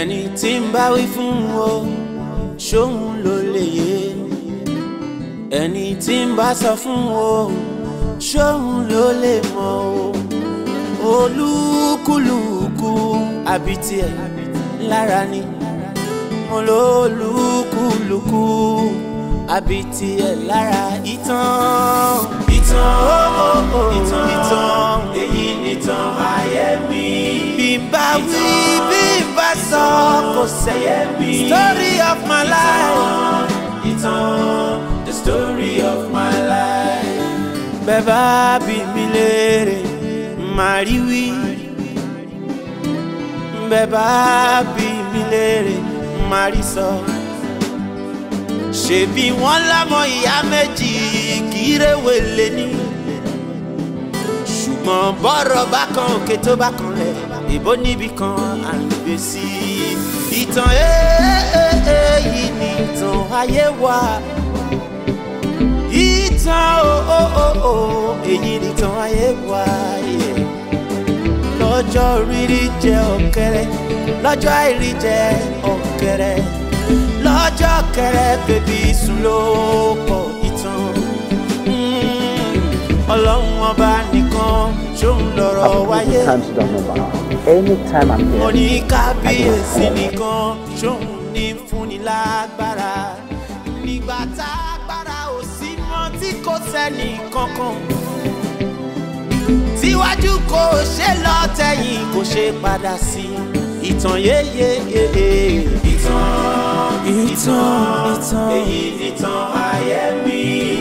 ẹni tí ń bá wí fún o ṣóun ló lè yé ẹni tí ń bá sọ fún o ṣóun ló lè mọ o olúkúlùkù àbí tiẹ̀ lára ni mo lólúkúlùkù àbí tiẹ̀ lára ìtàn ìtàn ó ìtàn ìtàn èyí nìtàn ayé mi bí n bá wí bí sọ kò sẹ́yẹ mi. story of my life. ìtàn the story of my life. bẹ́ẹ̀ bá bí mi léèrè màá rí wí. bẹ́ẹ̀ bá bí mi léèrè màá rí sọ. ṣebí wọ́n lámọ ìyá méjì kì í rèwé lé ní. ṣùgbọ́n bọ́rọ̀ bá kan òkè kan lẹ̀ kábíyèsí ìtàn èyí ni ìtàn ayé wa ìtàn òòó èyí ni ìtàn ayé wa lọ́jọ́ rírí jẹ ọ̀kẹ́rẹ́ lọ́jọ́ àìrí jẹ ọ̀kẹ́rẹ́ lọ́jọ́ kẹrẹ bèbí sùn ló kọ ìtàn hmm, ọlọ́run ọba ni ṣóun lọ́rọ̀ wáyé. anytime I'm there. mo ní kábíyèsí nìkan ṣóun ní fúnni lágbára nígbà tá a gbára ò sí mọ́ tí kò sẹ́ni kankan. tíwájú kò ṣe lọ kò ṣe padà sí ìtàn yéye ìtàn ìtàn èyí nìtàn ayé mi.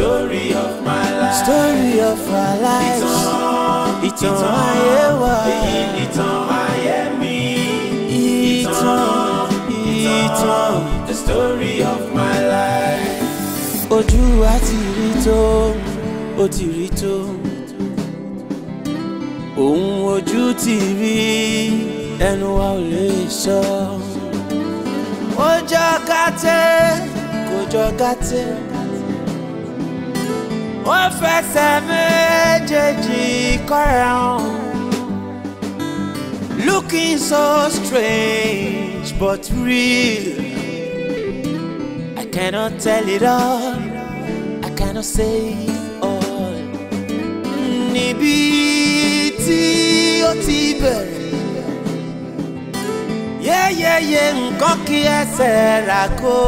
Story of my life. Story of my life. Ìtàn ayé wa. Ìtàn ayé mi. Ìtàn ìtàn. The story of my life. Ojú wa ti rí tó, ó ti rí tó. Òun ojú ti rí, ẹnu wa ò lè sọ. Ó jọ gàtẹ́, kò jọ gàtẹ́ ó fẹsẹ̀ méjèèjì kọ́ra hàn. Looking so strange but real. I cannot tell it all, I cannot say it all. Níbi tí ó ti bẹ̀rẹ̀. Yẹ́yẹ́yẹ́ nǹkan kí ẹsẹ̀ rà kó.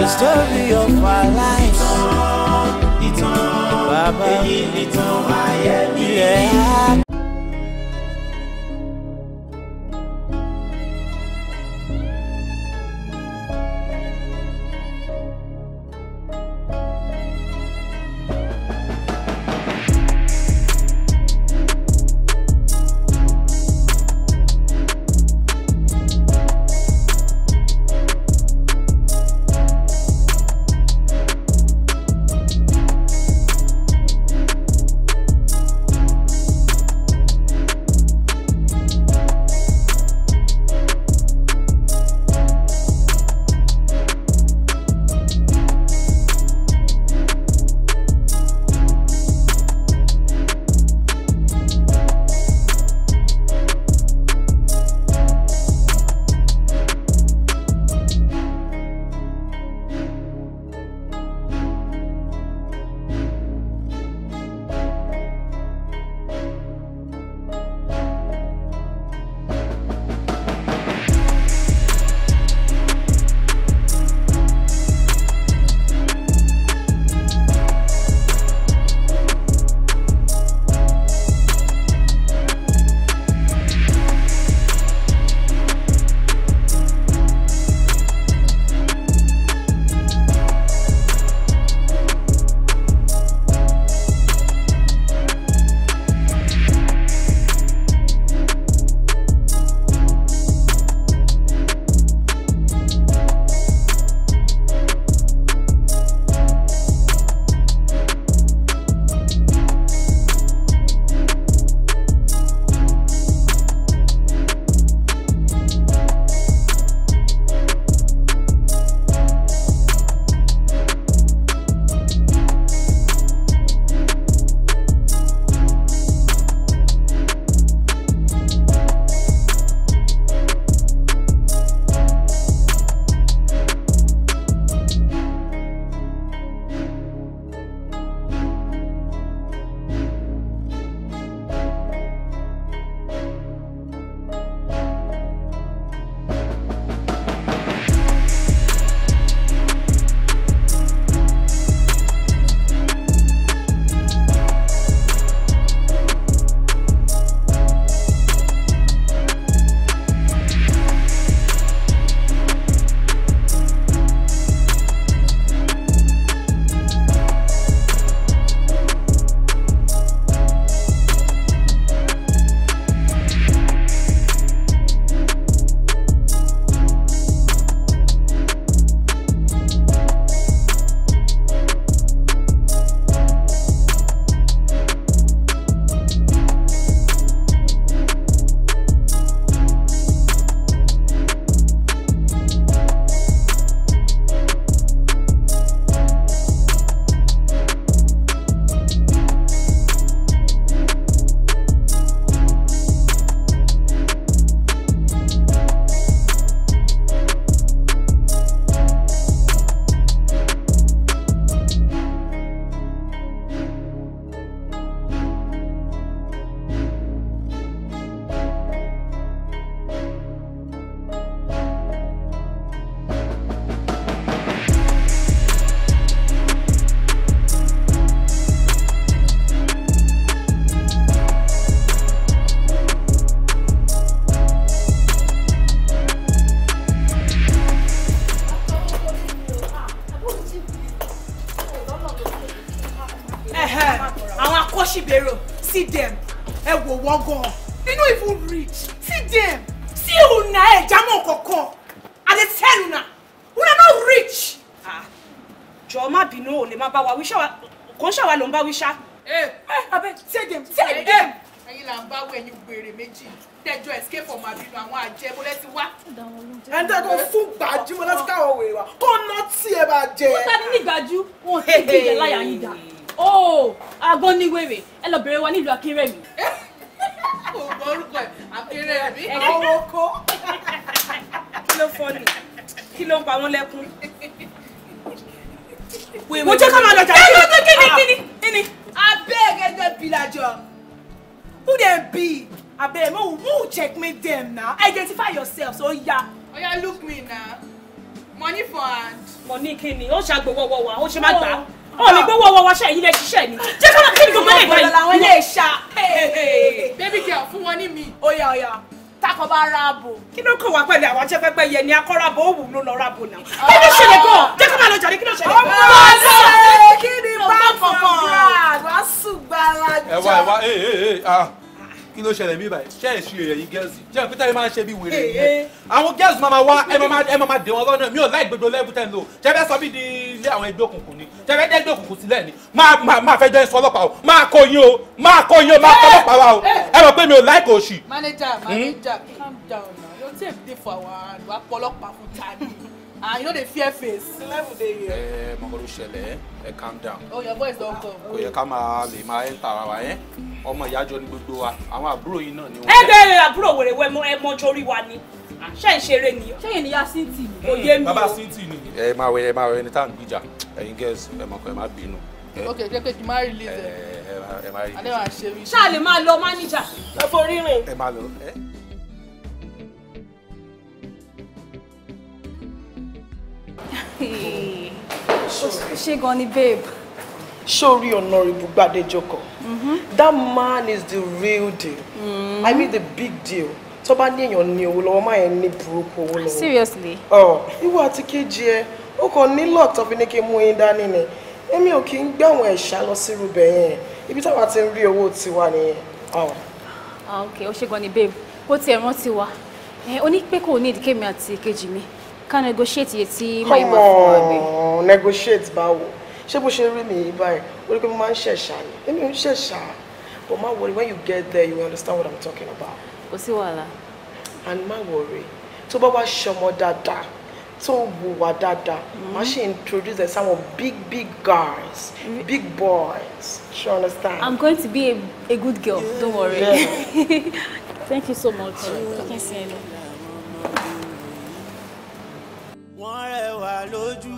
The story of my life bàbá. èyí ni tó ayé mi. wa ló ń bá wí ṣá. ẹ eh. eh, abẹ take them take them. ẹyin là ń bá wẹ ẹyin gbèrè méjì tẹjọ escape from abinu àwọn àjẹ bọlẹ ti wá. ẹni tẹ́ kó fún gbàjú Mo láti káwọn wèrè wa kó ná tí ẹ bá jẹ. wọ́n ta ni ní gbàjú wọn ò tí ì díje láyà yín dà ó agbọ́n ní wèrè ẹ lọ bẹ̀rẹ̀ wa nílùú akérèmí. kò gbọ́ orúkọ ẹ̀ akérèmí. ọwọ́ kó kí ló fọ́ ni kí ló ń pa wọ́n lẹ́kún. Wait, wait. ká máa lọ jà sí ọ̀tá kíni kíni kíni. abeg ẹgbẹ́ pillajọ who dem be abeg mo who checkmate dem na identify yourself so ya. oya look me na money for hand. money kíni ó ṣàgbọ̀wọ̀wọ̀ wa ó ṣe má oh. gbà á ó lè gbé wọ́wọ́ wáṣẹ́ yìí lẹ ṣiṣẹ́ ni jẹ́ ká máa kíni gbogbo ẹ̀ báyìí. ọ̀pọ̀lọpọ̀ làwọn ilé ìṣá. baby girl fún wọn ní mi. oya oya takọ̀ bá ra bò. kí ló kàn wá pẹ̀lú àwọn ajẹ́ pẹ́pẹ́ yẹn ni akọ́rabò ó wù ló lọ ra bò náà. kí ló ṣẹlẹ̀ gan-an jẹ́ ká máa lọ jàre kí ló ṣẹlẹ̀. ọmọ ọ̀sẹ̀ kí ni bá fọ̀ọ̀kan. wàá sùn gbàrà jọ. ẹ wá ẹ wá ee ee ah kí ló ṣẹlẹ̀ mí báyìí ṣe èsì èèyàn yìí gẹ́ẹ̀sì jẹ́ pété máa ń ṣe bí wèrè yẹn eh, eh. àwọn gẹ́ẹ̀sì máa wá ẹ máa dè wọn lọ́nà mi ò láì gbogbo lẹ́bù tẹ́lẹ̀ o ṣe fẹ́ sọ mí di ilé àwọn ẹgbẹ́ òkùnkùn ni ṣe fẹ́ dé ẹgbẹ́ òkùnkùn sílẹ̀ ni máa fẹ́ jọ ẹ̀sùn ọlọ́pàá o máa kó yín o máa kó yín o máa kọ́ ọlọ́pàá wa o eh, ẹ mọ̀ pé mi ò láì kò ṣì. manager hmm? manager calm down now your tape dey for our hand wa pọlọpàá fún ah you know the fear face level dey here. ẹ eh, mọ̀gọ́dún ṣẹlẹ̀ ẹ eh, calm down. oh your voice don come. kò yẹ ká máa lè máa enter ara wa yẹn eh? ọmọ ìyájọ ni gbogbo wa àwọn àbúrò yìí náà ni wọn. ẹ bẹ́ẹ̀ àbúrò wèrè wẹ́ ẹ mọ́jọ́ orí wa ni ṣe ń ṣeré ni ṣe yìí ni ya sinti ni. kò yé mi o bàbá sinti ni. ẹ máa wẹ ẹ máa wẹ ẹni tá à ń gbìjà ẹ̀yin girls ẹ máa release eh. ẹ ẹ release ẹ. adéwà ṣe mí. ṣáà lè máa lọ mánìjà. ẹ forí rìn. ẹ máa lọ ẹ. ṣé gan ni babe. Shori Honorable Gbadejoko. Mm-hmm. That man is the real deal. mm I mean the big deal. So bá ní èèyàn ní owó lọ́wọ́ máa ń ní burúkú owó lọ́wọ́. Seriously. Oh, ìwọ àti kejì ẹ, ó kàn ní luck tó fi ní kí n mú yín dání ni. Èmi ò kí ń gbé àwọn ẹ̀ṣá lọ sí irú bẹ̀ yẹn. Ibi táwa ti ń rí owó tiwa Oh ah, Ok, ó ṣe gan ni babe. Kó tiẹ̀ rántí wa. Ó ní pé Need ní ìdíkèmí àti kejì mi ká negotiate iye tí máa ma fún wa bẹ. negotiate báwo ṣé bó ṣe rí mi yìí báyìí ó rí pé mo máa ń ṣẹ̀ṣà ni èmi ò ń ṣẹ̀ṣà but ma worry when you get there you will understand what i'm talking about. kò sí wàhálà. and ma worry tó bá wá ṣọmọ dáadáa tó wùwà dáadáa má mm-hmm. ṣe introduce them sáwọn big big guys mm-hmm. big boys She understand. i'm going to be a, a good girl yeah. don't worry yeah. thank you so much. Yeah. me wọ́n rẹwà lójú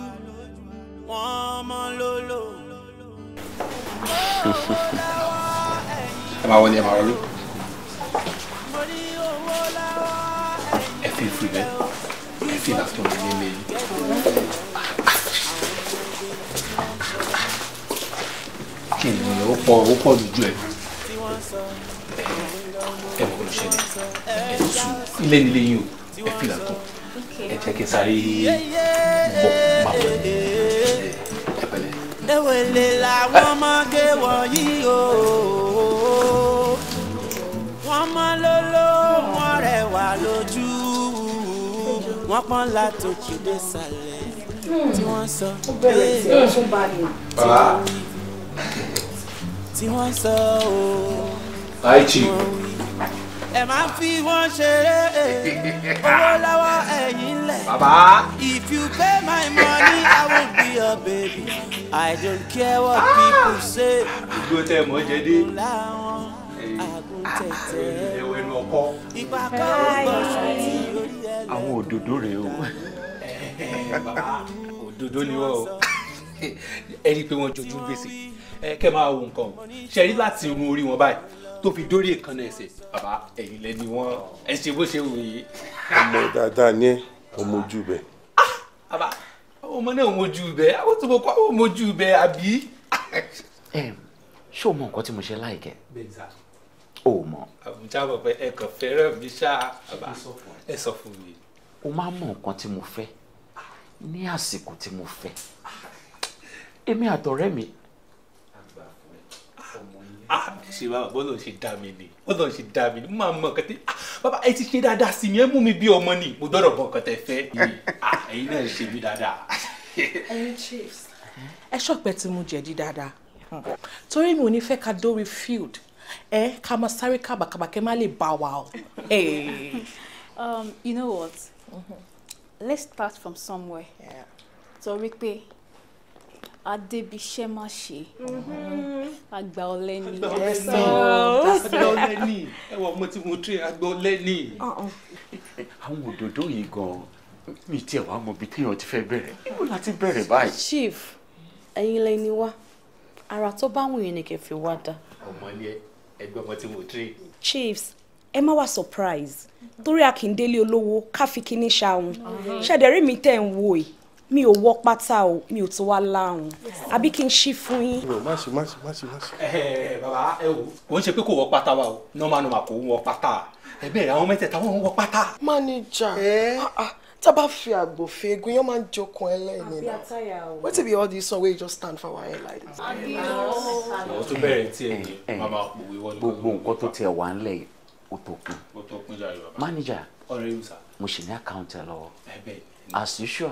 wọ́n mọ́ lólò. ẹ máa wọlé ẹ máa wọlé. ẹ fi fi rẹ ẹ fi làtọ̀ mi ní ilé yìí. kí ni ó pọ̀ ó pọ̀ lójú ẹ ẹ mọ̀ ló ṣẹlẹ̀ ẹ sùn ilé nílé yìí o ẹ fi làtọ̀ jẹ́ kí n sáré bọ̀ máa bọ̀ ẹ̀pẹ̀lẹ́. ewele làwọn ọmọge wọ̀nyí o wọ́n mọ́ lóló wọ́n rẹwà lójú wọ́n pọ́n látòkè dé sàlẹ̀ tí wọ́n sọ pé tí wọ́n sọ o. Bye, Chief ẹ máa fi wọ́n ṣeré owó lọ́wọ́ ẹ̀yìn lẹ̀. bàbá. if you pay my money i will be your baby i don't care what people say. igbó tẹ mọ jẹ dé ah, àwọn òdòdó rèé o. òdòdó ni wọ́n o ẹ rí i pé wọ́n jojú gbèsè ẹ kẹ́ máa wo nǹkan ṣe rí láti irun orí wọn báyìí tó fi dórí ìkànnì ẹsẹ̀ bàbá ẹ̀yìn lẹ́ni wọ́n ẹ ṣe bó ṣe wù yìí. ọmọ dáadáa ni ẹ ọmọ ojú bẹ. Ah, bàbá ọmọ náà mojú bẹ àwọn tó mọ kó àwọn mojú bẹ àbí. ṣé o mọ nǹkan tí mo ṣe láìkẹ. o mọ. àbújá bàbá ẹ kàn fẹ́ràn mi ṣáá bàbá ẹ sọ fún mi. o máa mọ nǹkan tí mo fẹ́ ní àsìkò tí mo fẹ́ èmi àtọ̀rẹ́ mi Ah, ṣe bàbá bọ́lọ̀ ṣe dá mi ni bọ́lọ̀ ṣe dá mi ni máa mọ nǹkan tẹ ah, bàbá ẹ ti ṣe dáadáa sí mi ẹ mú mi bí ọmọ ni mo dọ́dọ̀ bọ̀ nǹkan tẹ fẹ́ ah, ẹ̀yin náà ṣe mí dáadáa. chiefs hmm? ẹ ṣọpẹ́ tí mo di dáadáa hmm. torí mi ò ní fẹ́ ká dórí field ẹ ká máa sáré kábàkàbà kẹ́ má lè bá wa o. Um, you know what mm-hmm. let's start from somewhere torí pé. Yeah adébíṣẹ́ má ṣe mm-hmm. àgbà ọ̀lẹ ni àgbà ọ̀lẹ ni ẹwà ọmọ tí mo tẹ àgbà ọ̀lẹ ni. Uh-uh. àwọn òdòdó yìí gan-an mi tiẹ̀ wá mọ ibi téèyàn ti fẹ́ bẹ̀rẹ̀ níbo la ti bẹ̀rẹ̀ báyìí. chief ẹ̀yin lẹ ni wá ara tó bá wùn yín ni kẹ́ fi wá dá. ọmọ ilé ẹgbẹ́ ọmọ tí mo tẹ. chiefs ẹ má wà surprise torí akíndélé olówó ká fi kíní ṣàwọn mm-hmm. ṣẹ̀dẹ̀rí mi tẹ̀ ń wò yìí mi ò wọ pátá o mi ò tún wá láhùn àbí kí n ṣí fún yín. ẹ má ṣe má ṣe má ṣe má ṣe. ẹ ẹ bàbá ẹ wò ó ń ṣe pé kò wọ pátá wa o normal normal kò wọ pátá ẹ bẹ̀rẹ̀ àwọn mẹ́tẹ̀ẹ̀ta wọn wọ pátá. mánìjà ah, ah, tá fi àgbò fi egun yẹn máa ń jókòó ẹlẹ́yìn náà wetin be all this one wey just stand for our head like this. àwọn tó bẹ̀rẹ̀ tí ẹ̀ ní màmá òwe wọlé. gbogbo nǹkan tó tiẹ̀ wà ń lẹ̀ ó mo ṣì ní àkáǹtì ẹ lọ́wọ́ as usual.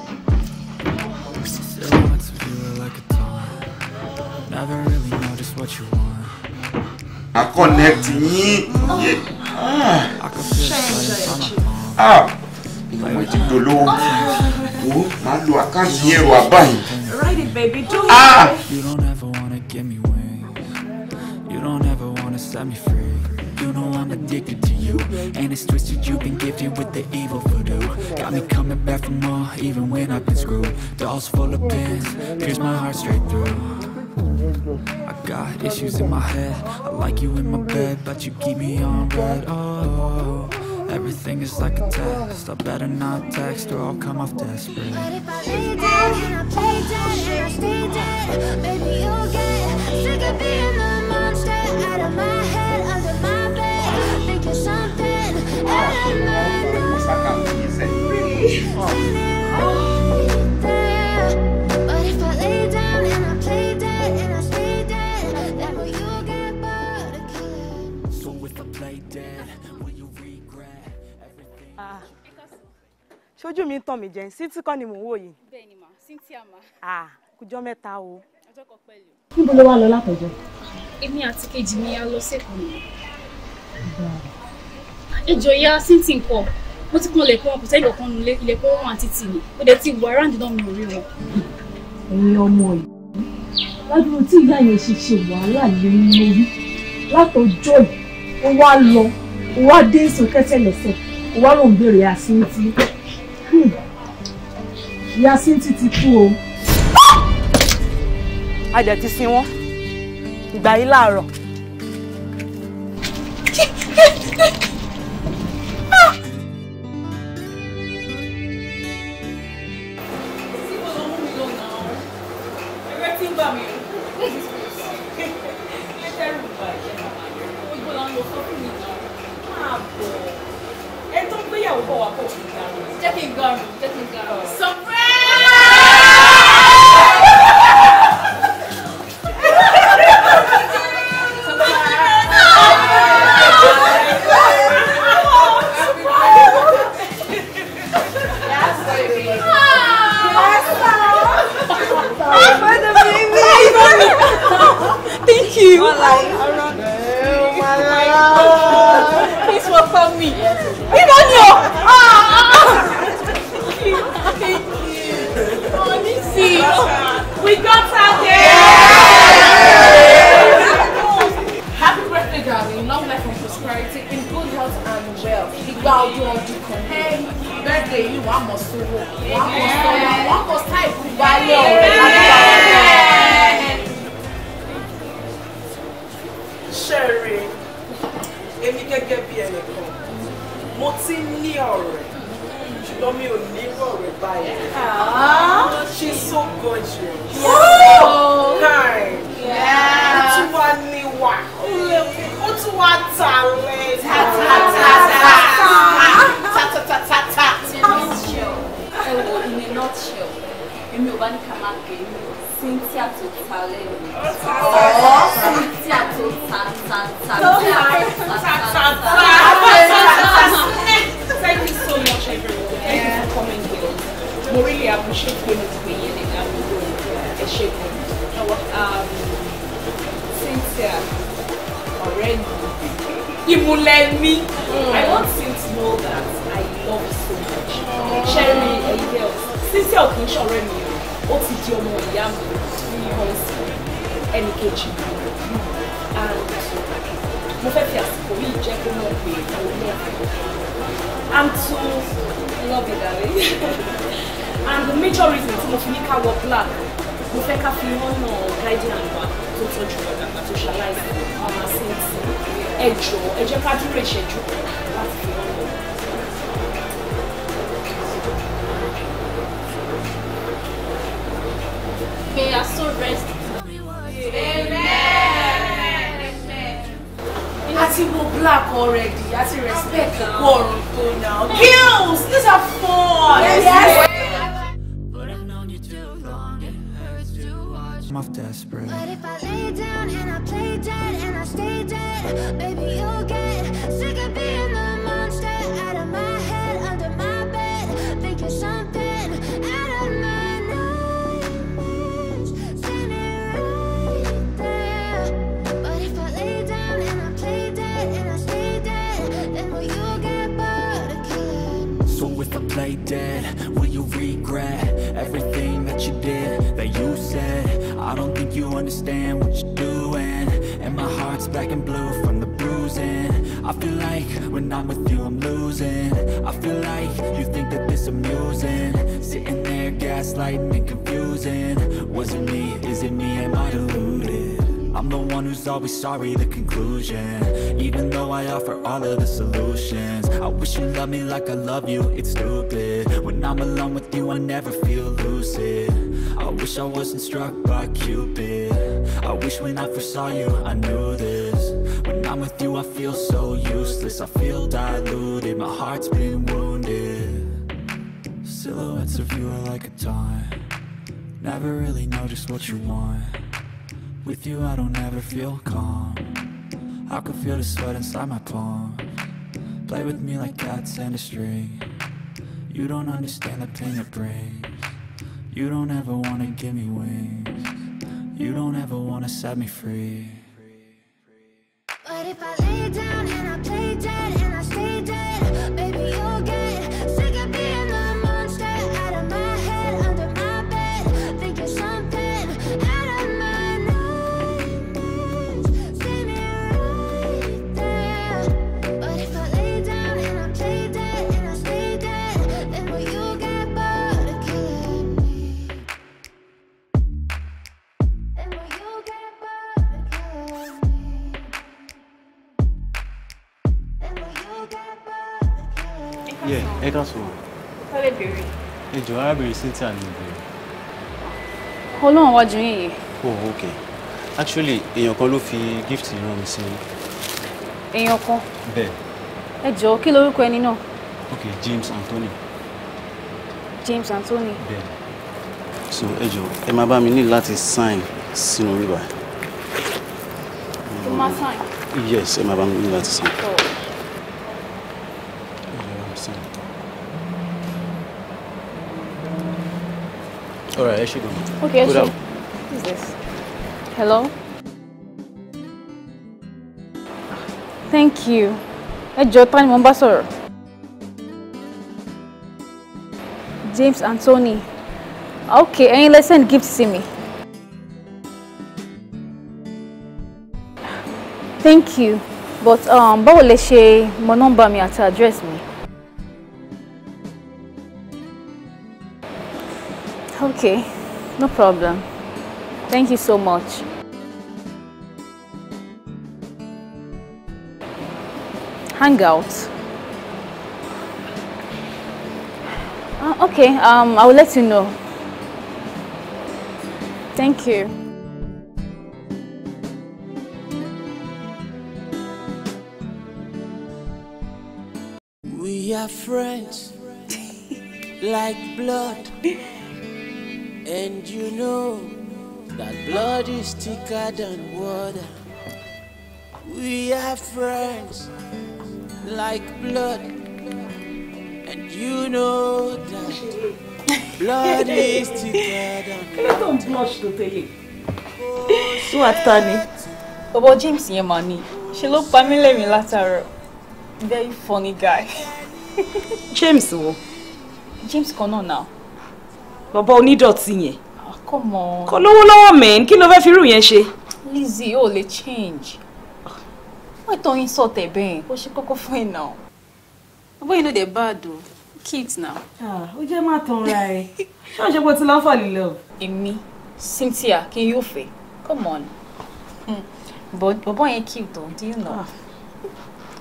Never really know just what you want. I connect yín. Ah, mo ti dolo wo máa lo àkáǹtì Write it baby, Ah. You don't ever wanna give me wings. You don't ever wanna set me free. You know I'm addicted to you And it's twisted, you've been gifted with the evil voodoo Got me coming back for more, even when I've been screwed Dolls full of pins, pierce my heart straight through I got issues in my head I like you in my bed But you keep me on red. Oh, everything is like a test I better not text Or I'll come off desperate But if I lay down And I play dead And I stay dead Baby, you'll get Sick of being the monster Out of my head Under my bed think Thinking something Out of my nose ṣojú mi ń tàn mí jẹ Sítí kọ́ ni mò ń wò yìí. bẹ́ẹ̀ni ma Cynthia ma. ah kùjọ mẹ́ta o. ọjọ́ kan pẹ̀lú. níbo ló wá lọ látọjọ́. èmi àti kejì mi a lọ sẹkọọ mi. ìjọ ya Cynthia nǹkan mo ti kún ilẹ̀kùn wọn kò sẹ́yìn ọ̀kan nulẹ̀ ilẹ̀kùn wọn àti tì mí ó dẹ̀ ti wọ aráàlú náà mi ò rí wọn. ẹ̀yin ọmọ yìí ládùúgbò tí ìyá yẹn ṣe ṣe wàhálà lé lórí látọjọ́ yìí ó wá lọ ó wá dé sókẹ́sẹ̀ lẹ́sẹ̀ ó wá lóun béèrè àṣírí ìyá Cynthia ti kú o. a dẹ̀ ti sin wọ́n ìgbà yìí láàárọ̀. Ṣẹ́gun um, Cynthia ọ̀rẹ́ mi ìmùlẹ̀ mi I want you to know that I love so much Sherry ẹ̀yẹ́ since ọ̀kùn ṣọ̀rẹ́ mi ó ti di ọmọ ìyá mi ní ọ̀sẹ̀ ẹnì kejì mi mo fẹ́ fi àsìkò yìí jẹ́ kó mọ̀ pé mo ní I'm too loving darling and the major reason tí mo fi ní ká wọ black mo fẹ́ ká fi hàn án guardian wa tó tọ́jú ọ̀gá tó ṣaláìsí ọmọ síntì ẹ jọ ẹ jẹ́ ká dúró ìṣẹ́jú láti fi hàn án. May our soul rest. Àti wo black already, I see respect kú ọ̀run tó Girls, these are fun! Yes! yes. I'm off desperate But if I lay down and I play dead and I stay dead you'll get sick of being the monster Out of my head, under my bed Thinking something out of my nightmares Standing right there But if I lay down and I play dead and I stay dead Then will you get bored So if I play dead, will you regret Everything that you did, that you said think you understand what you're doing And my heart's black and blue from the bruising I feel like when I'm with you I'm losing I feel like you think that this amusing Sitting there gaslighting and confusing Was it me? Is it me? Am I deluded? I'm the one who's always sorry, the conclusion Even though I offer all of the solutions I wish you loved me like I love you, it's stupid When I'm alone with you, I never feel lucid wish I wasn't struck by Cupid I wish when I first saw you I knew this When I'm with you I feel so useless I feel diluted, my heart's been wounded Silhouettes of you are like a taunt Never really know just what you want With you I don't ever feel calm I can feel the sweat inside my palm Play with me like cats and a string You don't understand the pain it brings you don't ever wanna give me wings You don't ever wanna set me free But if I lay down and I play dead ẹ ká sọ. ó lè béèrè. ẹ jọ arábìnrin cynthia ni ìbéèrè. ọlọ́run wájú yín yìí. oh ok actually èèyàn kan ló fi gift ràn mí sí. èèyàn kan. bẹ́ẹ̀. ẹ jọ kí lorúkọ ẹni náà. ok James Anthony. James Anthony. bẹ́ẹ̀. so ẹ jọ ẹ máa bá mi ní láti sign sínú rírà. ó máa sign. yes ẹ máa bá mi ní láti sign. Oh. understand. All right, I should go. Okay, Good up? Who's this? Hello? Thank you. Ẹ jọ̀ọ́, ta ni James and Tony. Okay, any lesson send gift sí mi. Thank you. But um, báwo lẹ ṣe my number, me àti address me. Okay, no problem. Thank you so much. Hang out. Uh, okay, um, I'll let you know. Thank you. We are friends like blood. And you know that blood is thicker than water. We are friends like blood. And you know that blood is thicker than water. Don't blush to tell you. So atani. Bobo James yẹn mà ni. Ṣé ló pa mí lẹ́mìí látàárọ̀. Very funny guy. James wo? James kan náà now bàbá onídọ̀tí yẹn. Ah, come on. kò lówó lọ́wọ́ mẹ́n kí ló fẹ́ fi irú yẹn ṣe. Lizzy o lè change wọ́n tó yín sọ tẹ̀ bẹ́ẹ̀ ó ṣe kókó fún ẹ̀ náà bàbá yìí ló dé bá a dùn kids now. Ah, ó jẹ́ má tan ra ẹ̀ ṣé wọ́n ṣe pé tí lọ́ọ́ fà lílọ. èmi Cynthia kí n yóò fẹ́ come on hmm. bàbá yẹn cute o do you know. Ah.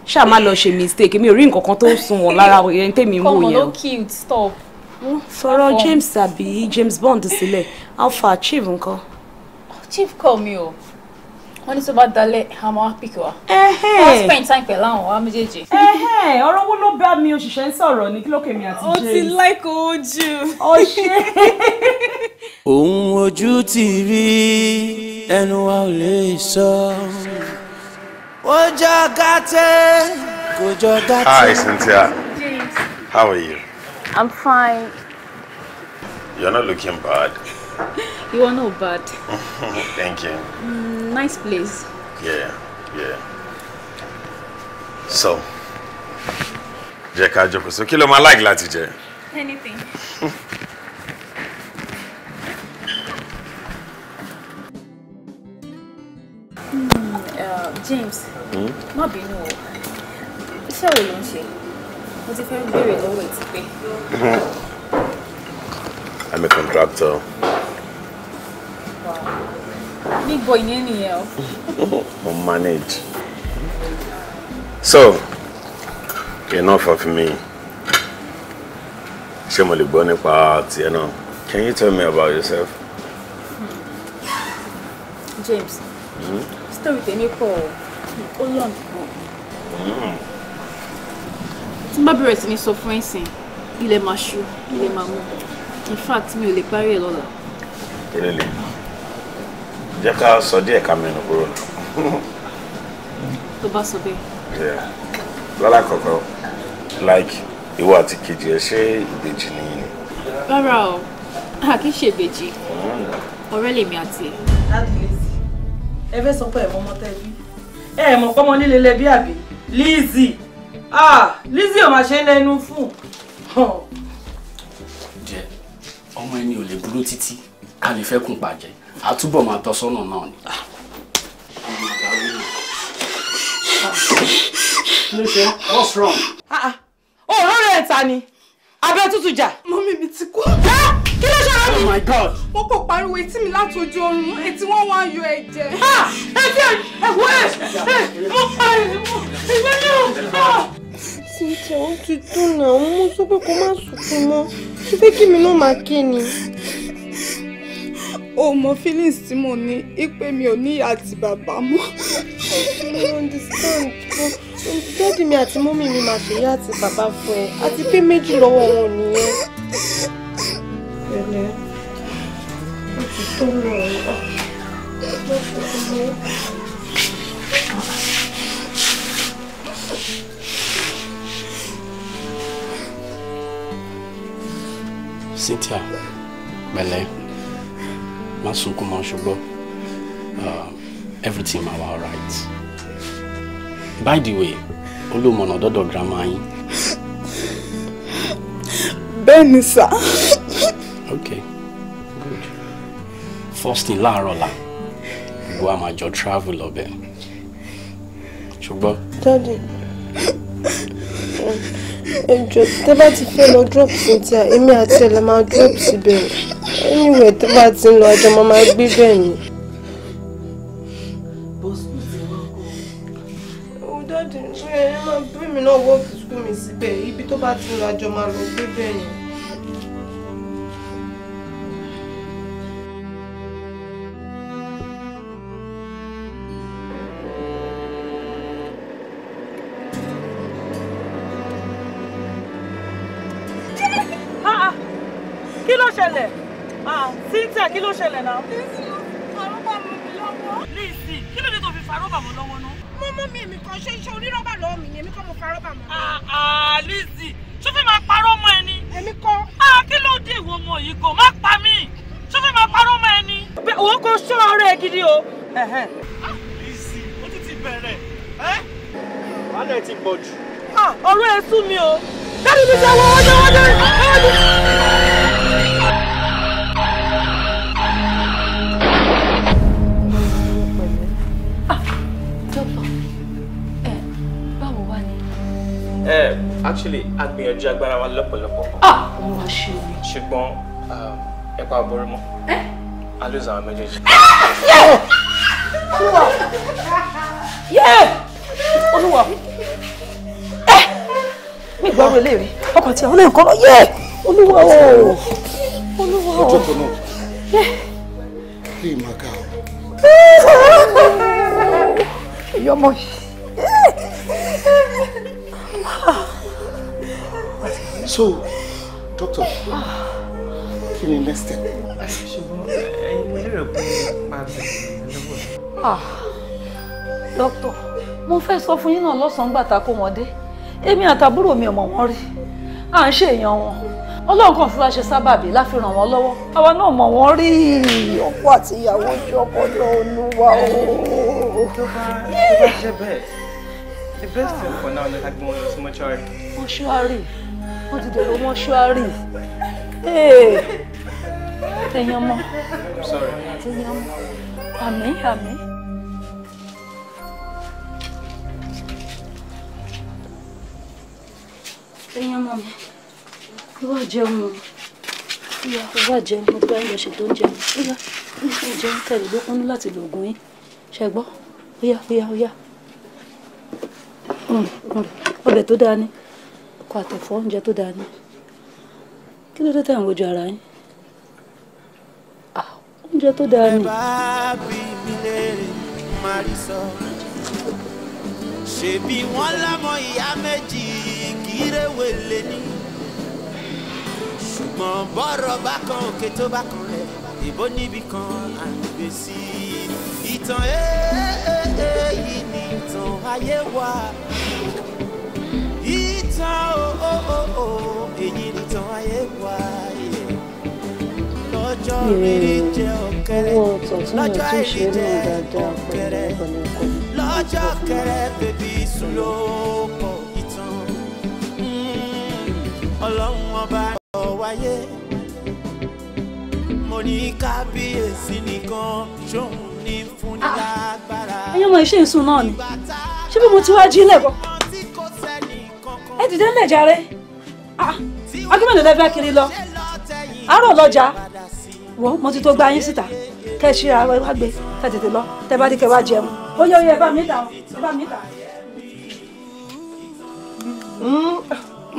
ṣáà má lọ ṣe mistake mi ò rí nǹkan kan tó ń sun wọn lára ẹni tẹ́mi ń wò yẹn o. come on no cute stop sọ̀rọ̀ James àbí James Bond sílẹ̀ alpha chief nǹkan. Oh, chief call mi o wọ́n ní tó bá dalẹ̀ a máa wá pìkì wa. wọ́n spend time pẹ̀lú àwọn wa méjèèjì. ọ̀rọ̀ wo ló bá mi òṣìṣẹ́ ń sọ̀rọ̀ ní kílókè mi àti James. o ti láìkó ojú. ọṣẹ. ohun ojú ti rí ẹnu wa ò lè sọ ó jọ gàtẹ́ kò jọ gàtẹ́. Hi Cynthia, how are you? I'm fine. You're not looking bad. you are not bad. Thank you. Mm, nice place. Yeah, yeah. So, jẹ́ ká jókòó so kí ló máa like láti jẹ? Anything. mm, uh, James, hmm? má Not be iṣẹ́ wo ló ń ṣe? mo ti fẹ́ béèrè lọ́wọ́ ẹ̀ ti pé. I'm a contractor. Wow. Big boy ni nìyẹn o. Mo manage. So, enough of me. Ṣé mo lè gbọ́ nípa tiẹ̀ náà? Can you tell me about yourself? Hmm. James, hmm? story tèmi pọ̀ ó lọ́nà kan. Hmm tí n bá bẹ̀rẹ̀ sí ní sọ fún ẹ̀sìn ilẹ̀ máa ṣú ilẹ̀ máa mú in fact mi ò lè parí ẹ̀ lọ́la. ìrẹ̀lẹ̀ jẹ́ ká sọ díẹ̀ ká mẹ́nu kúrò nù. tó bá sọ bẹ́ẹ̀. lọ́la kọ̀ọ̀kan like ìwọ àti kejì ẹ ṣe ìbejì nìyí ni. rárá o a kì í ṣe ìbejì mm. ọ̀rẹ́ lèmi àti ẹ̀. ẹ fẹ́ sọ pé ẹ̀ mọ́ ọmọ tẹ́ bí ẹ̀ mọ̀ pọ́nmọ́ líle lẹ́bí àbí Lizzy. Ah, Lizzie ò máa ṣe lẹ́nu fún. Jẹ́ ọmọ ẹni ò lè dúró títí ká lè fẹ́ kùn pàjẹ́. A túbọ̀ máa tọ́ sọ́nà náà ni. Ah. Lóṣè, what's wrong? Ah, oh, ah. ta ni, abẹ́ tútù jà. Mọ́mí mi ti kú. Kí ló ṣe rán mi? Oh my God! Wọ́n kò pariwo etí mi láti ojú oorun, etí wọ́n wá yọ ẹ̀jẹ̀. Ah, ẹ jẹ́ ẹ̀wọ́ ẹ̀ mo pa mo ìgbẹ́ yóò. Cynthia ó ti tó náà mo sọ pé kó má sunkún mọ́ ṣé pé kí mi náà máa ké ni. o mọ feelings tí mo ní ipe mi ò ní ìyá àti bàbá mọ́. I understand dádì mi àti mọ́mì mi máa ṣe ìyá àti bàbá fún ẹ àti pé méjì lọ́wọ́ wọn nìyẹn. pẹ̀lẹ́ ó ti ti tó náà. Cynthia pẹ̀lẹ́ má sunkún má ṣùgbọ́n uh, everything ma all right. by the way olùmọ̀nà dọ́dọ̀ girama yín. bẹ́ẹ̀ni sá. okay good first thing láàárọ̀ la gbogbo a máa travel lọ bẹ́ẹ̀ ṣùgbọ́n. jáde ẹjọ tẹ bá ti fẹ́ lọ drop cynthia èmi àti ẹ la máa drop síbẹ̀ anyway tẹ bá ti ń lọ ajọ máa máa gbé bẹ́ẹ̀ ni. dáàdi ẹ máa bí mi náà wọ́ọ̀kì sukùl mi síbẹ̀ ibi tó bá ti ń lọ ajọ máa lọ gbé bẹ́ẹ̀ yẹn. kí ló ṣẹlẹ̀ náà. Lizzy ló fi faróbà mọ́ mi lọ́wọ́. Lizzy kí ló dé tó fi faróbà mọ́ lọ́wọ́ náà. mo mú mi èmi kan ṣe iṣẹ́ onírọ́bà lọ́wọ́ mi ni èmi kọ́ mo faróbà mọ́. Ah, ah, Lizzy ṣó fẹ́ máa parọ́ mọ́ ẹni. èmi kọ́. Ah, kí ló dé ìwọ ọmọ yìí kò má pa mí ṣó fẹ́ máa parọ́ mọ́ ẹni. òun kò ṣọ́ ọ̀rẹ́ ẹ gidi o. Lizzy ó ti ti bẹ̀rẹ̀ ẹ́. wàhálà ẹ ti pọ̀ jù. ọ̀rọ̀ ẹ sú mi o. dábìbí ṣe wọ́n wọ́n dé wọ́n dé. actually a gbìyànjú agbára wa lọ́pọ̀lọpọ̀. olúwa ah! ṣe omi. ṣùgbọ́n um, ẹ pa àbúrò mọ́ a lose our méjèèjì. Ah! olúwa olúwa mi gbọ́dọ̀ eléèrè ọkọ̀ tí àwọn náà ń kọ́ lọ yẹ olúwa o olúwa o. ọjọ́ kan náà lè máa ga ọ. ìyọmọ yìí. so doctor kí ni next step. ṣùgbọ́n ah, doctor mo fẹ́ sọ fún yín náà lọ́sàn-án gbàtà kó wọn dé èmi àtàbúrò mi ọmọ wọn rí à ń ṣe èèyàn wọn ọlọ́run kan fi wá ṣe sábàbí láfi ràn wọ́n lọ́wọ́ àwa náà mọ̀ wọ́n rí ọkọ àti ìyàwó ojú ọkọ lọ olúwa o. tó bá jẹ́ bẹ́ẹ̀ the best thing for now ni ká gbé wọn lọ sí mọ́ṣúárì. mọ́ṣúárì wọ́n ti dèrò mọ́ṣúárì ẹ̀yin ọmọ ẹ̀yin ọmọ àmì àmì. ẹ̀yin ọmọ mi ìwà jẹun ìyá ìwà jẹun gbogbo ẹ̀yìn ọ̀sẹ̀ tó ń jẹun ìyá ìwà jẹun tẹ̀lé ló kún láti lo oògùn yín ṣẹ́gbọ́n ó yá ó ọbẹ̀ tó dáa ni ọkọ àtẹ̀fọ́ oúnjẹ tó dáa ni kí ló dé tẹ̀ ń wojú ara yín ah, oúnjẹ tó dáa ni. ẹ wọn lámọ ìyá méjì kíré wèlé ní ṣùgbọ́n bọ́rọ̀ bá kan òkè tó bá kan rẹ̀ ìbò níbi kan àgbè sí i ìtàn ẹ ẹ ẹ yìí ni ìtàn ayé wa èyí ni tán ayé wá yẹ lọ́jọ́ rere kẹrẹ́ bèbí sùn ló ìtàn ọlọ́run ọba ọ̀ wáyé mo ní kábíyèsí nìkan ṣóun ní fún ní lágbára. ẹyẹ ọmọ iṣẹ́ ìsun náà ni ṣé bí mo ti wá jí lẹ́kọ̀ọ́ ẹ dìde ń lẹ̀jà rẹ argument ah, lẹ́fẹ́ kiri lọ àárọ̀ lọ́jà wo mo ti tó gba yín síta kẹ́ ẹ ṣíra wá gbé kẹ́ tètè lọ tẹ́ bá dé kẹ́ wá jẹun ó yẹ ó yẹ ẹ bá mi ta ẹ bá mi ta.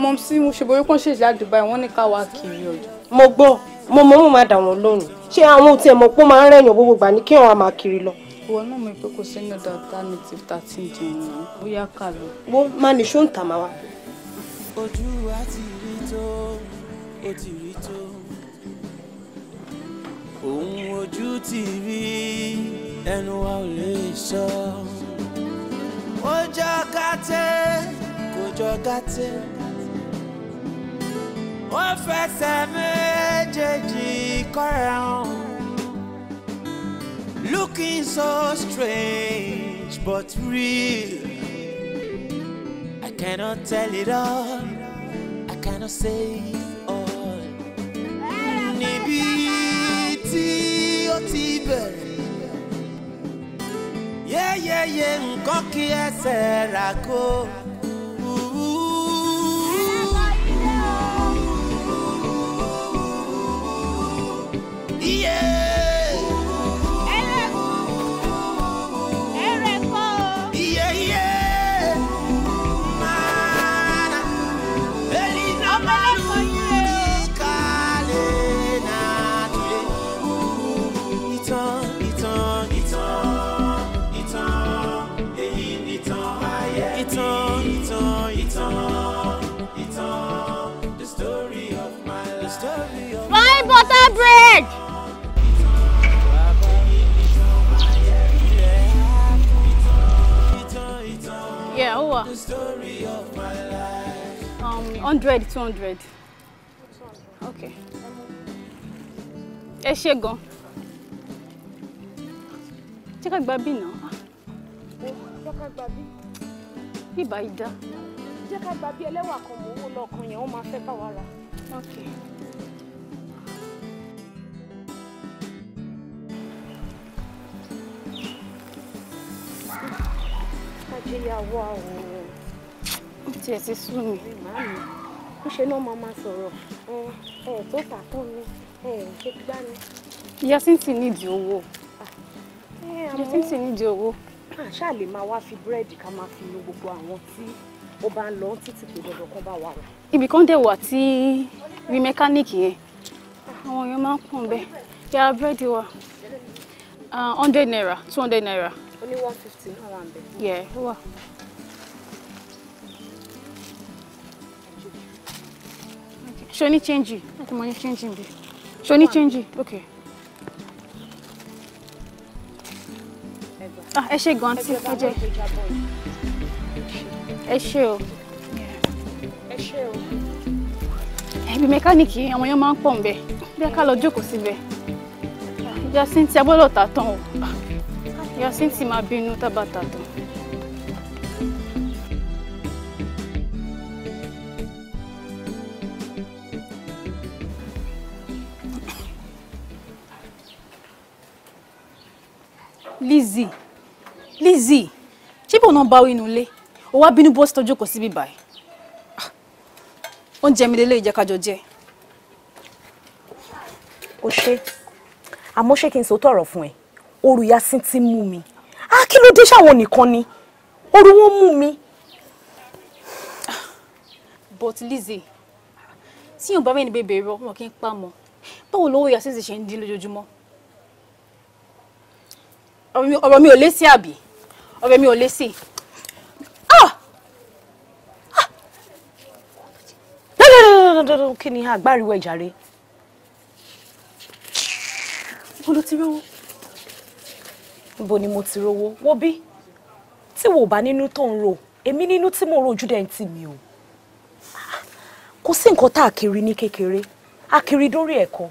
mọ̀mísí mo ṣèbóyún kàn ṣèṣe àdìbà ẹ̀ wọ́n ní ká wá kiri ọjà. mo gbọ́ mo mọ̀ mọ̀ máa dà wọ́n lónìí ṣé àwọn ohun tí ẹ mọ̀ pé ó máa ń rẹ̀yàn gbogbo gbà ní kí wọ́n máa kiri lọ. ìwọ náà mọ̀ pé kò sí ní ọ̀dà alternative thirteen jẹun bóyá kà lọ. wọ́n máa nìṣó ń tà máa wá ojú wa ti rí tó ó ti rí tó òun ojú ti rí ẹnu wa ò lè sọ ó jọ gàtẹ́ kò jọ gàtẹ́ ó fẹsẹ̀ méjèèjì kọ́ra hàn. Looking so strange but real. I cannot tell it all, I cannot say it all. Níbi tí ó ti bẹ̀rẹ̀. Yẹ́yẹ́yẹ́ nǹkan kí ẹsẹ̀ rà kó. Yeah! hundred two hundred ok ẹ ṣe gan jẹ́ ká gba bí náà. jẹ́ ká gba bí. bíbá yìí dá. jẹ́ ká gba bí ẹlẹ́wà kan mò ń wò lọ́ọ̀kan yẹn wọ́n máa fẹ́ bá wa rà. ok. ajé ya wá o. ó tiẹ̀ ti sú mi níṣẹ́ náà máa máa sọ̀rọ̀ ẹ tó tà fún mi ẹ ṣe gbá mi. ìyá Cynthia nídìí owó ìyá Cynthia nídìí owó. àṣà ah, lè máa wá fi búrẹ́dì ká máa fi lu gbogbo àwọn tí ó bá ń lọ títí pé dandan kan bá wà rà. ibì kan dẹ̀ wà tí rí mẹkáníìkì yẹn àwọn èèyàn máa ń pọ̀ bẹ́ẹ̀ yàrá búrẹ́dì wa ah, hundred naira two hundred naira. ó ní one fifty náà wà ń bẹ̀. yẹ ó wà. ṣo ní chẹ́ńjì láti mọ ní chẹ́ńjì bí ṣo ní chẹ́ńjì ok. Ah, ẹ ṣe gan tí ẹ I'm ẹ ṣe o ẹ ṣe o ẹbí mẹkáníìkì àwọn èèyàn máa ń pọ̀ nbẹ bí ká lọ jókòó síbẹ̀ ah, Yasinti agbọ́dọ̀ tà tán o ah, Yasinti máa bínú tábà tà tán. Lizzy Lizzy ṣé bí ọ̀nà báwí inú ilé ó wá bínú bọ́sì tọ́jú kò síbi báyìí ah, oúnjẹ mi lélẹ́yìí jẹ́ kájọ jẹ́. o ṣe àmọ́ ṣé kí n sòótọ́ ọ̀rọ̀ fún ẹ oru yasin ti mú mi á kí ló dé sáwọn nìkan ni oru wọn mú mi. Ah, but Lizzy tí yóò bá mẹ́ni bèbè rọ wọn kì í pa mọ́ báwo lówó yasin ti ṣe ń dín lójoojúmọ́ ọ̀rọ̀ mi ò lé sí àbí ọ̀rọ̀ mi ò lé sí. kí ni agbáriwo ẹ̀jà rẹ. mo ló ti rówó. níbo ni mo ti rówó wo bí tí wò bá nínú tó ń rò èmi nínú tí mo rojú dẹ̀ ń tì mí o kò sí nǹkan tá a kiri ní kékeré a kiri dórí ẹ̀kọ́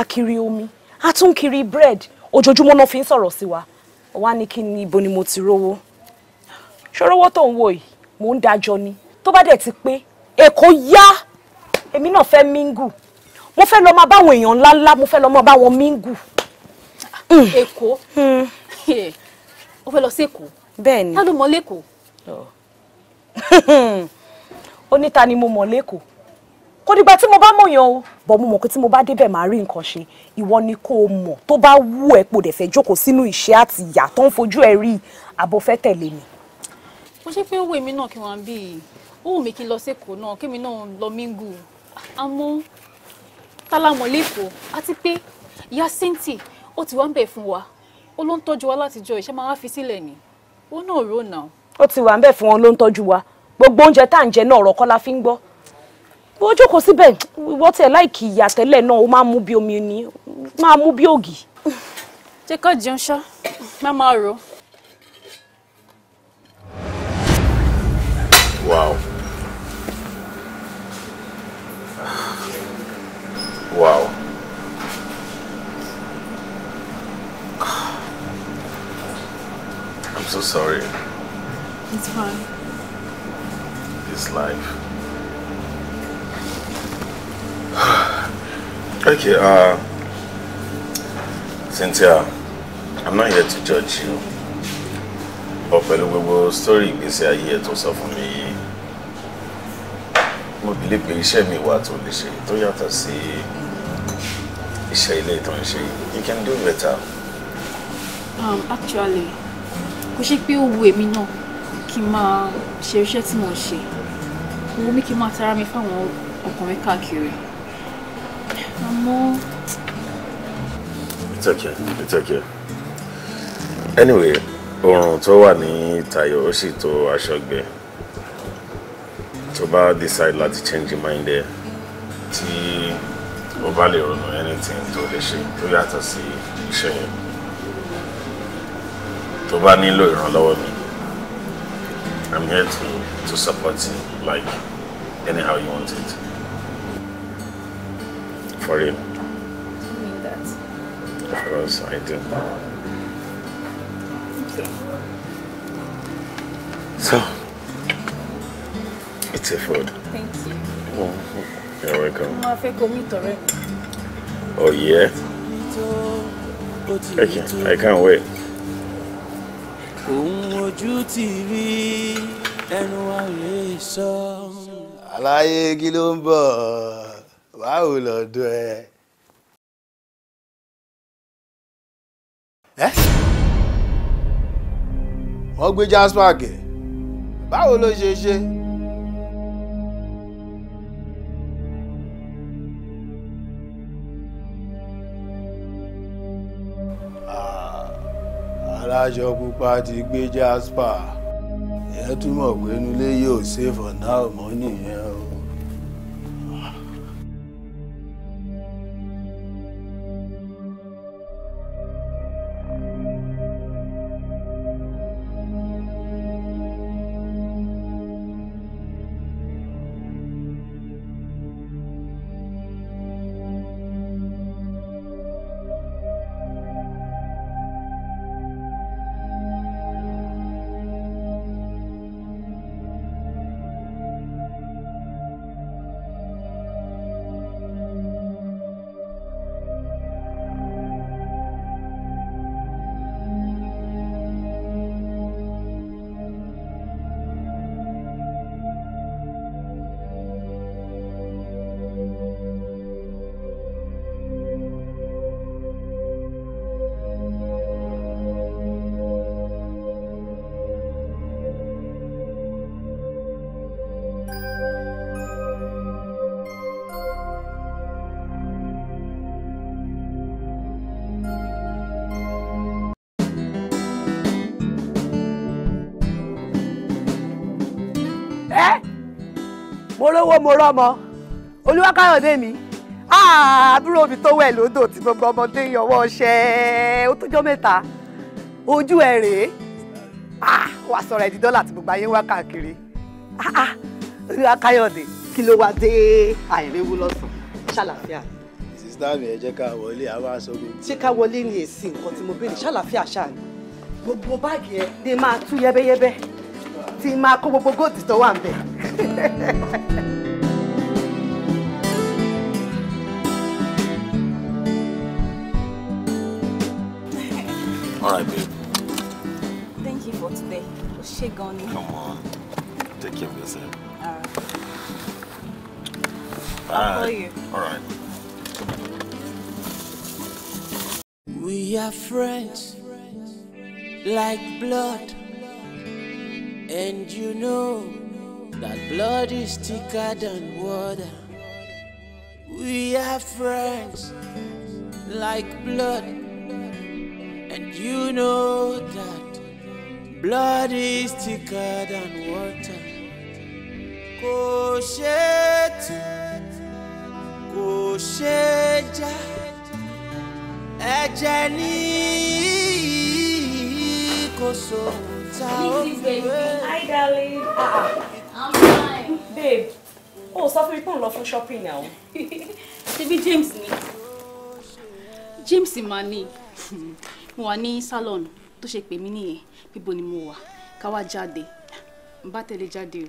a kiri omi a tún kiri bread ojoojúmọ́ náà fi ń sọ̀rọ̀ sí wa wá ní kí ni ibo ni mo ti rówó ṣòrówó tó ń wò yìí mò ń dájọ́ ni tó bá dẹ̀ ti pé èkó yá èmi náà fẹ́ mingu mo fẹ́ lọ máa báwọn èèyàn ńláńlá mo fẹ́ lọ máa báwọn mingu. Hmm. èkó o hmm. fẹ́ lọ sí èkó bẹ́ẹ̀ ni ta ló mọ̀ lẹ́kọ̀ọ́. ó ní ni mo mọ̀ lẹ́kọ̀ọ́ ó dìgbà tí mo bá mọ̀ yàn o bọ̀ mo mọ̀ pé tí mo de débẹ̀ máa rí nǹkan ṣe ìwọ ni kó o mọ̀ tó bá wù ẹ́ pò dẹ̀ fẹ́ jókòó sínú ìṣẹ́ àti ìyà tó ń fojú ẹ rí àbò fẹ́ mo ṣe pé ó wù mí náà kí wọ́n bí i ó wù mí kí n lọ sékòó náà kí mi náà lọ mingu àmọ́ tálámọ̀ lẹ́kọ̀ọ́ àti pé ìyá Cynthia ó ti wá ń bẹ̀ wa ó ló ń tọ́jú wa látijọ́ ìṣe máa wá fi sílẹ̀ ni ó náà rò náà. ó ti wà ń bẹ̀ fún wọn ló wa gbogbo oúnjẹ tá à ń jẹ náà ọ̀rọ̀ fi ń gbọ́ bó jókòó síbẹ̀ ìwọ tẹ̀ láìkì ìyà tẹ́lẹ̀ náà ó máa mú bí omi ni máa mú bí ògì. jẹ́ kó jẹun ṣá má máa rò. wow wow I'm so sorry. It's fine. It's life. Okay, uh, Cynthia, I'm not here to judge you. But pẹ̀lú gbogbo story ìgbésí ayé ẹ̀ tó sọ fún mi yìí, mo believe pé iṣẹ́ mi wà tó lè ṣe tó yàtọ̀ sí iṣẹ́ ilé ìtàn ṣe. You can do better. Um, actually, kò ṣe pé ó wu èmi náà kí n máa ṣe iṣẹ́ tí mo ń ṣe. Mo wù mí kí n máa Àmọ́. It's okay, it's okay. Anyway, oorun tó wà ní Tayo ó sì To aṣọ gbẹ. Tó decide láti change your mind there. Tí o bá lè ronú anything to lè ṣe to yàtọ̀ To iṣẹ́ yẹn. Tó bá nílò ìrànlọ́wọ́ mi. I'm here to, to support you like anyhow you want it. For real. You mean that? Of course, I do. So, it's a food. Thank you. Mm You're welcome. Mo fẹ́ kó mi tọ̀rẹ́. Oh yeah. Okay, I can't wait. Ohun ojú báwo lọ́dọ̀ ẹ. wọ́n gbé Jasper kẹ̀ báwo ló ah, pupa ti gbé Jasper ìyẹn túmọ̀ pé inú yóò for now mọ́ nìyẹn o. lówó mo rọ́mọ olúwakáyọ̀dé mi ah, àbúrò mi tó wẹ̀ lódò tí gbogbo ọmọdé yọwọ́ ṣẹ́ ó tójọ́ mẹ́ta ojú ẹ̀ rèé ah, wà sọ̀rọ̀ ẹ̀dí dọ́là tí gbogbo ayé wá káàkiri ah, olúwakáyọ̀dé kí ló wá dé àìléwu lọ́sàn ṣàlàfíà. sísá mi ẹ jẹ́ ká wọlé àwa aṣọ́gun. ṣé ká wọlé ni èsì nǹkan tí mo béèrè ṣàlàfíà ṣáà ni gbogbo báàgì ẹ lè máa tú yẹ́bẹ́yẹ́bẹ́. tí máa kó gbogbo góòtì tó wà ń bẹ̀. All right, babe. Thank you for today. Shake on ni? Come on. Take care of yourself. All right. Bye. I'll call you. All right. We are friends like blood. And you know that blood is thicker than water. We are friends like blood. And you know that blood is thicker than water. Kò ṣe tú, kò Hi, darling. Ah, I'm fine. Babe, oh, sọ fún mi pé for shopping now. Ṣebí James ni. James Imani, ni. salon To ṣe pè mí people Bíbo ni mo wà. Ká wá jáde. N bá tẹ̀lé jáde o.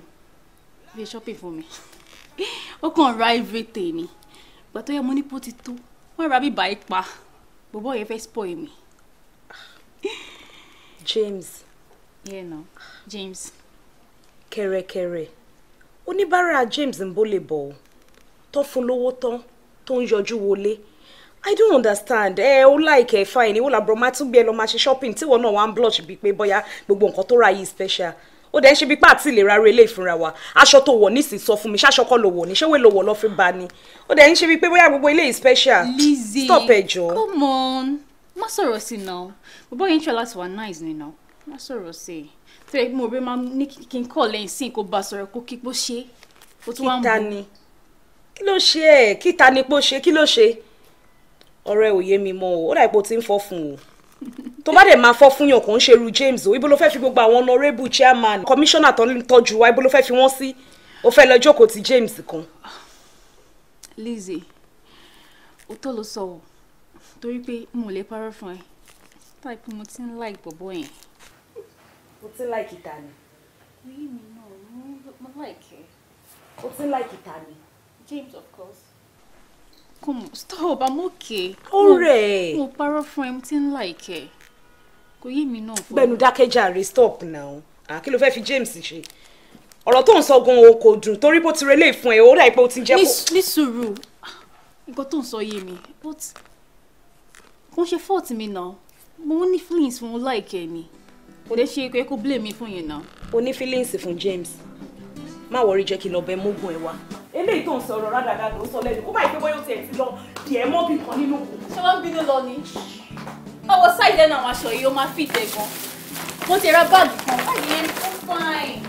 Bí shopping fún mi. Ó kàn ra everything ni. Ìgbà tó yẹ mo ní pó ti tó. Wọ́n ra bíbá ipa. Bọ̀bọ́ yẹn fẹ́ spoil mi. James. Yeah, no. James. Kẹ̀rẹ̀kẹ̀rẹ̀. Oníbàárà James ń bó lè bọ̀ ọ́. Tó fún lówó tán tó ń yọjú wọlé. I don't understand. Ẹ ó láìkẹ́ fine. fáìn ní wọ́n làbúrò máa tún gbé ẹ lọ máa ṣe shopping tí wọ́n náà wá ń blush bíi pé bóyá gbogbo nǹkan tó ra yìí special. Ó dẹ̀ ń ṣe bí pàtí ìlera rẹ ilé ìfúnra wa. Aṣọ tó wọ̀ nísìsiyìí sọ fún mi ṣáṣọ kọ́ ló wọ̀ ní ṣéwé ló wọ̀ lọ́ fi bá ni. Ó dẹ̀ ń ṣe bí pé bóyá gbogbo ilé special. Lizzie, stop ẹ jọ. Come on, má sọ̀rọ̀ sí i náà. Bàbá yẹn ń ṣe láti wà nice ni náà má sọ̀rọ̀ sí i tó yẹ kí mo rí máa ní kí n kọ́ lẹ́yìn sí kó bá sọ̀rọ̀ kó kí pó ṣe kó tó wá ń kíta ni kí ló ṣe ẹ kíta ni pó ṣe kí ló ṣe ọ̀rẹ́ ò mi mọ́ o ó dà ipò tí ń fọ́ fún o tó bá dẹ̀ máa fọ́ fún yàn kò ń ṣerú James o ibo ló fẹ́ fi gbogbo àwọn honourable chairman commissioner tó ń tọ́jú wa ibo ló fẹ́ fi wọ́n sí o fẹ́ lọ jókòó ti James kan. Lizzie òótọ́ ló sọ ọ́ torí pé mo lè parọ́ fún ẹ táìpì mo ti ń láì bọ̀bọ̀ yẹn o ti like itani? ta ni. oyin mi náà mo láìkì. o ti ń láìkì ta James of course. Come stop, I'm okay. Ó rẹ̀. Mo parọ́ fún ẹ, mo ti ń láìkẹ́. Kò yé mi náà. stop now. Ah, kí ló fi James ṣe? Ọ̀rọ̀ tó ń sọ gan o kò dùn torí bó ti relé fún ẹ, ó dà pé ó ti jẹ́ kó. Ní sùúrù, nǹkan tó ń sọ yé mi, but kò ń ṣe mi náà. Mo ní feelings fún láìkẹ́ ni kò lè ṣe pé kó blame mi fún yín náà. o ní feelings fún James má wọrí jẹ́ kí lọ bẹ mógùn ẹ wá. eléyìí tó ń sọ̀rọ̀ rádàdà ló ń sọ lẹ́nu kó má ìpé bóyá ó tiẹ̀ ti lọ dìẹ́ mọ́ bí kan nínú kù. ṣé wọ́n ń bínú lọ ni ọwọ́ sáìdẹ́ náà àwọn aṣọ yìí ó máa fi ìtẹ̀ mo ti ra báàgì kan báyìí yẹn ó fine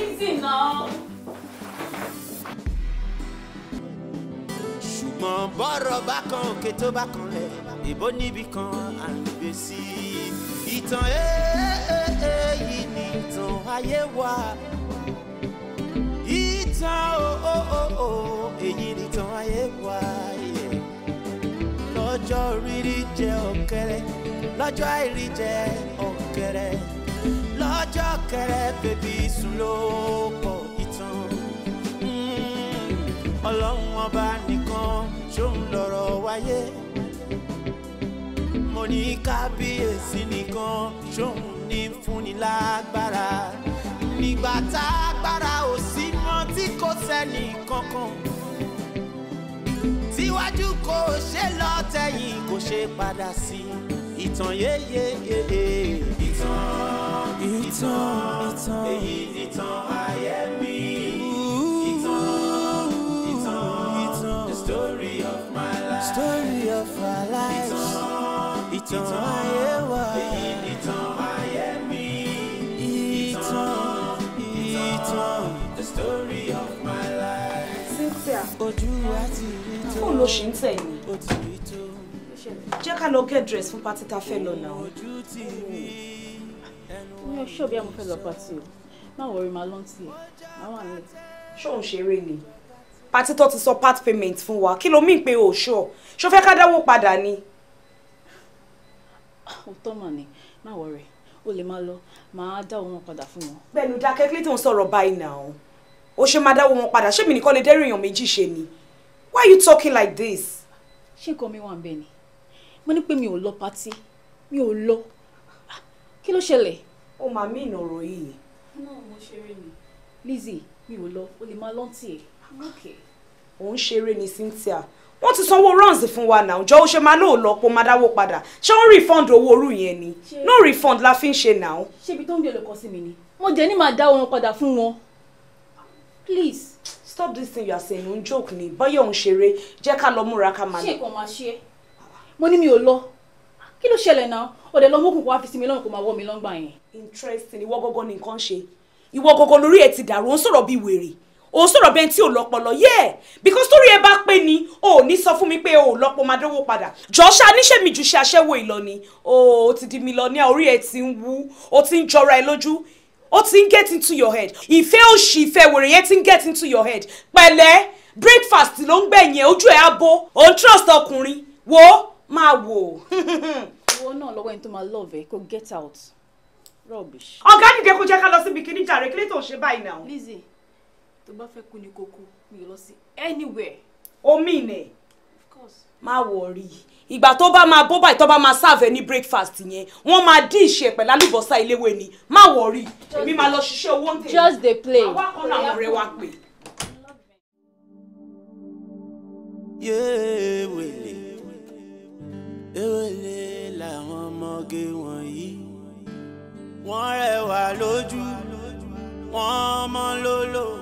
easy náà. ṣùgbọ́n bọ́rọ̀ bá kan òkè tó bá kan lẹ̀ ìbò níbi kan àgbèsí ìtàn èyí ni ìtàn ayé wa ìtàn òòó èyí ni ìtàn ayé wa lọ́jọ́ rírí jẹ ọ̀kẹ́rẹ́ lọ́jọ́ àìrí jẹ ọ̀kẹ́rẹ́ lọ́jọ́ kẹrẹ bèbí sùn ló kọ ìtàn hmm, ọlọ́run ọba nìkan ṣóun lọ́rọ̀ wáyé wọn ní kábíyèsí nìkan ṣóun ní fúnni lágbára nígbà tá agbára ò sí mọ́ tí kò sẹ́ni kankan tíwájú kò ṣe lọ tẹ̀yìn kò ṣe padà sí ìtàn yéyéyéyé. ìtàn ìtàn èyí nìtàn ayé mi. Ìtàn ìtàn the story of my life. Story of my life. Ìtàn ìtàn ayé wa. èyí ìtàn ayé mi. ìtàn ìtàn the story of my life. Cynthia ojú wa ti rí tó. fóònù ló ṣì ń tẹ̀ ní. ó ti rí tó. jẹ́ ká lọ get dress fún pátí ta fẹ́ lọ náà. ojú ti rí ẹnu wa. mi ò ṣọ́ bí àwọn fẹ́ lọ pàtì o má wọrí máa lọ́n tiẹ̀ àwọn àlẹ́. ṣóun ṣeré ni pátí tó ti sọ part payment fún wa kí ló mí pé o ṣọ ṣó fẹ́ ká dáwó padà ni ó tọ́ mà ní má wọ̀rẹ̀ o lè máa lọ máa dáwọ́ wọn padà fún wọn. bẹ́ẹ̀ni dákẹ́ kí ló tó ń sọ̀rọ̀ báyìí náà o ṣe máa dáwọ́ wọn padà ṣé mi nìkan lè dẹ́rù èèyàn méjì ṣe ni why are you talking like this. ṣé nǹkan mi wà ń bẹ ni mo ní pé mi ò lọ patí mi ò lọ kí ló ṣẹlẹ̀. ó máa mí ìnọ̀rọ̀ yìí. náà mo ṣeré ni. Lizzie mi ò lọ o lè máa lọ́ntì ẹ̀. òun ṣeré ni Cynthia wọ́n ti sanwó runs fún wa náà jọ ó ṣe máa lóò lọ́pọ̀ máa dáwó padà ṣé wọ́n refund owó orú yẹn ni no refund la fi ń ṣe náà. ṣébi tó ń gbèrò kọ sí mi ni mo jẹ ní máa dá wọn padà fún wọn please. stop this thing you are saying n joke ni bọ́yọ̀ ń ṣeré jẹ́ ká lọ múra ká máa. ṣé nǹkan máa ṣe é mo ní mi ò lọ kí ló ṣẹlẹ̀ náà ọ̀dẹ̀ lọ mọ́kùnkùn wá fi sí lọ́rùn kó máa wọ́ mi lọ́ngbà yẹn. interesting ìwọ gọgọ ni nǹkan ṣe ìwọ gọgọ lórí ẹ ti dàrú ó ń sọ̀rọ̀ bíi wèrè ò sọ̀rọ̀ bẹ́ẹ̀ tí ò lọ́pọlọ yẹ because torí ẹ bá pé ni o ò ní sọ fún mi pé o ò lọ́pọ̀ máa dánwò padà jọ́ṣà níṣẹ́ mi jù ṣe aṣẹ́wó ìlọ́ni o ò ti di mi lọ ní orí ẹ ti ń wú o ti ń jọra ẹ lójú o ti ń get into your head ìfẹ́ òṣì ìfẹ́ wèrè yẹn ti ń get into your head pẹ̀lẹ́ breakfast ló ń gbẹ̀yìn ojú ẹ̀ abo o ń trust ọkùnrin wo máa wò. owó náà lọ́wọ́ ẹni tó máa love ẹ kó get out rubbish. ọ̀gá nìkẹ́ kó jẹ́ ká lọ síbi kíní jàre kí ló tó ń ṣe báyìí náà. Lizzie tó bá fẹ́ kú ni kò kú mi lọ sí anywhere. omi ìnẹ má wọrí ìgbà tó bá máa bó báyìí tó bá máa serve ní breakfast yẹn wọ́n máa dín ìṣe pẹ̀lú àlùbọ́sà iléwé ni má wọrí èmi máa lọ ṣiṣẹ́ owó ń tẹ̀lé just dey play àwa kan náà àwọn ọ̀rẹ́ wa pè. yéèwèlè ewèlè làwọn ọmọge wọ̀nyí wọ́n rẹwà lójú wọ́n mọ́ lólò.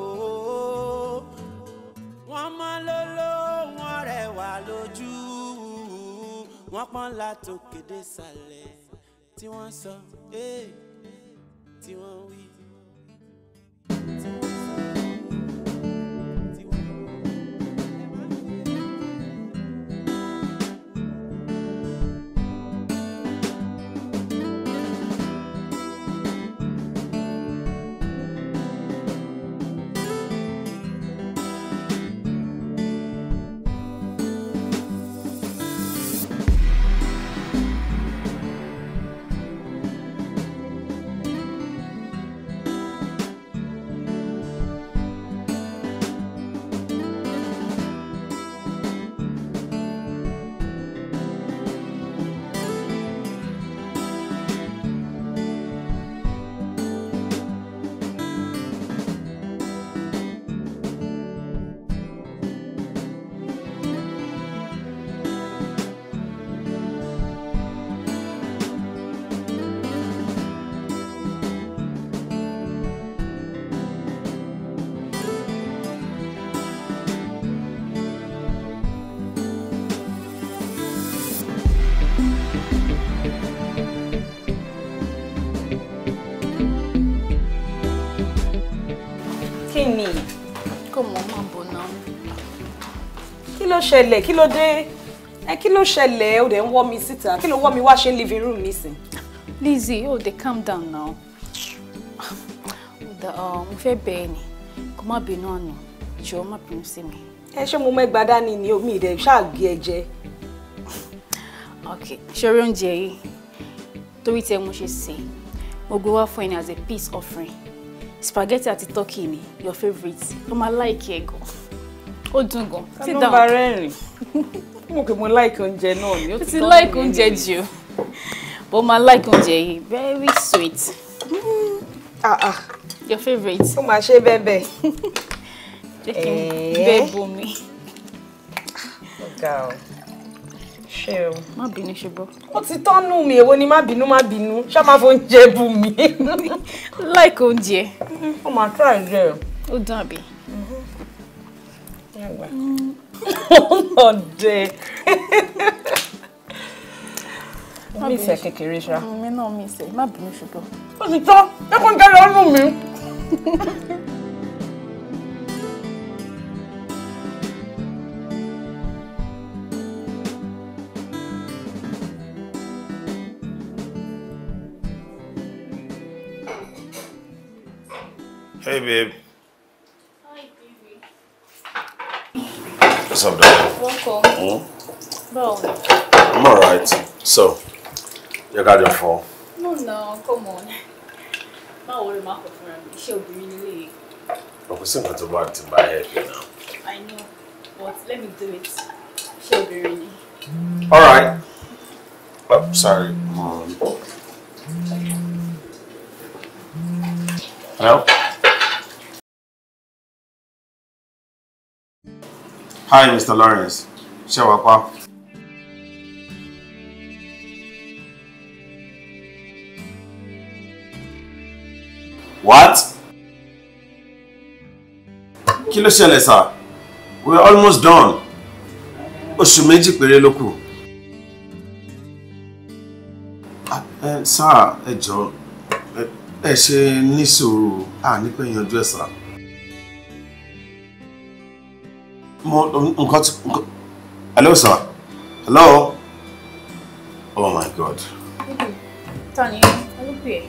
wọ́n mọ́ lóló wọ́n rẹwà lójú wọ́n pọ́n látòkèdè sàlẹ̀ tí wọ́n sọ tí wọ́n wí. ṣẹlẹ̀ kí ló dé ẹ kí ló ṣẹlẹ̀ ó dẹ̀ ń wọ́ mi síta kí ló wọ́ mi wá ṣe living room nísìn. Lizzie o oh, dey calm down now mo fẹ́ bẹ́ẹ̀ ni kó má bínú àná jọ̀ọ́ má bínú sí mi. ẹ ṣé mo mẹ́gbàá dání ni omi ìdẹ ṣáàgì ẹ jẹ. ok ṣeré oúnjẹ yìí torí tí ẹ mo ṣe sè mo gbé wá fún ẹ ní as a peace offering spaghetti àti turkey ni your favourite ó máa like ẹ gan ó dùn gan. sit down. nọ́mbà rẹ́rìn mo kì í like oúnjẹ náà ni ó ti tọ́ like oúnjẹ jù bó máa like oúnjẹ yìí very sweet. Mm. ah ah. your favourite. ó máa ṣe bẹ́ẹ̀ bẹ́ẹ̀. jẹ́ kí n eh. bẹ́ẹ̀ bomi. ọ̀gá o ṣe o. má bínú ṣe bọ́. ó ti tọ́nú mi èwo ni má bínú má bínú ṣá máa fóúnjẹ bù mí. like oúnjẹ. ó máa try rẹ. ó dùn àbí. Àgbà. Ọ̀dẹ̀. Mi ìsẹ̀ kékeré ṣá. Mi náà mi ìsẹ̀, má bínú ṣùgbọ́n. Ó ti tán, ẹ kàn jẹ́ lọ́nù mi. Hey babe. What's up, darling? Welcome. Hmm? Bro. I'm alright. So, you got your phone? No, no, come on. Má worry, má kò fúnra mi. Iṣẹ́ obìnrin nílé yìí. I'm nǹkan tó bá ti bá help you now. I know, but let me do it. She'll be ni. Alright. Oh, sorry. Hmm. Hello? Hi, Mr. Lawrence. Ṣé pa? What? Kilo ló sir. We're almost done. Oṣù méjì loku. Ah, sir, eh, John, eh, she ẹ ṣe ní sùúrù à ní mo nǹkan tí hello sir hello oh my god. tani olùpẹ̀.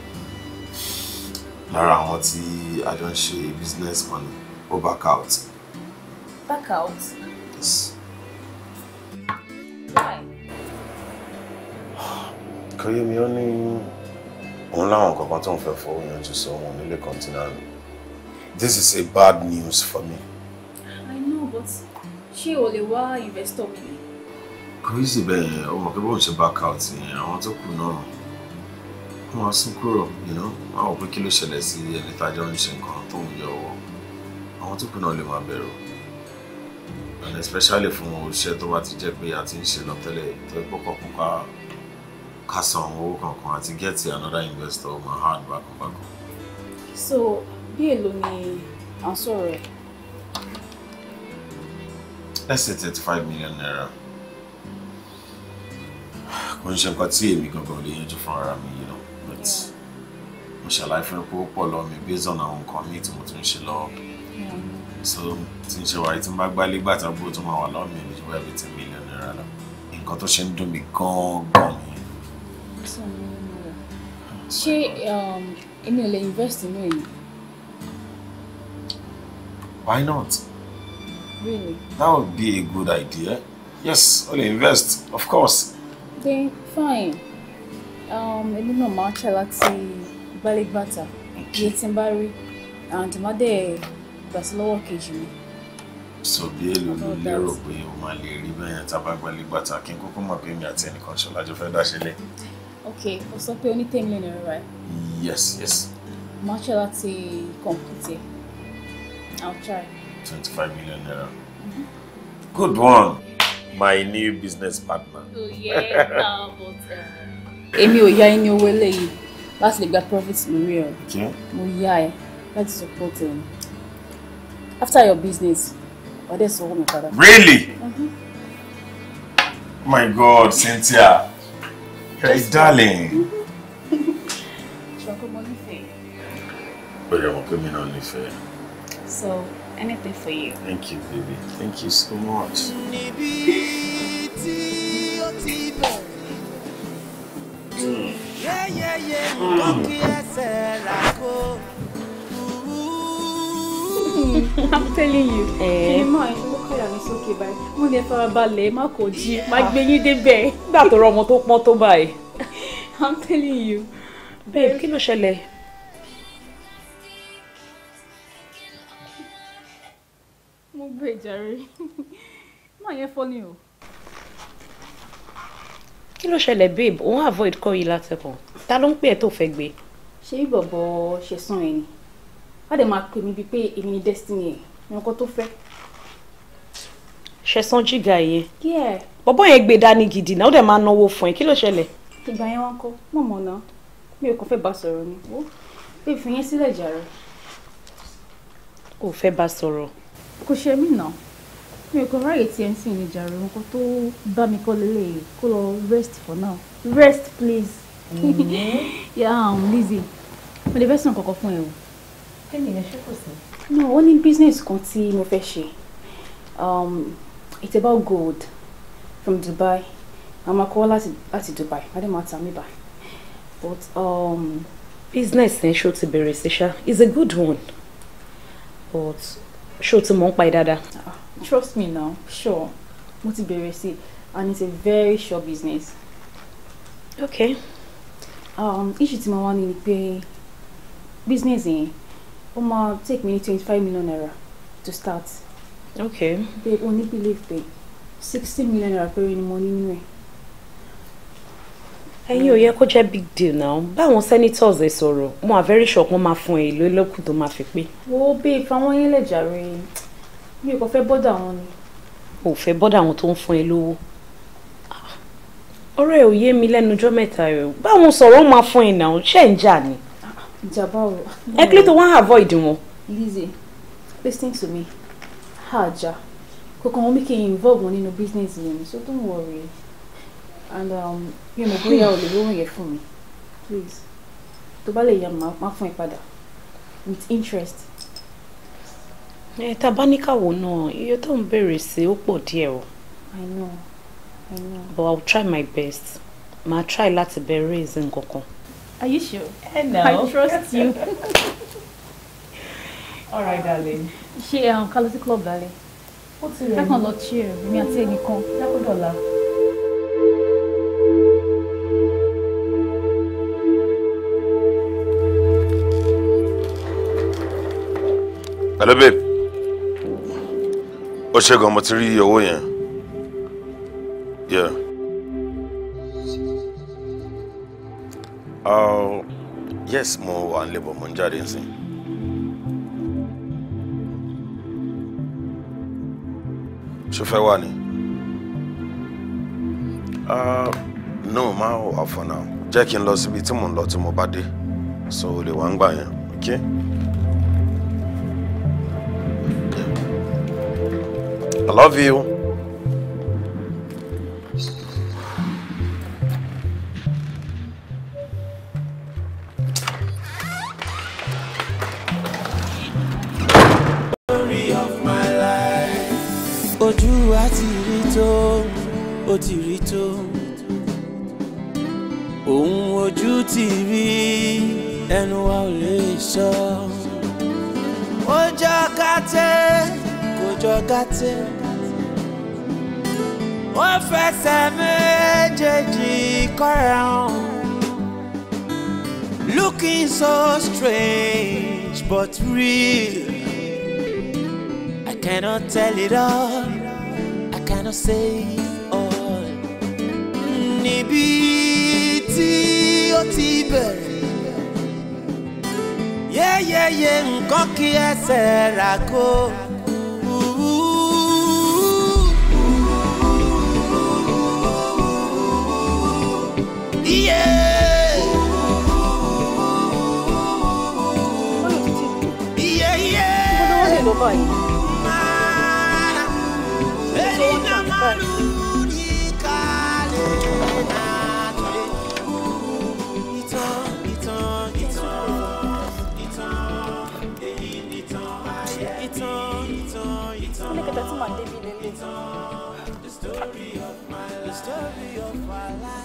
lára àwọn tí a jọ ń ṣe business money. ni ó back out. back out. yes. why. kọ́yẹ́mi ó ní òun láwọn kankan tó ń fẹ́ fọwọ́ yanjú sọ wọn nílé kọ́ńtínà ni this is a bad news for me. I know but ṣé o lè wá investor mi ni. kò í sì bẹ́ẹ̀ ọmọ pé bóun ṣe back out yẹn àwọn tó kù náà wọn á sún kúrò yìnyín wọn á wò pé kí ló ṣẹlẹ̀ sí ẹni tájọ́ ń ṣe nǹkan tó ń yọ ọwọ́ àwọn tó kù náà lè máa bẹ̀rù and especially fún iṣẹ́ tó bá ti jẹ́ pé a ti ń ṣe lọ tẹ́lẹ̀ tó ń pọ̀pọ̀ púpà ká san owó kankan àti get another investor máa hard bákan bákan. so bí èlò ni à ń sọ̀rọ̀ ẹ̀ let's say thirty five million naira kò ń got nǹkan we èmi go the lè yanjú fún ara mi yìí but mo ṣàlàyé fún pé ó pọ̀ lọ mi based on our own míì tí mo tún ń so tí n ṣe wáyé tí n I brought gbà my àbúrò Maybe you have it a million naira. In tí mílíọ̀nù náírà go. nǹkan tó ṣe ń dùn mí gan-an nìyẹn. Um, why not? Really? That would be a good idea. Yes, only invest, of course. Then fine. Um, èmi náà máa ṣe láti gbálégbàtà iye tí n bá and má dẹ̀ gbà sí lọ́wọ́ kejì mi. Sọ bí èlò ló lérò pé o máa lè rí bẹ́yẹn tá a bá gbálégbàtà kí control. kúkú mọ̀ pé èmi àti ẹnìkan ṣọlá jọ fẹ́ dáṣẹ́lẹ̀. Ok, ten million right? Yes, yes. Máa ṣe láti complete it. I'll try. 25 million naira. Good one, my new business partner. Oh yeah, but uh, èmi ò yá ẹni owó eléyìí láti lè gba profit lórí ẹ mo yá ẹ láti support ẹ after your business ọdẹ sanwó mi padà. really mm-hmm. my god Cynthia hey darling. Mm-hmm. ṣọkọ mo nífẹ̀ẹ́. ó yẹ wọn pé no náà fee. so anything for you. Thank you, baby. Thank you so much. mm. Mm. I'm telling you. Eh. Ìmọ̀ ẹ̀ ló kọ́yà mi sókè báyìí. Mo ní ẹ fara balẹ̀, má kò jí, má gbé yín débẹ̀. Nígbà tó rọ ọmọ tó pọ́n tó báyìí. I'm telling you. Babe, kí ló ṣẹlẹ̀? jàre náà yẹn fọ́ ni o. kí ló ṣẹlẹ̀ babe òun avoid kọ́ yìí látẹ̀kùn ta ló ń pè ẹ́ tó fẹ́ gbé. ṣé bọ̀bọ̀ ṣe sàn ẹ ni wọ́n dẹ̀ máa pè mí bíi pé èmi ni destiny ẹ̀ ní ọkọ tó fẹ́. ṣẹ̀sán jìgà yẹn. kí ẹ. bọ̀bọ̀ yẹn gbé dání gidi náà ó dẹ̀ máa náwó fún ẹ kí ló ṣẹlẹ̀. ìgbà yẹn wọn kọ mọ̀mọ́ náà mi ò kàn fẹ́ bá sọ̀rọ̀ ni ó fi yẹn sílẹ̀ jàre. o fẹ́ bá sọ̀rọ̀ kò ṣe mí nà mi ò kọ ráyè tí mc ní jàre nǹkó tó bá mi kọ́ lélẹ̀ kó lọ rest for now rest please mm-hmm. yeah um, Lizzie mo lè fẹ́ sàn kankan fún ẹ o. kí ni ìyẹn kò sí. no ó ní business kan tí mo fẹ́ ṣe um, it's about gold from Dubai àmọ́ kọ́ láti láti Dubai má máa ta mí bá but. Um, business ẹ̀ ṣó ti bẹ̀rẹ̀ sí ṣá is a good one but ṣó ti mọ̀ ń pa ẹ̀ dáadáa. trust me now sure mo ti bẹ̀rẹ̀ sí and it's a very sure business. okay. Um, issue tí mo wá ní ni pé business yẹn ó máa take me twenty five million naira to start. okay. babe onípele ìfẹ́ sixteen million naira péré ni mo ní nínú ẹ̀ ẹ̀yin ò yẹ kó jẹ́ big deal náà báwọn senators ẹ̀ sọ̀rọ̀ mo à very sure wọ́n máa fún ẹ ìlú ẹlẹ́kùn tó máa fi pé. wo bíi fáwọn yín lè jàre mi kò fẹ́ bọ́dà wọn ni. o ò fẹ́ bọ́dà wọn tó ń fún ẹ lówó. Ah, ọ̀rọ̀ ẹ̀ ò yé mi lẹ́nu ọjọ́ mẹ́ta rẹ̀ báwọn sọ̀rọ̀ máa fún ẹ náà ṣẹ́ ń jà ni. Ah, ìjàmbá o. ẹ kílẹ̀ tó wọ́n avoid wọn. Lizzie listen to me àjà kò kàn wọ́n mí kì í involve wọn nínú business yẹn so don't worry and um, mi ò mọ̀ bóyá o lè rówó yẹn fún mi please tó bá lè yá máa fún ẹ padà with interest. ẹ tá a bá ní káwọ náà iye tó ń béèrè sí ó pọ̀ díẹ̀ o. i know i know. but i will try my best màá try láti bẹ raise nǹkan kan. are you sure? Eh, no. i trust you. all right darling. ṣe àwọn um, kálọ́sí club darling. ó ti rẹ̀ mí. kákan lọ chill mi àti ẹnìkan. dákúdọ̀la. hello babe ó ṣe gan mo ti rí owó yẹn yeah. Uh, yes mo wà ń lébọ̀ mo ń jáde nsìn. ṣe fẹ́ wà ní. Uh, no máa wà for now jẹ́ kí n lọ síbi tí mò ń lọ tí mo bá dé so o lè wá ń gbà yẹn okay. I love you. forgotten. Wọ́n fẹsẹ̀ Looking so strange but real. I cannot tell it all. I cannot say it all. Nibiti ti o yeah yeah, nǹkan nnkan a ẹsẹ̀ rà iye. iye iye. èyí náà máa lù ní kálẹ̀ àtúndé. ìtàn ìtàn ìtàn ìtàn èyí nìtàn ayé mi. ìtàn ìtàn ìtàn. ó ní kẹta tí màá débi lélẹ̀. the story of my life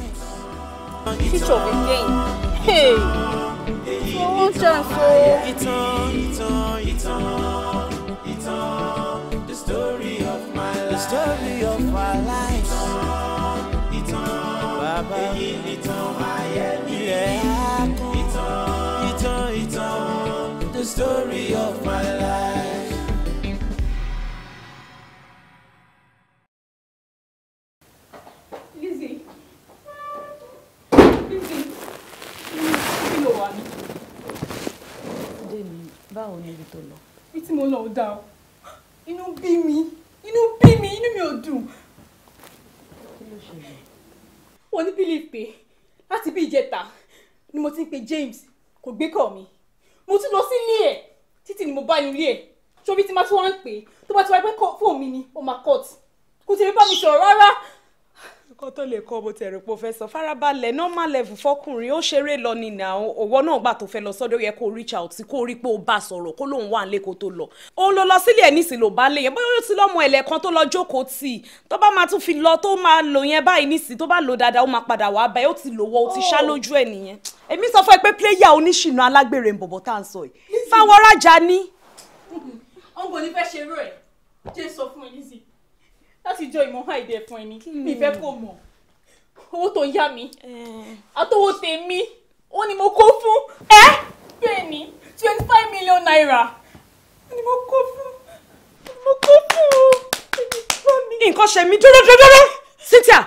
future of again. Hey, for one chance, oh. It's on, it's on, it's on, it's on. The story. báwo ni ibi tó lọ. bí tí mo lọ ò dáa inú bí mi inú bí mi inú mi ò dùn. kí ló ṣẹlẹ̀. wọ́n ní bílíì pé láti bí ìjẹta ni mo ti ń pe James kò gbé kọ̀ mi mo tún lọ sílé ẹ̀ títí ni mo bá nílé ẹ̀ ṣọ́bí tí má tún wá ń pè é tó bá ti wá pé fóònù mi ni ó máa cut kò tẹ̀lé bá mi sọ̀rọ̀ rárá kó tó lè kọ́ bó ti ẹ̀rù pò farabalẹ̀ normal level fọkùnrin ó ṣeré lọ ní nà òwò náà gbà tó fẹ́ lọ sọ́dọ̀ yẹ kó reach out sí kó rí pé ó bá sọ̀rọ̀ kó lóun wà nílé kó tó lọ. ó lọ lọ sílé ẹ̀ nísìn ló bá lè yẹn bóyá ó ti lọ́mọ ẹ̀lẹ́ kan tó lọ jókòó tì í tó bá máa tún fi lọ tó máa lò yẹn báyìí nísìn tó bá lò dáadáa ó máa padà wá bẹ́ẹ̀ ó ti lò wọ́ ó ti ṣá oh. lójú ẹ̀ sọ fún ẹ ni. ọ̀nbọ̀n láti jọ ìmọ̀ háìdí ẹ̀ fún ẹni hmm. mi fẹ́ kó mọ̀ owó tó yá mi eh. àtọwọ́ tèmi ó ní mo kó fún ẹ bẹ́ẹ̀ ni twenty five million naira ni mo kó fún mo kó fún o èmi gbọ́ mi. nǹkan ṣe mí dúró dúró dúró Cynthia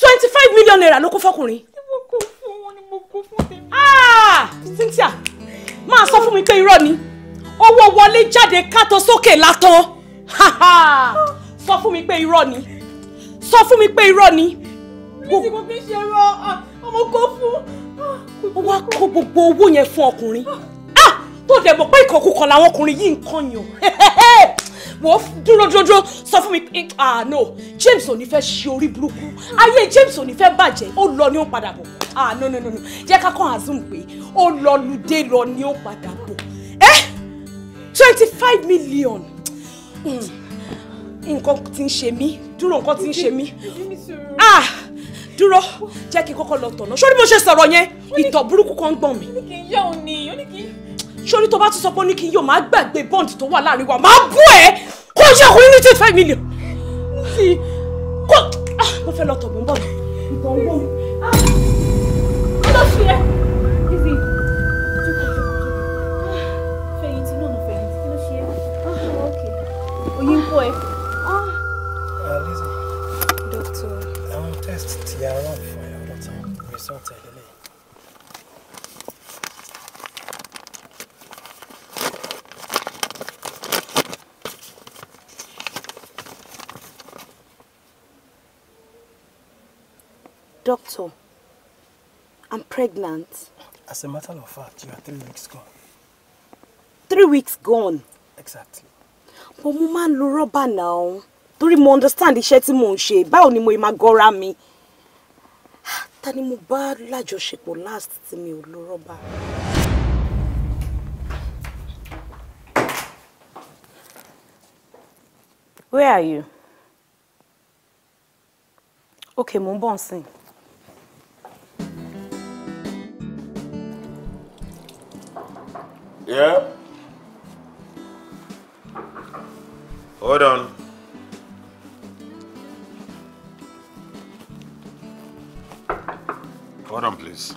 twenty five million naira ló kó fọkùnrin. ni mo kó fún wọn ni mo kó fún tèmi. Ah! Cynthia máa sọ fún mi pé irọ́ ni owó wọlé jáde kátó sókè látọ̀. Ah sọ fún mi pé irọ́ ni sọ fún mi pé irọ́ ni. mi sì ah, kò fi ṣe rọ ọmọ kó fún. ó wá kó gbogbo owó yẹn fún ọkùnrin ah. Ah, tó dẹ̀ mọ̀ pé ìkọ̀kùkọ̀ làwọn ọkùnrin yìí ń kàn yàn wọ́n dúró dúró sọ fún mi pé ah no James ò ní fẹ́ ṣe orí burúkú ayé James ò ní fẹ́ bàjẹ́ ó lọ ni ó padà bọ̀ ah no no no no jẹ́ ká kàn azum pé ó lọ lùdé lọ ni ó padà bọ̀ ẹ́ eh? twenty five million. Mm nǹkan ti ń ṣe mí dúró nǹkan ti ń ṣe mí ah dúró jẹ́ kí n kọ́kọ́ lọ tọ̀nà sórí bó ṣe sọ̀rọ̀ yẹn ìtọ̀ burúkú kan ń gbọ̀n mi. sórí tó bá tún sọ pé ó ní kí n yóò máa gbàgbé bond tó wà láàrin wa máa bú ẹ kó o jẹ́ ọkùnrin ní twenty five million. kó ah, mo fẹ́ lọ tọ̀ mọ́ bọ̀ mi ìtọ̀ ń gbọ̀n mi. Ah, kí ló ṣe é. Ah, fẹ̀yìntì náà oyin kó ẹ. They are around for a lot of time. Resort Elele. Doctor, I'm pregnant. As a matter of fact, you are three weeks gone. Three weeks gone? Exactly. But mo máa ń lo rọ́bà náà. understand the tí mò ń ṣe. Báwo ni ta ni mo bá lájọṣepọ̀ last tí mi ò lọ rọ́bà. Where are you? Okay, mo ń bọ̀ nsìn. Yeah. Hold on. Hold on, please.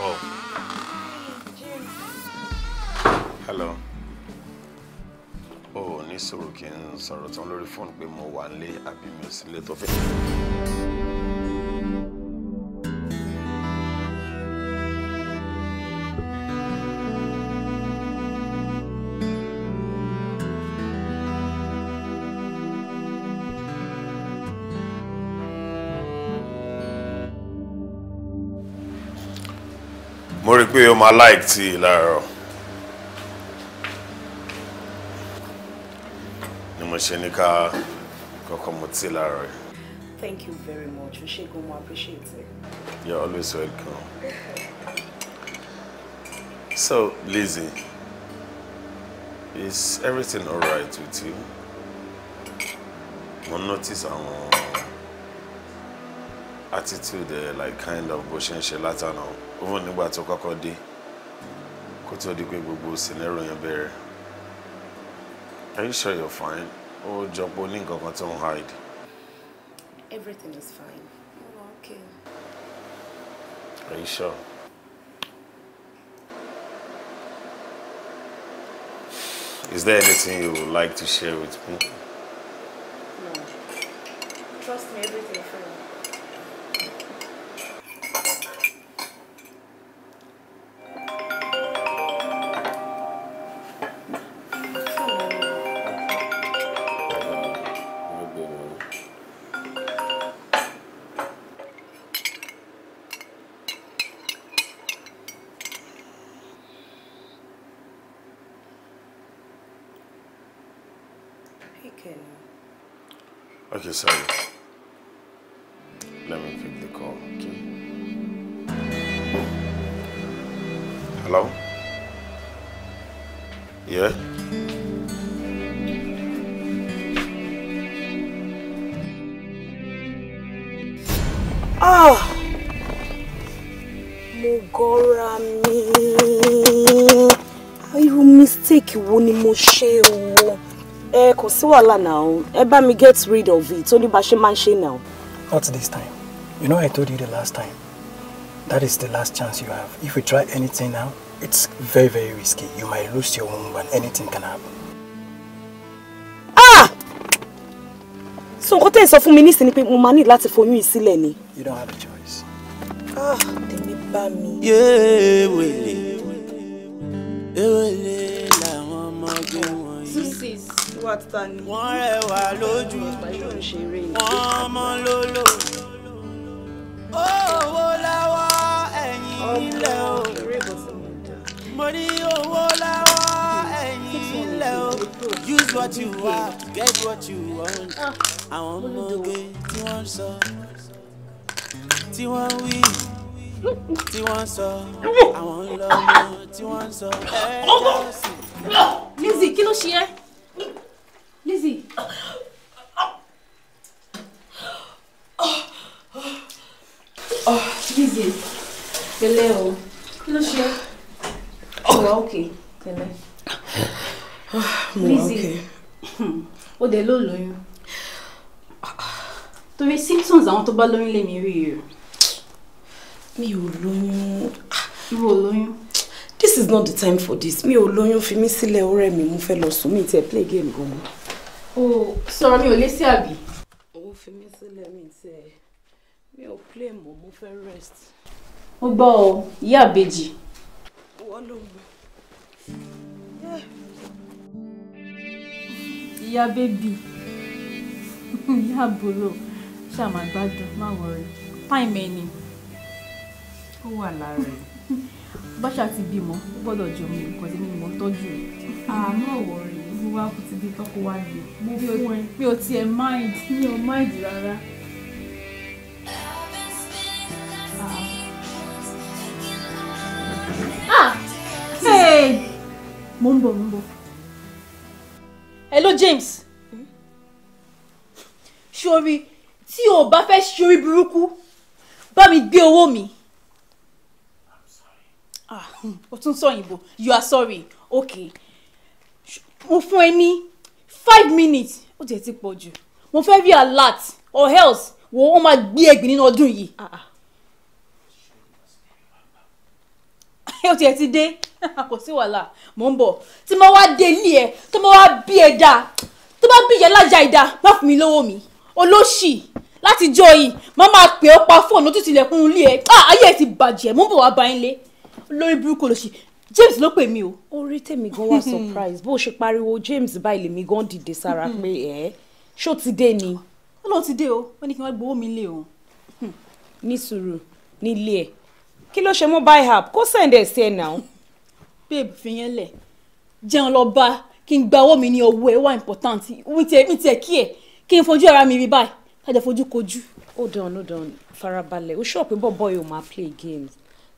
Oh. Hello. Oh, ní sọ̀rọ̀ kí n sọ̀rọ̀ tán lórí fóònù pé mo wà nílé àbí mi ò sílé tó fẹ́. o máa like tea láàárọ̀ ni mo ṣe ní ká kọ́kọ́ mu tea láàárọ̀ yìí. Thank you very much o ṣe gan mo appreciate it. You're always welcome. So, Lizzie, is everything alright with you? Mo notice àwọn. Um, attitude ẹ like kind of bó ṣe ń ṣe látànà even nígbà tó kọ́kọ́ dé kó tó di pé gbogbo scenario yẹn bẹ̀rẹ̀ are you sure you're fine ó jọ pé ó ní nǹkan kan tó ń hide. everything is fine. Oh, okay. are you sure. Is there anything you would like to share with me? No. Trust me, everything Thank you, sir. wàhálà náà ẹ bá get rid of it Only bashi bá now. máa not this time you know I told you the last time that is the last chance you have if you try anything now it's very very risky you might lose your womb and anything can happen. ah so what is ẹ sọ fún mi money pé for máa ní láti you don't have a choice. ah tèmi bá mi. yéèwé. Yeah, ta ni. wọ́n rẹwà lójú wọ́n mọ́ lólò owó lọ́wọ́ ẹ̀yìn ilẹ̀ o mo ní owó lọ́wọ́ ẹ̀yìn ilẹ̀ o use what you want, get what you want àwọn ọmọge tí wọ́n sọ tí wọ́n wí tí wọ́n sọ àwọn ńlọmọ tí wọ́n sọ ẹ̀ẹ́dọ́sì. Lizzy kí ló ṣe é. Oh. Kẹlẹ́ ah, hmm. o. Kí ló ṣe? Ìwà òkè kẹlẹ́. lo ó dẹ̀ ló lóyún. Torí symptoms àwọn tó bá lóyún lè mí rí o. Mi ò lóyún. Ìwọ This is not the time for this. Mi ò lóyún fi mí sílẹ̀ ọ̀rẹ́ mi mo fẹ́ lọ sùn mi tiẹ̀ play game gan-an. Oh, sorry. mi ò lé sí àbí. Owó oh, fi mí sílẹ̀ mi tiẹ̀ mi ò play mọ́ mo fẹ́ rest mo gbọ́ ọ ìyá àbejì. ìyá bébì ìyá àbúrò ṣàmà gbádùn máwọn rẹ táìmù ẹni ó wà lára rẹ báṣà ti bímọ ó gbọ́dọ̀ jọ mi nǹkan tí mímọ tọ́jú rẹ. àmọ́ ọ̀wọ́ rẹ̀ ló wá kú ti di tọ́kọ wá gbé. mo fún ẹ mi ò tiẹ̀ mind mi ò mind rárá. mo ń bọ̀ mo ń bọ̀. hello James ṣorí tí o bá fẹ́ ṣorí burúkú bá mi gbé owó mi. Ah, o tún sọ òyìnbó you are sorry okay mo fún ẹ ní five minutes ó tiẹ̀ ti pọ̀ jù mo fẹ́ rí alert or else wo ó máa gbé ẹgbìn nínú ọdún yìí. Ah, ah. ó tiẹ̀ ti dé. kò sí wàhálà mò ń bọ̀ tí mo wá dé ilé ẹ tó mo wá bí ẹ dáa tó bá bí ìyá lájà ìdá má fún mi lówó mi olóṣì láti jọ yìí má máa pè ó pa fóònù tó tilẹ̀kùn ilé ẹ ah, ayé ẹ ti bàjẹ́ mò ń bọ̀ wá bá yín lé lórí burúkú olóṣì James ló pè mí o. ó rí tèmi gan wá surprise bó o ṣe pariwo James báyìí lèmi gan dìde sára pé hmm. ẹ ṣó ti dé ni. ó lóun ti dé o ó ní kí wọ́n gbowó mi lé o. Hmm. ní sùúrù nílé ẹ kí ló ṣe mobile app kó send sí ẹ náà babe fi yẹn lẹ̀ jẹun lọ bá kí n gba owó mi ní owó ẹ̀ wá important mi tiẹ̀ kí ẹ̀ kí n fojú ara mi rí báyìí kájà fojú kojú. hold on hold on farabalẹ̀ o ṣọ́ọ̀pù bọ̀bọ̀ yóò máa play games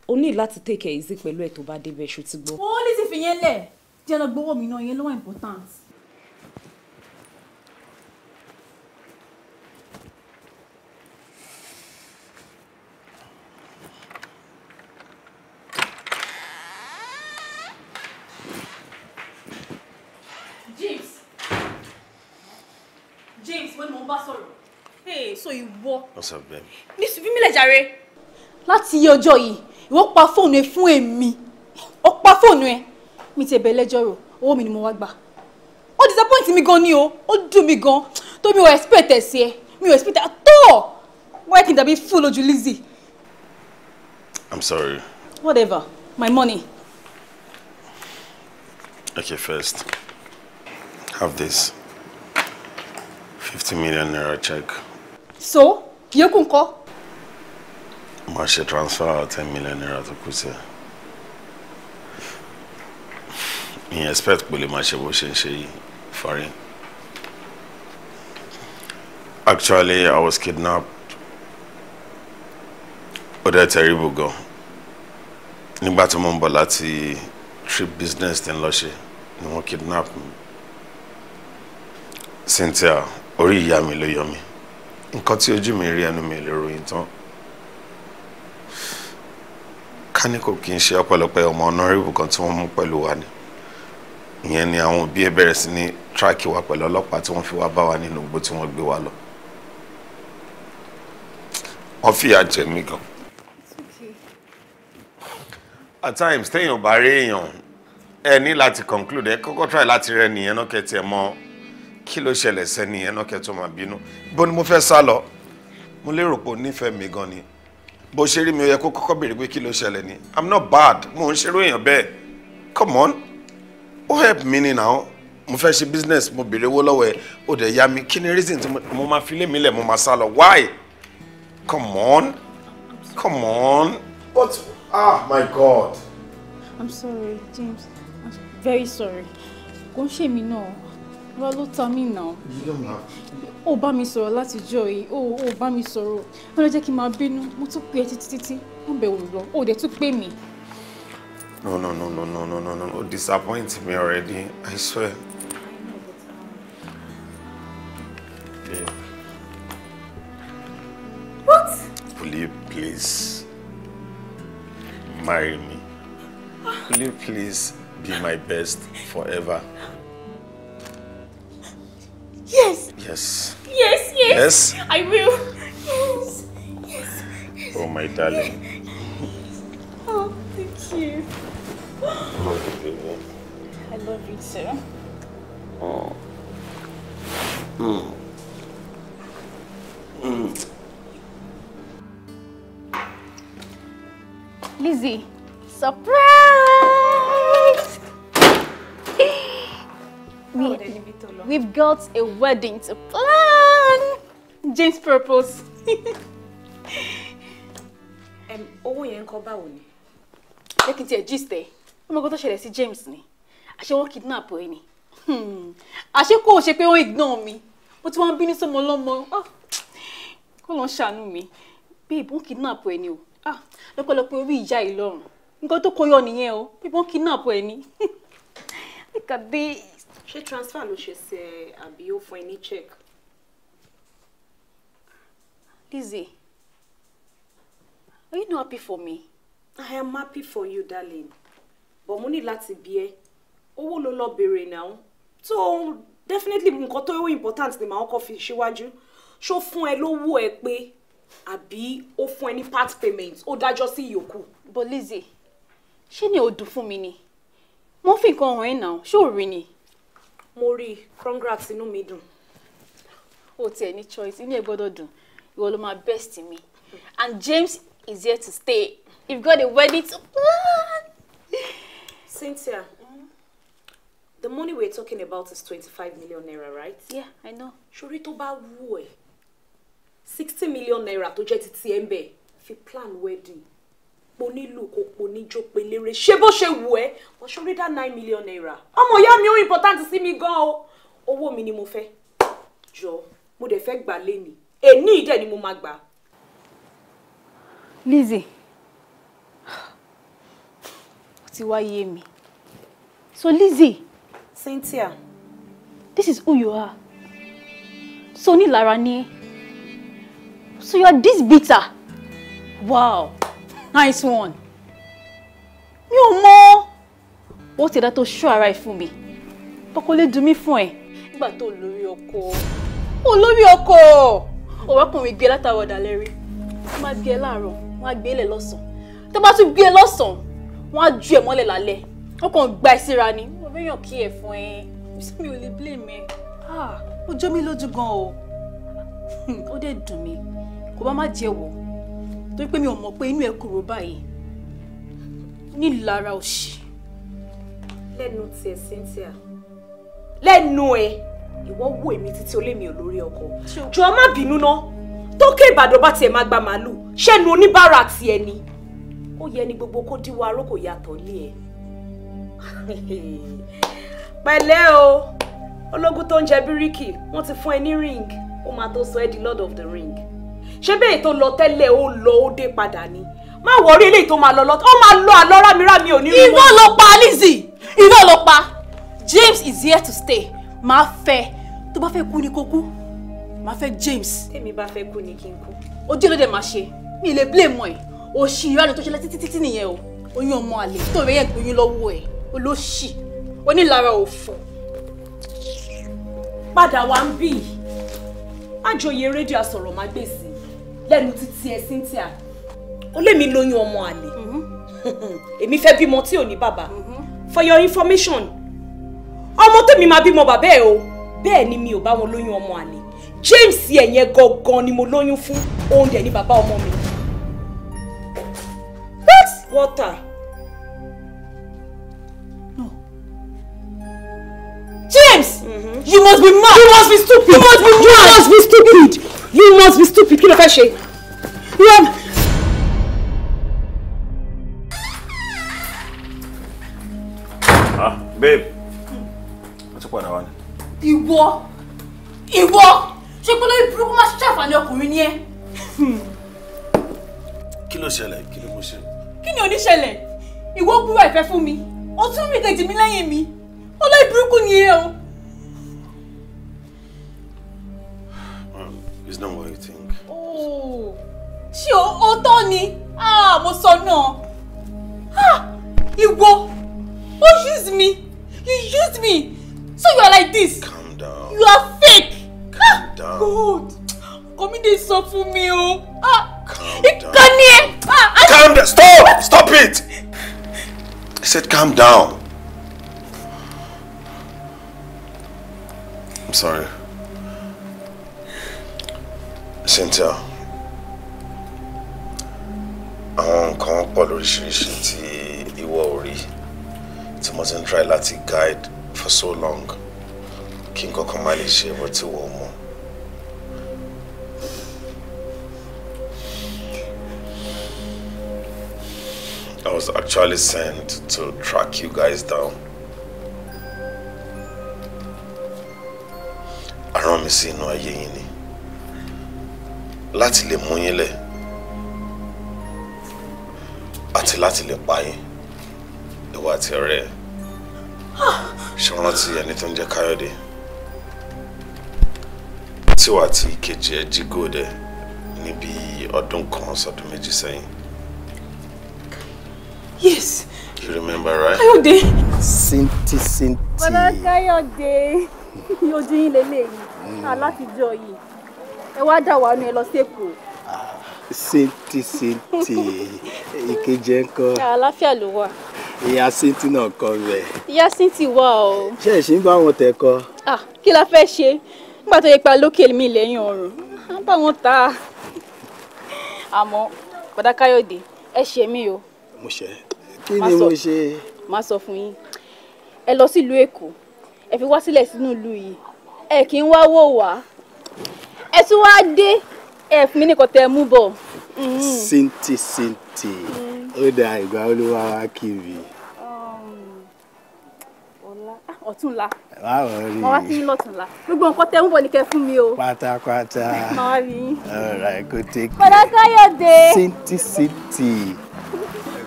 o ní láti take care. easy pẹ̀lú ẹ̀ tó bá débẹ̀ ṣó ti gbọ́. wọ́n ní ti fi yẹn lẹ̀ jẹun lọ gbowó mi náà yẹn ló important. pé mo ń bá ìwọ. what's up babe. ní sùn bímílẹ̀ jàre. láti iye ọjọ́ yìí ìwọ pa fóònù ẹ fún èmi ó pa fóònù ẹ mi ti ẹ̀bẹ̀ lẹ́jọ́ rò owó mi ni mo wá gbà ó disappoint mi gan ni o ó dùn mi gan tó mi ò expect ẹ̀ sí ẹ mi ò expect ẹ̀ tó wáyé kí n dàbí fún lójú Lizzy. I'm sorry. Whatever. My money. Okay, first, have this fifty million naira check. so yòókù ńkọ́. mo ṣe transfer ten million naira to Kuse. In i n expect pé lè máa ṣe bó ṣe foreign. Actually, I was kidnapped. Ó dẹ̀ terrible gan. Nígbà tí mo ń bọ̀ trip business tí ń lọ ṣe ni wọ́n kidnap mi. Cynthia orí ìyá mi ló yọ mí nǹkan tí ojú mi rí ẹnu mi lè ròyìn tán káníkò kì í ṣe ọpẹ́lọpẹ́ ọmọ ọ̀nàrẹ́bù kan tí wọ́n mú pẹ̀lú wa ni ìyẹn ni àwọn òbí ẹ bẹ̀rẹ̀ sí ní tíráàkì wa pẹ̀lú ọlọ́pàá tí wọ́n fi wá bá wa nínú igbó tí wọ́n gbé wa lọ wọ́n fìyà jẹ mí gan. at times téèyàn bá rí èèyàn ẹ ní láti conclude ẹ kọ́kọ́ try láti rẹ nìyẹn náà kẹ́ tiẹ̀ mọ́ kí ló ṣẹlẹ̀ sẹ́ni ẹ̀ náà kẹ́tọ́ máa bínú bó ni mo fẹ́ sá lọ mo lérò pé o nífẹ̀ẹ́ mi gan ni bó ṣe rí mi ó yẹ kó kọ́kọ́ béèrè pé kí ló ṣẹlẹ̀ ni i'm not bad mo ń ṣerú èèyàn bẹ́ẹ̀ come on ó help me ni now mo fẹ́ ṣe business mo béèrè owó lọ́wọ́ ẹ̀ ó dẹ̀ yá mi kí ni reason tí mo máa fi lé mi lẹ̀ mo máa sá lọ why come on come on But ah my god. i'm sorry james i'm very sorry kò ń ṣèmi náà. Rọ ló ta mí náà. You don't have to. Ó bá mi sọ̀rọ̀ láti jọ yìí, ó ó bá mi sọ̀rọ̀. Wọ́n lọ jẹ́ kí n máa bínú, mo tún pè é títí títí, wọ́n bẹ̀ wò lọ, ó dẹ̀ tún pè mí. No, no, no, no, no, no, no, no, no, disappoint me already, I swear. What? Will you please marry me? Will you please be my best forever? Yes. Yes. Yes, yes. Yes. I will. Yes. Yes. yes. Oh, my darling. Yes. Oh, thank you. I love you too. Oh. Mm. Mm. Lizzie, surprise! we, we've got a wedding to plan. James purpose. um, owó yẹn ńkọ́ báwo ni? Lẹ́kìn tí ẹ̀ gist ẹ̀, ọmọ ọgọ́ tó ṣẹlẹ̀ sí James ni. Àṣé wọ́n kidnap ẹ Hmm. I should ṣe She wọ́n ignore me. But mi. Mo ti wá ń bínú sọmọ ọlọ́mọ. Ah. Kó lọ ń ṣàánú mi. Babe, wọ́n kidnap ẹ ni o. Ah. Lọ́pọ̀lọpọ̀ orí ìyá yìí lọ́rùn. Nǹkan tó kọyọ nìyẹn o. Babe, wọ́n kidnap ẹ ni. Look at this ṣé transfer ló ṣe ṣe àbí ó fún ẹ ní check. Lizzie, are you not happy for me? I am happy for you, darling. But mo ní láti bi ẹ́, owó ló lọ béèrè náà. So definitely nǹkan tó important ni màá kọ́ fi síwájú. Ṣó fún ẹ lówó ẹ pé àbí ó fún ẹ ní part payment ó dájọ́ sí ìyókù. But Lizzie, ṣé ni o dùn fún mi ni? Mo fi nǹkan hàn ẹ́ náà, ṣé ò rí ni? mo rí congrats inú mi dùn. o tiẹ̀ ní choice inú ẹ̀ gbọ́dọ̀ dùn ìwọ ló máa best in me, and James is here to stay if God dey wedding to plan. Cynthia mm? the money we are talking about is twenty-five million naira right. yeah I know. sori tó bá wù ẹ́ sixty million naira to jẹ́ ti tiẹ̀ ń bẹ̀ fi plan wedding po nílù kò po níjó pe lérè ṣé bó ṣe wù ẹ́ wọ́n ṣe rí dá nine million naira ọmọ ìyá mi ó important sí mi gan o owó mi ni mo fẹ́ jọ mo dẹ̀ fẹ́ gbà lẹ́nu èní ìdẹ̀ ni mo máa gbà. Lizzie ó ti wá yé mi so Lizzie. Cynthia. This is who you are so nílara ni so you are this bitter wow nice one mi ò mọ̀ ó ti dá tó ṣọ́ ara ẹ̀ fún mi ọkọ lè dùn mí fún ẹ nígbà tó lórí ọkọ olórí ọkọ ọ̀rọ̀kùnrin gbé látàwọ̀ ọ̀dàlẹ̀ rí wọ́n máa gbé ẹ láàárọ̀ wọ́n á gbé ẹ lẹ̀ lọ́sàn-án tó bá tún gbé ẹ lọ́sàn-án wọ́n á ju ẹ mọ́lẹ̀ lálẹ́ wọ́n kàn gba ẹ síra ni wọ́n fẹ́ yàn kí ẹ fún ẹ mi ò lè blame ẹ ah, ó jọ mí lójú gan o ó dẹ̀ dùn mí kò bá má jẹ́ wọ̀ torí pé mi ò mọ̀ pé inú ẹ kúrò báyìí nílara òṣì. lẹ́nu tiẹ̀ Cynthia lẹ́nu ẹ ìwọ wo èmi títí olémi ò lórí ọkọ jọ̀ọ́ má bínú ná tókè Ìbàdàn bá tiẹ̀ máa gba màálù ṣẹ́nu oníbàárà tiẹ̀ ni ó yẹ ni gbogbo kó díwọ aró kò yàtọ̀ lé ẹ pẹ̀lẹ́ o ológun tó ń jẹ bíríkì wọ́n ti fún ẹ ní ring ó máa tó sọ ẹ́ di Lord of the Ring ṣé bẹ́ẹ̀ tó lọ tẹ́lẹ̀ ó lọ ó dé padà ni má wọrí eléyìí tó máa lọ lọ́tọ́ ó máa lọ àlọ́ rámírámí ò ló pa Lizzy ìwọ ló pa James is here to stay máa fẹ́ tó bá fẹ́ kú ni kó kú máa fẹ́ James. tèmi bá fẹ́ kú ni kí n kú. ojú ló dé máa ṣe mi lè blame ẹ òṣì ìranu tó ṣẹlẹ̀ títí títí nìyẹn o oyún ọmọ àlè tó rẹ yẹn gbóyún lọ́wọ́ ẹ olóṣì onílara òfò padà wá ń bì àjòyè rédíò àsọ̀rọ̀ máa gbèsè lẹ́nu títí ẹ Cynthia ó lé mi lóyún ọmọ àlè mhm. èmi fẹ́ bímọ tí ò ní bàbá mhm. for your information ọmọ tèmi máa bímọ bàbá ẹ o bẹ́ẹ̀ ni mi ò bá wọn lóyún ọmọ àlè James ẹ̀yẹn gangan ni mo lóyún fún òun dẹ̀ ni bàbá ọmọ mi. what water. James! Mm-hmm. You must be mad! You must be stupid! You must be mad! You must be stupid! you must be stupid kí ló You. ṣe. ah babe What's ti padà Iwo. Iwo. ìwọ ìwọ ṣé broke my burúkú máa your àǹfààní ọkùnrin ni ẹ. kí ló ṣẹlẹ̀ kí ló mo ṣe. kí ni oníṣẹlẹ̀ ìwọ búra ìfẹ́ fún mi ó tún rí ìdèjì mi lẹ́yìn mi olórí burúkú ni It's not what you think. Oh, ṣé òótọ́ Tony. Ah, mo sọ náà. Ah, ìwọ, o use me, you used me, so you are like this. Calm down. You are fake. Calm ah, down. God, Kọ́mídé sọ fún mi o. Ah, ìkànnì ẹ̀. Calm ah, down, stop, stop it. I said calm down. I'm sorry. Cynthia àwọn nǹkan pọ̀ lóríṣiríṣi tí ìwọ ò rí tí mo ti ń try láti guide for so long kí n kankan má lè ṣe bó ti wọ̀ mọ́. I was actually sent to track you guys down. Aràn mi sí inú ayé yín ni láti lè mú yín lẹ̀ àti láti lè pa yín ìwà àti ọ̀rẹ́ ẹ̀ ṣe rántí ẹni tó ń jẹ́ káyọ̀dé tíwà àti ìkejì ẹ̀ jí gòdẹ níbi ọdún kan sọdún méjì sẹ́yìn. yes. you remember right. káyọ̀dé. sinti sinti. bọ́lá káyọ̀dé ojú yín lélẹ́yìn alátijọ́ yìí ẹ wá dà wá nu ẹ lọ sí èkó. sèǹtì ah, sèǹtì ìkejì ẹ kọ. àlàáfíà ló wà. ìyá sèǹtì náà kọ rẹ. ìyá sèǹtì wà o. ṣé ẹ̀ ṣì ń bá wọn tẹ̀ kọ. Ah, kí la fẹ́ ṣe nígbà tó yẹ pé alókè mi lẹ́yìn ọ̀run à ń bá wọn ta àmọ́ bàdá káyọ̀dé ẹ ṣe mí o. mo ṣe kí ni mo ṣe. má sọ fún yín ẹ lọ sílùú èkó ẹ fi wá sílẹ̀ sínú ìlú yìí ẹ kì í wá wò wá ẹ tún wá dé ẹ fún mi ní kọtẹ mú bọ̀. sèǹtì sèǹtì mm. ó dà ìgbà olúwa wa kiri. Um, ah, ọ̀túnla báwo rí i wọ́n wá sí lọ́túnla gbogbo nǹkan tẹ́ ń bọ̀ ní kẹ́ fún mi o. pátápátá ọ̀rọ̀ ẹ̀kọ́ tẹ́kì. sèǹtì sèǹtì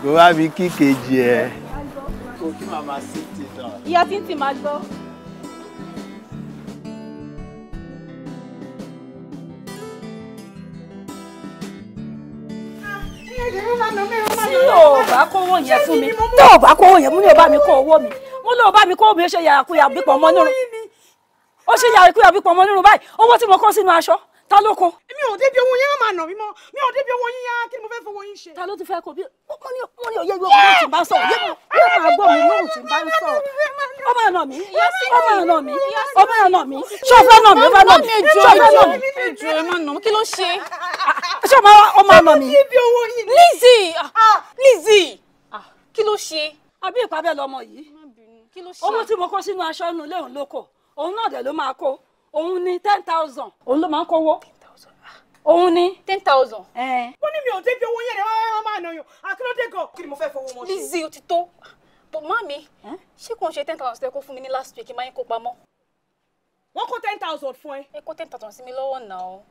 kó bá mi kí kejì ẹ. ìyá tí ń tì máa gbọ́. tí o bá kówó yẹn fún mi tó o bá kówó yẹn mú ní o bá mi kó owó mi mo lọ bá mi kó mi ó ṣe yàrá kúyà bí pọ̀ mọ́ nírun ó ṣe yàrá kúyà bí pọ̀ mọ́ nírun báyìí owó tí mo kó sínú aṣọ ta ló kọ. mi ò débi owó yẹn má máa nà mí mọ́ mi ò débi owó yín yá kí ni mo fẹ́ fowó yín ṣe. ta ló ti fẹ́ kó bí wọ́n ní wọ́n ní òye yóò kó tì bá sọ̀rọ̀ yóò máa gbọ́ mi lóhùn tì bá ń sọ̀rọ̀ ó máa nà mí ó máa nà mí ó máa nà mí ṣé o fẹ́ nà mí ó fẹ́ nà mí ṣé o fẹ́ nà mí. ìjọ ẹ máa nà mí kí ló ṣe. ṣé o máa nà mí. Lizzy ah. Ah, Lizzy ah, kí ló ṣe. àbí ìpàbẹ́ lọmọ yìí owó tí mo kó sínú aṣọ nulẹ̀ òun ló kọ òun náà dẹ̀ ló máa kó òun ni ten thousand òun ló máa ń kówó ah. òun ni. ten thousand. wọ́n ní mi ò débi owó yẹn rẹ̀ wọ́n máa nà yàn àkínlódé gan. kí ni mo fẹ́ fowó wọn ṣe. Lizzie o ti tó bò má ṣé kò ń ṣe ten thousand tẹ kó fún mi ní last week máa ń kó pamọ́. wọ́n kó ten thousand fún ẹ. ẹ kó ten thousand sí mi lọ́wọ́ náà o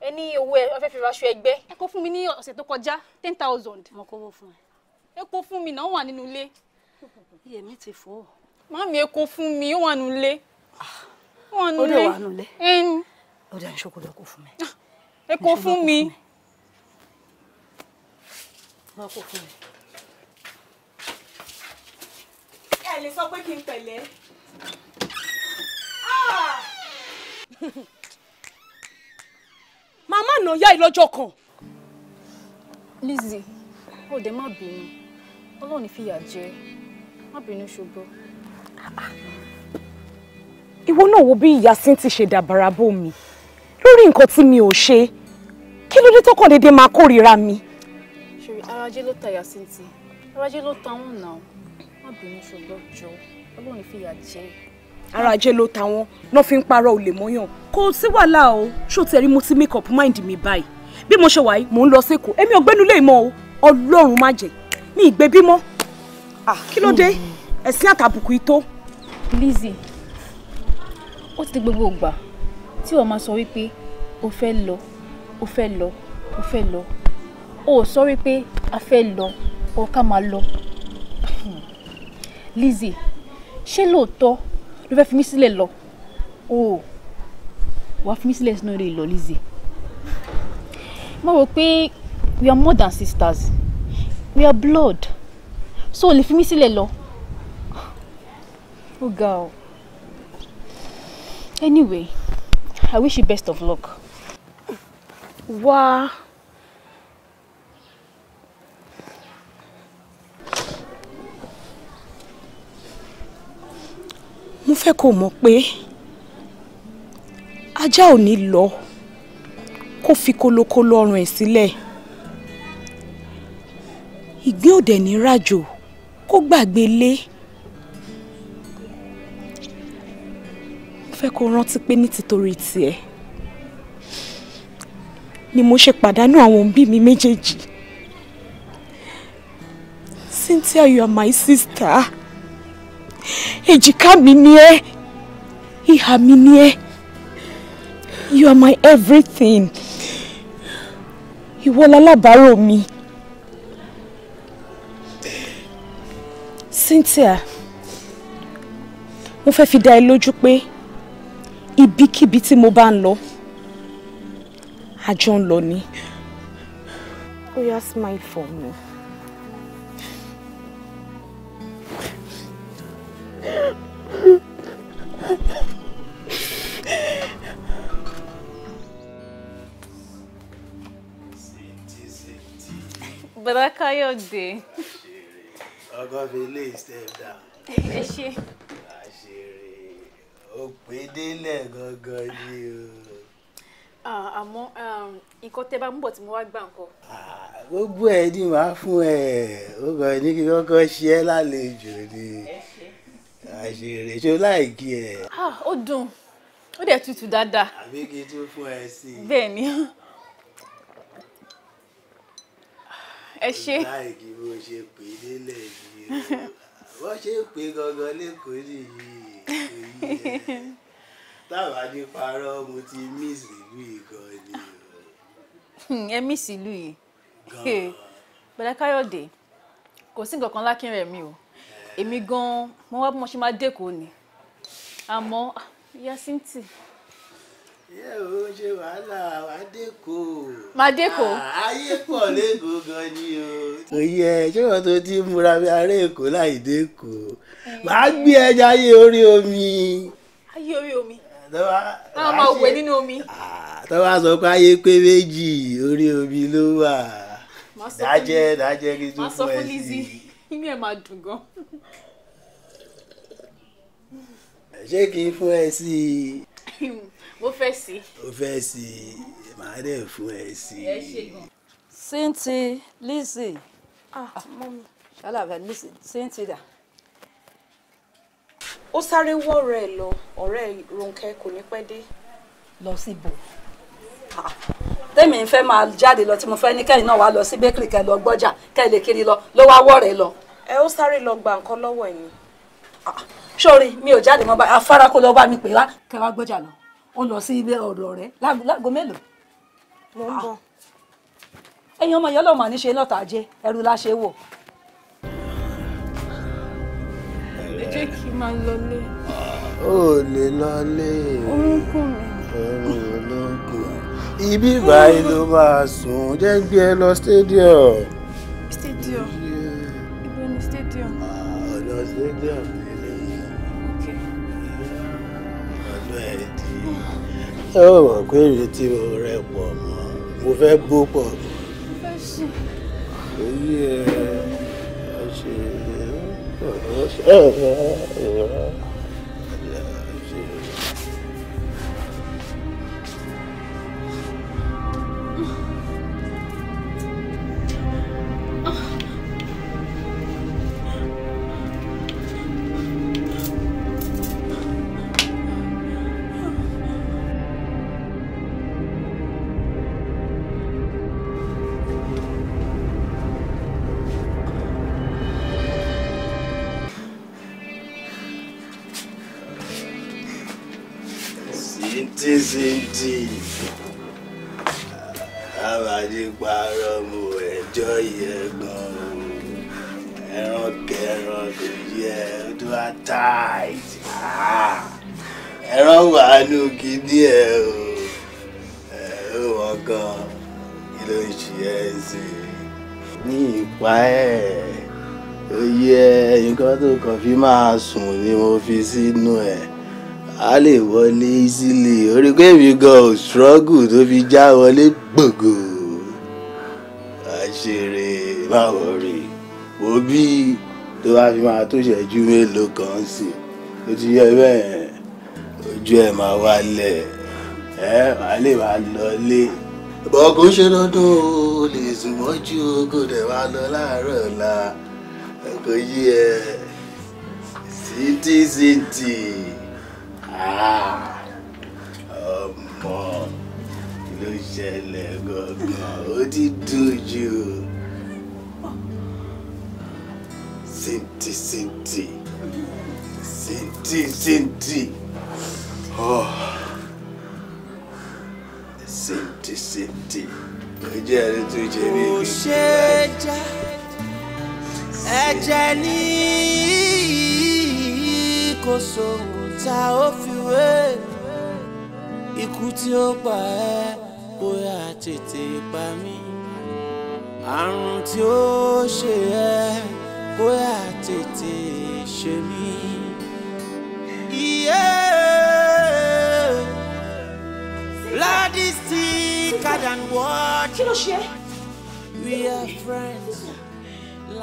ẹ ní owó ẹ fẹ́ fi raṣọ ẹgbẹ́ ẹ kó fún mi ní ọ̀sẹ̀ tó kọjá ten thousand. mo kówó fún ẹ. ẹ kó fún mi náà wà nínú ilé. iye mi ti fò. má ẹ kó fún mi ó wà nínú ilé. Ah ó dẹ̀ wà nulẹ̀ ó dẹ̀ ń ṣokòlò kò fún mi. Ah, ẹ kò fún mi. wọ́n kò fún mi. ẹ lè sọ pé kí n pẹ̀lẹ́. Ah! màmá nà yá ìlọ́jọ́ kan. Lizzie ó dẹ̀ má bínú ọlọ́run fìyà jẹ má bínú ṣùgbọ́n. Ah, ìwọ náà wo bí ìyàsín ti ṣe dàbàrà bò mí lórí nǹkan tí mi ò ṣe kí ló dé tọkàn déédéé máa kórìíra mi. ṣòrí arajé ló ta ìyàsín ti arajé ló ta wọn náà má bínú ṣùgbọ́n jọ ọlọ́run ìfìyà jẹ́ arajé ló ta wọn náà fi ń parọ́ olè mọ́yàn kò sí wàhálà o ṣó ti mo ti make up mind mi báyìí bí mo ṣe wà yìí mò ń lọ sẹ́kọ̀ọ́ èmi ò lè mọ o ọlọ́run má jẹ́ mi ìgbẹ́ bímọ ah, kí ló dé hmm. ẹ̀sìn àtàbùkù ìtó. Lizzie ó ti di gbogbo ìgbà tí wọ́n máa sọ wípé o fẹ́ lọ o fẹ́ lọ o fẹ́ lọ o sọ wípé a fẹ́ lọ o ká máa lọ Lizzie ṣé lóòótọ́ ló fẹ́ fi mí sílẹ̀ lọ o wàá fi mí sílẹ̀ sínú eré ìlọ Lizzie mo rò pé we are more than sisters we are blood so o lè fi mí sílẹ̀ lọ ó ga ọ́. Anyway, I wish you best of luck. Wá. Mo fẹ́ kó mọ̀ pé ajá ò ní lọ kó fi kólókóló ọrùn ẹ̀ sílẹ̀. Ìgbín ò ní rájò kó gbàgbé lé. fẹ́ kó rántí pé ní tìtorí tiẹ̀ ni mo ṣe pàdánù àwọn òbí mi méjèèjì Cynthia you are my sister èjìká mi ni ẹ́ ìhà mi ni ẹ́ you are my everything ìwọ lálábàárò mi Cynthia mo fẹ́ fi dá ẹ lójú pé ibikíbi tí mo bá ń lọ àjọ ń lọ ni ó yá smile for me. Bàbá Káyọ̀dé. Ọgọ́ mi lè step down. Ẹ ṣe pé délẹ̀ gangan ni o. àmọ́ um, nǹkan tẹ́ bá ń bọ̀ tí mo wá gbà nǹkan. gbogbo ẹ ni màá fún ẹ ó kàn ní kí kọ́kọ́ ṣe ẹ́ lálejò ni àṣèrè ṣó láìkí ẹ. ó dùn ó dẹ̀ tutù dáadáa. àbí kí n tún fún ẹ sí i. bẹ́ẹ̀ ni ẹ ṣe. láìkí bó ṣe pè é délẹ̀ ni o bó ṣe pè é gangan lẹ́kọ̀ọ́ nìyí. táwa ní parọ́ mo ti miss ìlú yìí gan ni o. Hmm, ẹ miss ìlú yìí bẹ̀rẹ̀ káyọ̀dé kò sí nǹkan kan lákínrẹ̀ mi o eh. èmi gan-an mo wá bí mo ṣe máa dẹ́kọ̀ọ́ ni àmọ́ ah, yasinti. Yeah, ṣé o ṣe wàhálà wàdéko. màdéko. ayé pọ̀ lẹ́kọ̀ọ́ gan ni o. òye ẹ ṣé wọn tó ti múra bí ará èkó láì déko eh. màá gbé ẹja ayé orí omi. ayé orí omi. a máa wẹ̀ nínú omi. tọ́wọ́ a sọ pé ayé pé méjì orí omi ló wà. dájẹ́ dájẹ́ kí tó fún ẹ sí i. inú ẹ̀ máa dùn gan. ṣé kí n fún ẹ sí i. mo fẹ́ sí. o fẹ́ sí màá dẹ̀ fún ẹ sí. ẹ ṣe gan. Cynthia Lizzie. ah, ah mọ́mi. ṣálàbẹ̀ Lizzie Cynthia dà. ó sáré wọ́ ọ̀rẹ́ ẹ̀ lọ ọ̀rẹ́ Rónkẹ́ kò ní pẹ́ dé. lọ síbò ah, tẹ́mi ń fẹ́ máa jáde lọ tí mo fẹ́ ní kẹ́yìn náà wá lọ sí bakery kẹ́ lọ gbọ́jà kẹ́ lè kiri lọ ló wá wọ́ rẹ̀ lọ. ẹ ó sáré lọ gba nǹkan lọ́wọ́ ẹ̀ ni. Ah, mi ò jáde mọ́ bá afárá kó lọ bá mi pè wá kẹ́ wá gbọ́jà lọ ó lọ sí ilé ọ̀dọ̀ rẹ̀ láago mélòó. mo ń ah. bọ̀. ẹ̀yin ọmọ yọlọ mà ní ṣe lọta jẹ ẹrù la ṣe wò. ẹ jẹ́ kí n máa lọlé. ó lè lọlé. orúnkún mi. ẹrù ológun. ibi báyìí ló máa sùn jẹ́ gbé ẹ lọ stadium. stadium. ibo ni stadium. Ah, ọ̀nà stadium. ó mọ̀ pé ìrètí rẹ pọ̀ mọ́ mo fẹ́ gbó pọ̀ mọ́. èyí ẹ ṣe ẹ ṣe ẹ. Oh. kí ló ń ṣe ẹ́ ṣe ní ìpa ẹ̀ oyè nǹkan tó kàn fi máa sùn ni mo fi sínú ẹ̀ a lè wọlé sílé orí pé mi gan ò struggle tó fi já wọlé gbòògò àṣèrè báwo rí òbí tó bá fi máa tó ṣẹ́jú mélòó kan sí ó ti yẹ bẹ́ẹ̀ ojú ẹ̀ máa wálẹ̀ ẹ̀ máa lè máa lọlé bọ́gùn ṣe dandan o lè sùn dẹ̀ wá lọ láàárọ̀ ọ̀la kò yí ẹ city city ah, ọmọ ló ṣẹlẹ̀ gangan ó ti dùn jù city city city city. Oh sèǹtì sèǹtì ẹ̀jẹ̀ rẹ tó jẹ ní ìgbìmọ̀. kò ṣe é já ẹ̀jẹ̀ ní kò sóhun tá ó fi wé ikú tí ó pa ẹ́ kó yá tètè pa mí àrùn tí ó ṣe ẹ́ kó yá ṣe mí. Yeah. Ladi hard and what? Kí ló We are friends.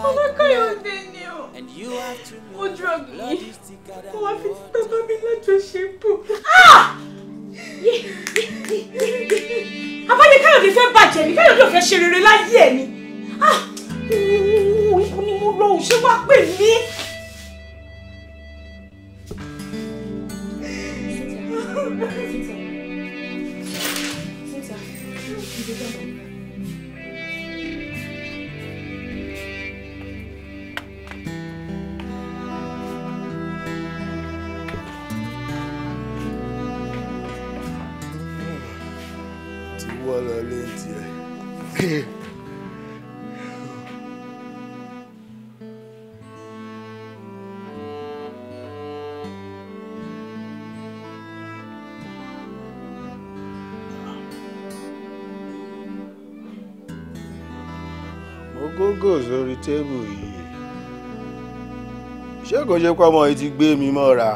Ọlákáyọ̀dé ni o. Mo drug yìí. Mo wá fi ti Ah! mi lájọṣepọ̀. Abáyé ah! Káyọ̀dé fẹ́ bàjẹ́ ni Káyọ̀dé ò fẹ́ ṣe rere láyé ẹ̀ ni. Ah! Ibu ni mo lọ òṣè wá pè mí. Thank you. Thank you. sórí tébù yìí ṣé kò ṣe pé ọmọ yìí ti gbé mi mọ́ra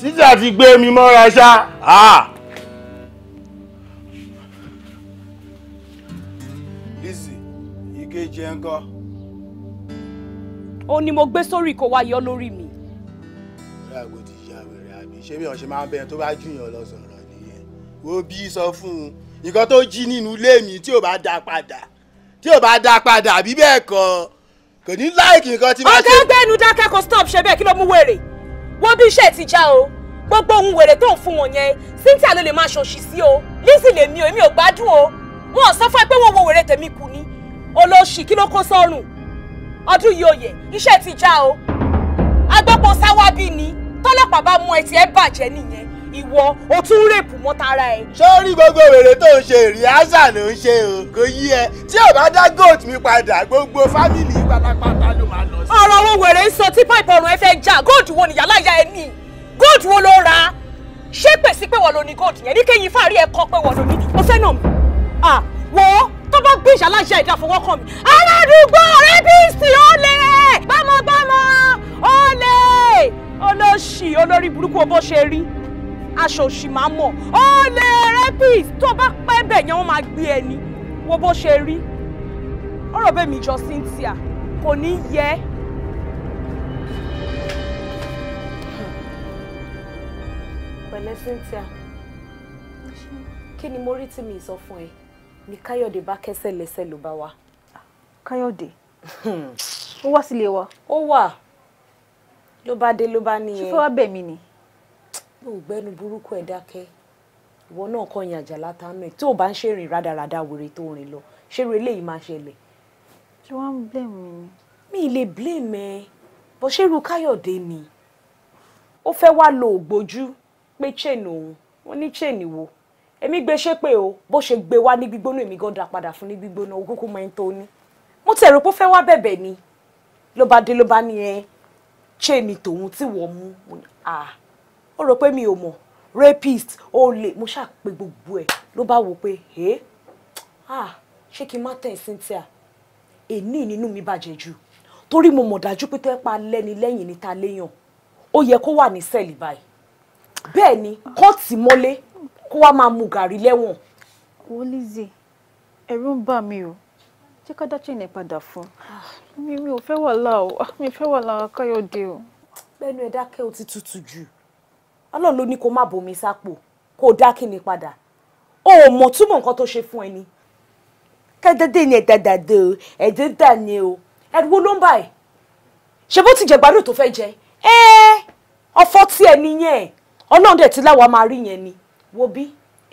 sísà ti gbé mi mọ́ra ṣá. Lizzy ìkejì ẹ̀ ń kọ́. ó ní mo gbé sórí kó wá yọ lórí mi. ṣáàgò ti ya wẹ̀rẹ̀ àbí ṣé bí wọ́n ṣe máa bẹ tó bá jù yàn lọ sọ̀rọ̀ nìyẹn wo bí sọ fún un nǹkan tó jí nínú ilé mi tí ò bá dá padà tí ò bá dá padà àbí bẹ́ẹ̀ kọ́ kò ní láìkì nǹkan tí máa ṣe. dákẹ́ kó stop ṣe bẹ́ẹ̀ kí ló mú wèrè wọ́n bí iṣẹ́ ti já o gbogbo ohun wèrè tó ń fún wọn yẹn cynthia ló lè máa ṣòṣì sí o lizzy lè mi ò èmi ò gbádùn o wọn ò sọ fún ẹ pé wọn wo wèrè tèmi kù ni olóṣì kí ló kó sọ́rùn ọdún yìí òye iṣẹ́ ti já o agbọ́pọ̀ sáwábì ni tọ́lọ́pàá bá mú ẹ tiẹ̀ bàjẹ́ nìyẹn ìwọ o tún rèpù mọ́ tara ẹ̀. sọ́ọ́rí gbogbo wèrè tó ń ṣe ìrìásà ló ń ṣe o kò yí ẹ tí ò bá dá goat mi padà gbogbo fámìlì pátápátá ló máa lọ sí. ọ̀rọ̀ wo wèrè ń sọ tí pipe ọ̀run ẹ fẹ́ já goat wo nìyá láyà ẹ ní goat wo ló ra ṣé pèsè pé wọ́n lo ní goat yẹn ní kéyìn fáàrí ẹ kọ́ pé wọ́n lo ní o fẹ́ nà mí. à wọ́ tó bá gbé ìṣàlàyé ẹ̀dá fọwọ́kàn mi. aládùúgbò rẹ̀ bí sí olè gbámọ́gbámọ́ olè olóṣì olórí burúkú bó ṣe rí aṣọ òṣì máa mọ̀ ó lè rẹ́pìs tó bá pẹ́ bẹ̀ yẹn wọ́n máa gbé ẹni wo bó ṣe rí ọ̀rọ̀ bẹ́ẹ̀ mi jọ Cynthia kò ní yẹ. pẹ̀lẹ́ Cynthia kí ni mo rí tí mi sọ fún ẹ ni Káyọ̀dé bá kẹsẹ̀ lẹ́sẹ̀ ló bá wa. Káyọ̀dé hmm. ó wá sílé wa. ó wà ló bá dé ló bá ní ṣé fẹ́ wá bẹ̀ mí ni mo ò gbẹ́nu burúkú ẹ̀ dákẹ́ ìwọ náà kọ́ yan àjàlá tánú ẹ̀ tí ò bá ń ṣèrìn rádaràda wèrè tó rìn lọ ṣèrè eléyìí máa ṣẹlẹ̀. ṣé wọ́n ń blame mi ni. mi ì lè blame ẹ bó ṣe irú káyọ̀dé ni ó fẹ́ wá lo ògbójú pé chain òun wọ́n ní chain wo èmi gbé ṣépè o bó ṣe gbé wá ní gbígbóná èmi gan dá padà fún ní gbígbóná ogúnkún máa ń tó ní mo tẹ̀rù pé ó fẹ́ wá bẹ̀bẹ̀ ni ló bá dé ló bá ní ẹ chain tòun tí wọ́n mú ah ó rò pé mi ò mọ̀ rapist olè mo ṣàpè gbogbo ẹ̀ ló bá wò pé ẹ́ ah ṣé kí n má tẹ̀ Cynthia èní nínú mi bàjẹ́ jù torí mo mọ̀ dájú pé tẹ́pa lẹ́ni lẹ́yìn níta léèyàn ó yẹ kó wà ní sẹ́ẹ̀lì báyìí bẹ́ẹ̀ ni kóòtù mọ́lé kó wá máa mu gàrí lẹ́wọ̀n. wo Lizzie ẹ̀rù ń bà mí o jẹ́ ká dá chain ẹ̀ padà fún ah. mi mi ò fẹ́ wàhálà o mi ò fẹ́ wàhálà káyọ̀dé o. bẹ́ẹ̀ ni ẹ dákẹ́ o ti tutù jù ọlọ́run ló ní kó má bomi sápò kó dá kíni padà o ò mọ̀ túmọ̀ nǹkan tó ṣe fún ẹni kẹ́dẹ́dẹ́ ni ẹ̀dàdàdà o ẹ̀dẹ́dà ni o ẹ̀dùwó ló ń bà ẹ̀ ṣe bó ti jẹ gbádùn tó fẹ́ jẹ ẹ́ ọ̀fọ̀ tí ẹ nìyẹn ọlọ́run dẹ̀ ti láwa máa rí yẹn ni wo bí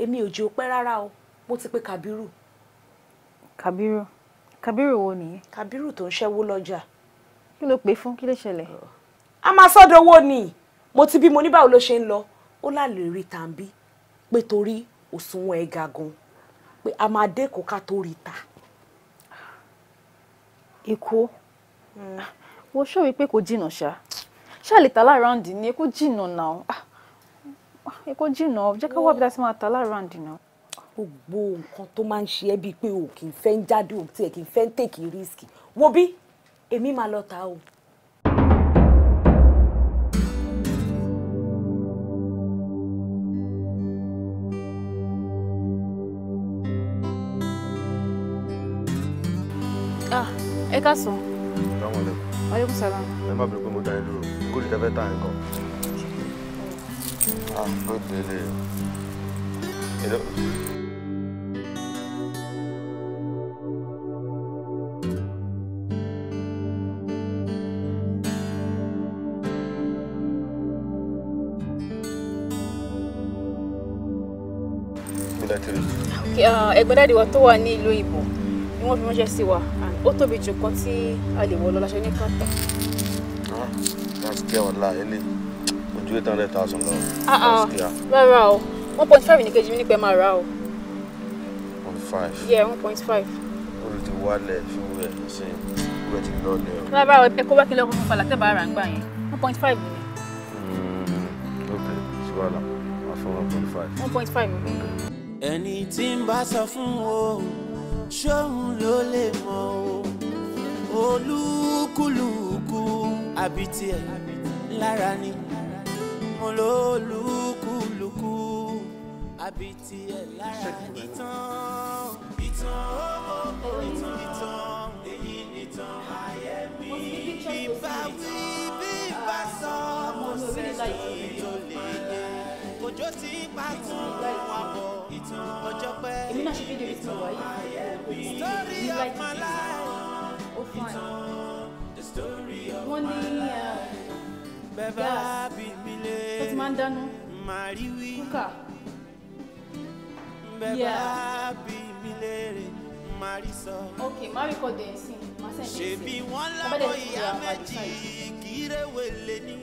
èmi ò jẹ́ opẹ́ rárá o mo ti pe Kabiru. Kabiru Kàbírù wo nìyẹn. Kàbírù tó ń ṣẹ́wó lọ́jà. kí ló pè fún kí ló ṣẹlẹ̀. a máa sọ́dọ̀ owó ni mo ti bí mo ní báwo ló ṣe ń lọ ó lálẹ́ rí tàǹbí pé torí òṣùwọ̀n ẹ̀ ga gan pé a máa dẹ́kọ̀ọ́ ká tó rí ta. èkó wo ṣọ́ wípé kò jìnnà ṣá ṣáà lè ta láàráǹdì ni èkó jìnnà náà ah, èkó jìnnà jẹ́ ká wá bí máa ta láàráǹdì náà gbogbo nǹkan tó máa ń ṣe ẹ́ bíi pé o kì í fẹ́ ń jáde o kì í fẹ́ ń tèkì rísíkì wo bí èmi máa lọ ta o ká sùn. Assalamu alaikum. Wa alaikum salam. ẹ má bẹ̀rù pé mo dá ìlú o kó lè dábẹ́ tà ẹ̀ kan. ah ó délé ẹ̀rọ. ẹ̀gbọ́n dáàdi wa tó wà ní ìlú ìbò ni wọ́n fi ránṣẹ́ sí wa ó tóbi jù kan tí a lè wọ lọ láṣẹ ní káàtà. Ah, that's ọ̀la ilé ojú eight hundred thousand lọ. Ah, ah. rárá o one point five ní kejì mi ní pẹ́ máa rà o. one five. yeah one point five. olè ti wálẹ̀ fún rẹ̀ ṣe rẹ̀ ti lọlẹ̀ o. rárá o ẹ kó wá kí fún falà tẹ́bàá rà ń gbà yẹn one point five ni. Hmm, ok ṣùgbọ́n àlà fún one point five. one point five ni. ẹni tí ń bá sọ fún o ṣóun ló lè mọ o olúkúlùkù àbí tiẹ̀ lára ni mo lólúkúlùkù àbí tiẹ̀ lára ìtàn ìtàn owó ìtàn ìtàn èyí nìtàn ayé mi bíbá wí bíbá sọ mo sẹ́yìn tó lè dé òjò ti pa tún wà bọ̀ ìtàn ọjọ́ pẹ́ ìtàn ayé mi story of my life ó fún ẹ. wọ́n ní uh, gas tó ti máa ń dáná kúkà yeah okay má rí kọ́dẹ̀ ẹ̀sìn má sẹ́yìn sí i ọbẹ̀ dẹ̀ ti yà wà ní sáyé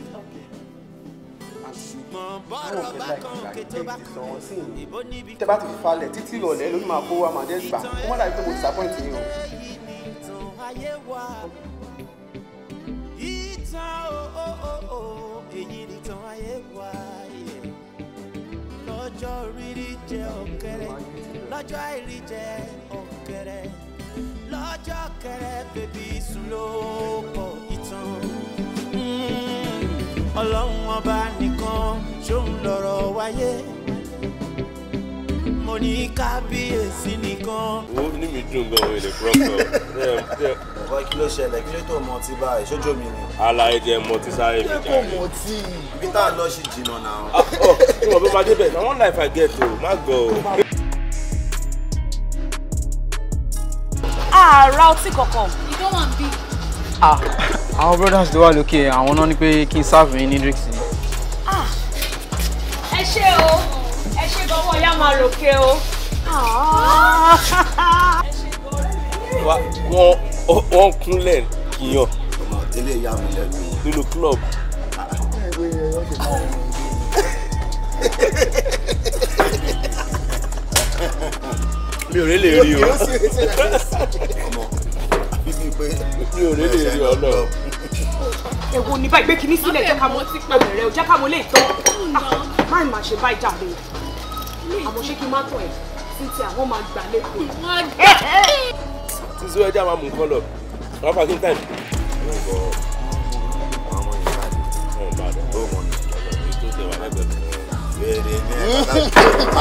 ṣùgbọ́n bọ́ọ̀rọ̀ bá kan òkè tó bá kan ìbò níbi. tẹ bá ti falẹ̀ títí ìrọ̀lẹ́ ló ní máa kó wa gbà wọ́n dàbí pé mo disappoint yín o ayé wa ìtàn òòó èyí nìtàn ayé wa lọ́jọ́ rírí jẹ ọ̀kẹ́rẹ́ lọ́jọ́ àìrí jẹ ọ̀kẹ́rẹ́ lọ́jọ́ kẹrẹ bèbí sùn ló kọ ìtàn hmm, ọlọ́run ọba nìkan ṣóun lọ́rọ̀ wáyé mo ní kábíyèsí nìkan. ó ní mi dùn gan-an ilé púrọ́pọ̀. ọ̀gá kí ló ṣẹlẹ̀ kí ló tó mọ ti báyìí ṣojú mi ni. alaye jẹ mọ ti sáré mi jẹ. kí ló mọ ti ibi tá a lọ ṣe jìnnà náà. ọ̀ kí wọ́n bí wọ́n máa débẹ̀ na one life I get o má gbọ́ o. ààrà ah, ọtí kankan. ìdánwò ń bí. àwọn brothers tó wà lókè àwọn náà ni pé kí n sáàfù yín ní drinks ni. Ah, ẹ ṣé o ẹ ṣe gbọmọ ya máa lòkè o. wọ́n wọ́n kúnlẹ̀ kíyàn. nínú club. mi ò rí lè rí o. mi ò rí lè rí ọ náà. èwo ni báyìí gbé kinní sílẹ̀ jẹ́ ká mọ́ sí pẹ̀lú rẹ̀ o jẹ́ ká mọ́ lè tọ́. máì ah, máa ṣe báyìí jáde àmọ́ ṣé kí n má tàn ẹ́ títí àwọn máa gbà lẹ́kọ̀ọ́. sísú ẹja máa mú nǹkan lọ wọn fà kí n tàn.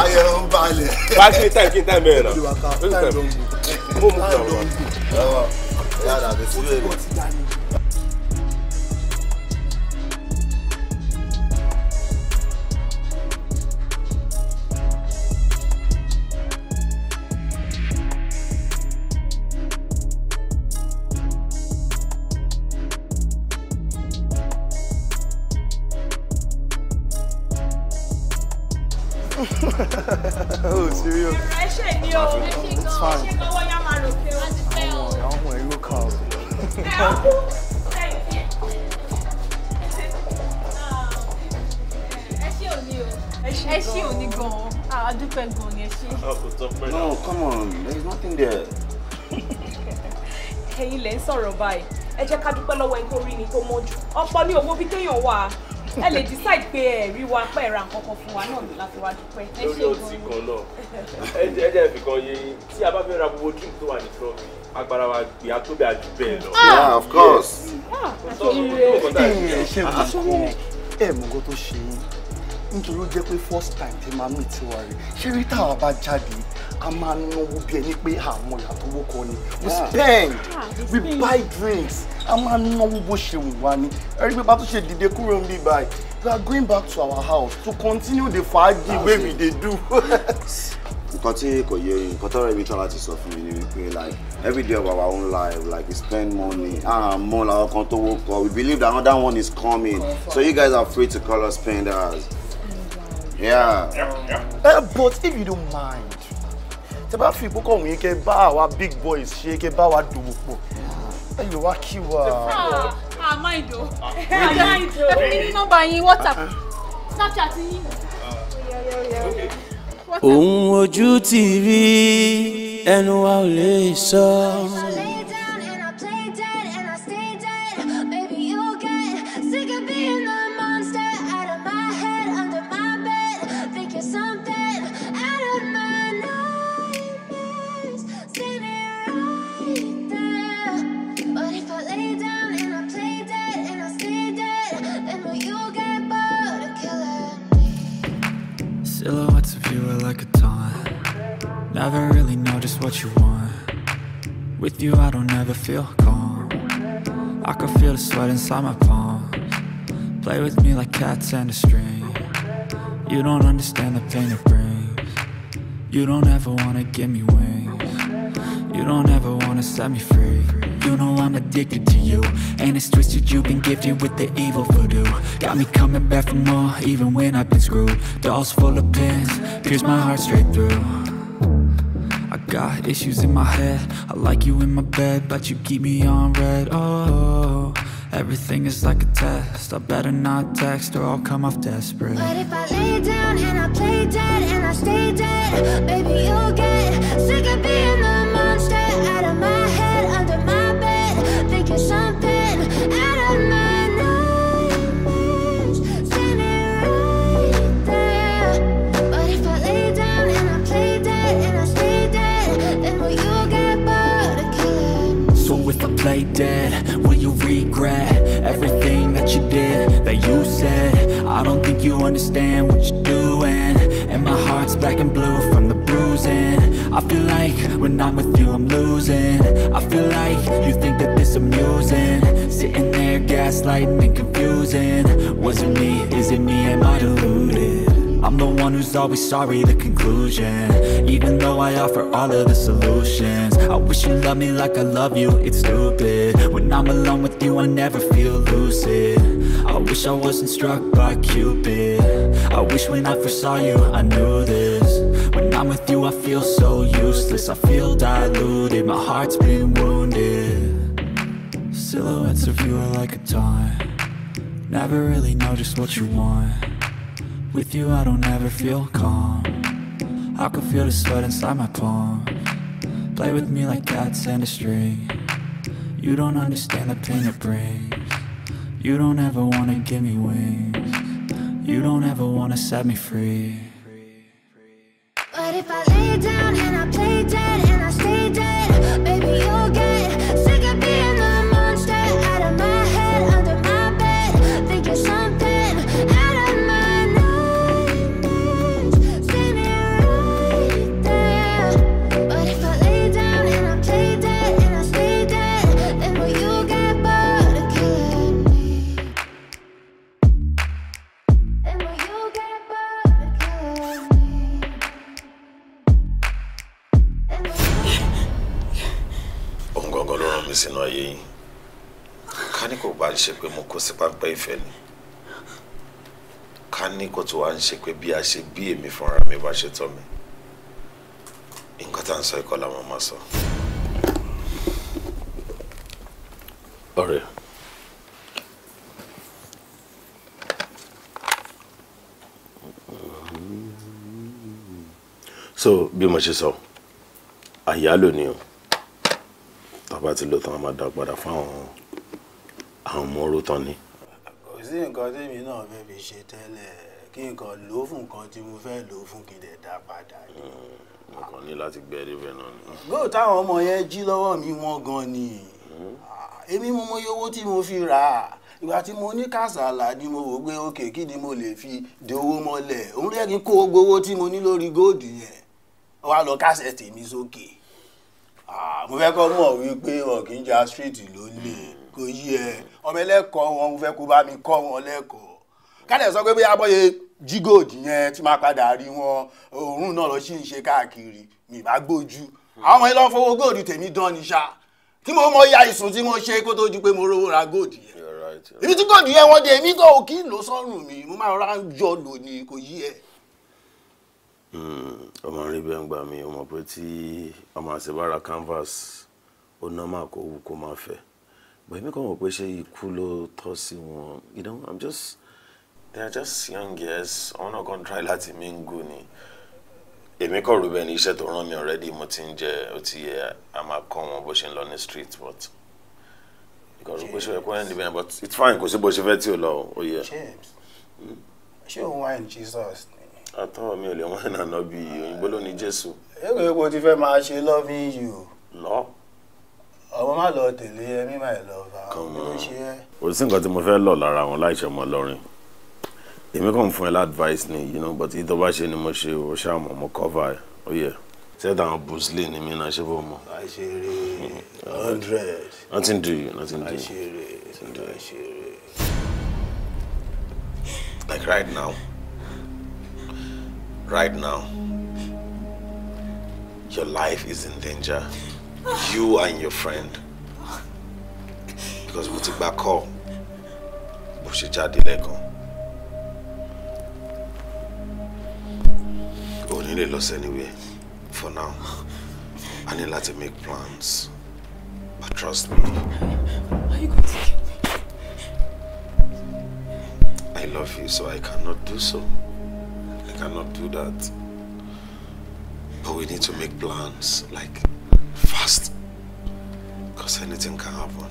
ayọ̀ ń balẹ̀. bá a ṣe tàn kí n tàn bẹ́ẹ̀ náà ó sì tàn mí. mo mú kí n lọ wá. yàrá mi sílẹ̀ rẹ̀. oh, serious. Ẹ ṣe ni o. It's fine. Ṣé lọ́wọ́ yá máa lò pé o ti fẹ́ o? Àwọn ọmọ ẹ̀ ló kà o. Ẹ ọkú sẹ́yìn. Ẹ ṣe òní o. Ẹ ṣe òní gan-an. A dúpẹ́ gan-an ni ẹ ṣe. Ọkọ̀ tó pẹ́ náà. No, come on, there is nothing there. Ẹ̀yin lẹ ń sọ̀rọ̀ báyìí. Ẹ jẹ́ ká dúpẹ́ lọ́wọ́ ẹni tó rí ni tó mọ́jú. Ọ̀pọ̀ ni òwò bíi téèyàn wà. ẹ lè decide pé ẹ rí wa pẹ́ ra nǹkan kan fún wa náà la fi wá dúpẹ́. lórí ọtí kan náà ẹ jẹ́ fi kan yé tí a bá fẹ́ ra gbogbo drink tó wà ní club yìí agbára wa gbé atóbi àjù bẹ́ẹ̀ lọ. Ah! yeah of course. Ah, ẹ ṣe kò ah, ẹ mọ nǹkan tó ṣe yín nítorí ó jẹ́ pé first time tí màmú ìtiwárí ṣé rí táwọn bá jáde a máa náwó bí ẹni pé àwọn ìyá tó wọ́kọ ni we spend ah, we buy drinks a máa náwó bó ṣe wù wá ni ẹ̀rí pé bá tó ṣe dìde kúrò ń bí báyìí we are going back to our house to continue the fàájì wey we dey do. nǹkan tí kò yé nǹkan tọ́rọ ibi tí wọ́n ti sọ fún mi ni wípé like every day of our own life like we spend money ah mo làwọn kan tó wọ́kọ we believe that another one is coming so you guys are free to call us spenders. Oh, yeah. Yeah, yeah. Uh, but if you don't mind tẹ bá fi ìkókọ̀ wọ̀nyí kẹ bá àwa big boys ṣe kẹ bá wa dòwò pọ̀ ẹ wá kí wa. àmọ́ ìdò àmọ́ ìdò ẹ fún mi ní nọ́mbà yín whatsapp snapchat yín. ohun ojú ti rí ẹnu wa ò lè sọ. Never really know just what you want With you I don't ever feel calm I can feel the sweat inside my palms Play with me like cats and a string You don't understand the pain it brings You don't ever wanna give me wings You don't ever wanna set me free you know I'm addicted to you And it's twisted, you've been gifted with the evil voodoo Got me coming back for more, even when I've been screwed Dolls full of pins, pierce my heart straight through Got issues in my head I like you in my bed But you keep me on red. Oh, everything is like a test I better not text Or I'll come off desperate But if I lay down And I play dead And I stay dead Baby, you'll get Sick of being play dead Will you regret everything that you did, that you said I don't think you understand what you're doing And my heart's black and blue from the bruising I feel like when I'm with you I'm losing I feel like you think that this amusing Sitting there gaslighting and confusing Was it me, is it me, am I deluded? I'm the one who's always sorry, the conclusion Even though I offer all of the solutions I wish you loved me like I love you, it's stupid When I'm alone with you, I never feel lucid I wish I wasn't struck by Cupid I wish when I first saw you, I knew this When I'm with you, I feel so useless I feel diluted, my heart's been wounded Silhouettes of you are like a taunt Never really know just what you want with you I don't ever feel calm I can feel the sweat inside my palm Play with me like cats and a string You don't understand the pain it brings You don't ever wanna give me wings You don't ever wanna set me free But if I lay down and I play dead ṣe pé mo kó sí pápẹ́ ìfẹ́ ni ká ní kó tó wá ń ṣe pé bí a ṣe bí èmi fúnra mi bá ṣe tọ́ mi nǹkan tá à ń sọ ìkọlà wọn máa sọ. ọ̀rẹ́ so bí mo ṣe sọ àyálò ni o tàbá ti lò tán a máa dá padà fáwọn àwọn ọmọ oró tán ni. kò sí nǹkan tèmi náà fẹ́ fi ṣe tẹ́lẹ̀ kí nǹkan lò ó fún nǹkan tí mo fẹ́ lò ó fún kí n lè dá padà ni. Hmm, mo kàn ní láti gbẹ níbẹ̀ náà ni. gbọ́dọ̀ táwọn ọmọ yẹn jí lọ́wọ́ mi wọ́n gan ni hmm. ah, èmi mo mọ iye owó tí mo fi rà á ìgbà tí mo ní kàsàlà ni mo wò pé òkè kí ni mo lè fi de owó mọ́lẹ̀ òun rẹ́ kí n kó gbowó tí mo ní lórí góòdù yẹn wá lọ kásẹ̀ tèmi sókè ah, mo fẹ́ kọ́ mọ̀ wípé ọ̀kìnjà street ló lè kó yí ẹ ọmọ ẹlẹ́kọ̀ọ́ wọn fẹ́ kó bá mi kọ́ wọn lẹ́kọ̀ọ́ kálẹ̀ sọ pé bóyá bọ́yẹ jígòdì yẹn tí máa padà rí wọn òórùn náà lọ sí ń ṣe káàkiri mi bá gbójú àwọn ọmọ ẹlọ́ fowó góòdù tèmi dán ni ṣá tí mo mọ ya ìsùn tí mo ṣe kó tó ju pé mo rówó ra góòdù yẹn ibi tí góòdù yẹn wọ́n dé èmi kò kí ń lò sọ́rùn mi mo máa rán jọ lò ní kò yí ẹ̀ hmm, ọmọ rí bẹ́ẹ̀ ń gbà mí ọmọ pé tí ọmọ àṣebára canvas ó ná máa kó wù kó máa fẹ́ but you know i'm just they are just young years àwọn náà kàn try that mingle ni èmi kọ̀ rú bẹ́ẹ̀ ni iṣẹ́ tó rán mi already mo ti ń jẹ ó ti yẹ a máa kọ́ wọn bó ṣe ń street but because bó ṣe ẹ̀kọ́ ẹni bẹ́ẹ̀ but it's fine kò sí bó ṣe fẹ́ tí ò lọ ó yẹ. ṣé òun wá ní Jesus I thought mi ò lè wọ́n ìnànà bíi òyìnbó ló ní Jésù. èrò epo ti fẹ́ máa ṣe loving you. No ọmọ má lọ tẹ̀lé ẹmí má lọ fà á kí ló ṣe é. kò sí nǹkan tí mo fẹ́ lọ lára wọn láì ọmọ lọ́rin èmi kàn fún ẹ ládvice ni you know but ìtọ́ bá ṣe ni mo ṣe o ṣáà mọ̀ mo cover ẹ ó yẹ sẹ́dá àwọn bruce lee ni mi náà ṣe fún àṣírí hundred. nothing do you nothing do you. àṣírí àṣírí. like right now right now your life is in danger. You and your friend. Because mo ti gba call. should ṣe the lẹ́kan. we ní lè loss anyway. for now. I need to make plans. But trust me. Are you going to kill me? I love you, so I cannot do so. I cannot do that. But we need to make plans, like fast. Because anything can happen.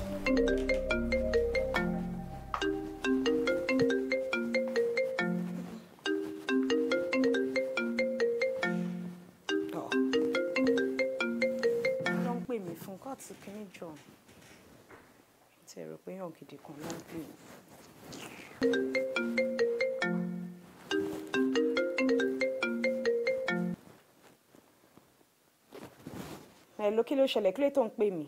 Don't pay me from God to Kenny John. It's a European gidi kan lọ. ṣẹlẹ̀ kílé tó ń pè mí.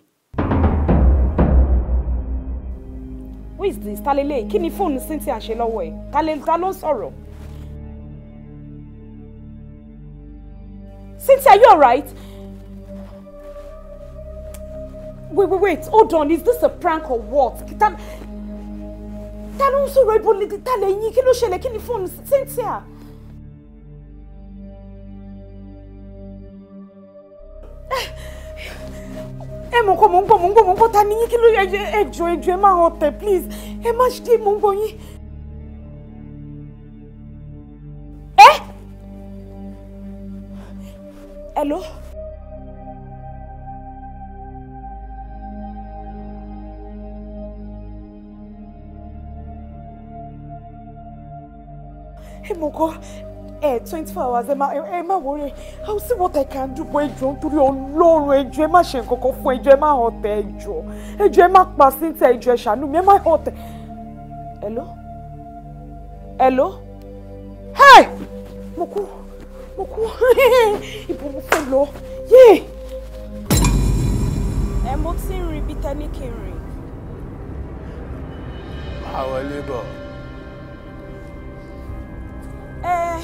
who is this talele kí ni fóònù Cynthia ṣe lọ́wọ́ ẹ̀ talele ta ló ń sọ̀rọ̀. Cynthia you alright? wait wait wait hold on is this a prank or what? ta ló ń sọ̀rọ̀ ibo ni talẹ̀ yín kí ló ṣẹlẹ̀ kí ni fóònù Cynthia. ẹ mọ̀ kọ́ mọ̀ ń gbọ́ mọ̀ ń gbọ́ mọ̀ ń gbọ́ ta ni yín kí ló yẹ ẹjọ́ ẹjọ́ please ẹ má ṣe dé mọ̀ ń gbọ́ yín. ẹ ẹ lọ ẹ eh, twenty four hours ẹ má ẹ má worry i see what i can do bọ ẹjọ nítorí ọlọ́run ẹjọ ẹ má ṣe nǹkan kan fún ẹjọ ẹ má ọ̀tẹ̀ ẹjọ ẹjọ ẹ má pa síntẹ ẹjọ ẹ ṣàánú mi ẹ má ọ̀tẹ̀. hello hello hey mo kú mo kú ibo mo fẹ́ lọ yé. ẹ mo ti ń rin bí tẹ́ni kí n rìn. máa wọlé bọ̀. ẹ. Eh...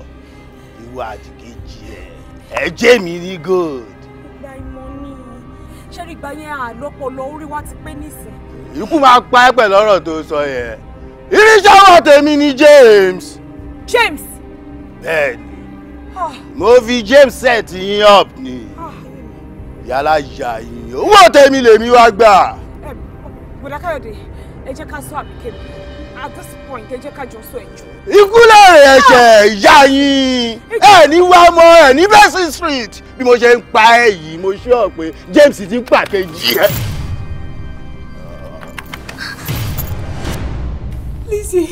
olúwa àdìkejì ẹ̀ ẹ jẹ́ mi rí gold. ìgbà ìmọ̀ ni ṣẹ́rí ìgbà yẹn àlọ́pọ̀lọ́ orí wa ti pé nísìn. ikú máa pa ẹ́ pẹ̀lú ọ̀rọ̀ tó sọ yẹn irinṣẹ́ ọ̀rọ̀ tèmi ni James. James. bẹ́ẹ̀ni mo fi James set yín up ni yálà yà yín owó tèmi lèmi wá gbà. bùdá káyọ̀dé ẹ jẹ́ ká sọ àbíkẹ́ mi at Àyìndé jẹ́ ká sọ ẹ̀jọ́. ikú lẹ́rìn ah! ìyá yín ẹ̀ ní wá mọ́ ẹ̀ ní Bessie street bí mo ṣe ń pa ẹ̀ yìí mo ṣọ́ pé James ti ń pàkejì ẹ̀. Lizzie,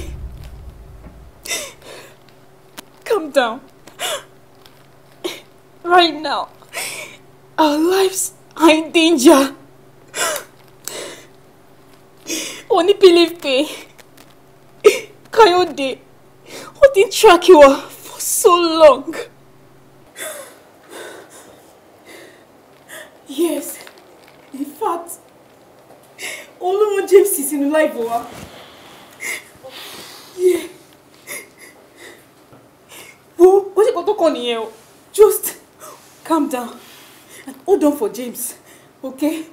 calm down. Right now, our lives are in danger. Only believe me. Kayode, wọ́n ti ń track wa for so long. Yes, in fact, all olówó James is in life wa. Yeah. Wo, ó ṣe kó tó kàn Just calm down and hold on for James, okay?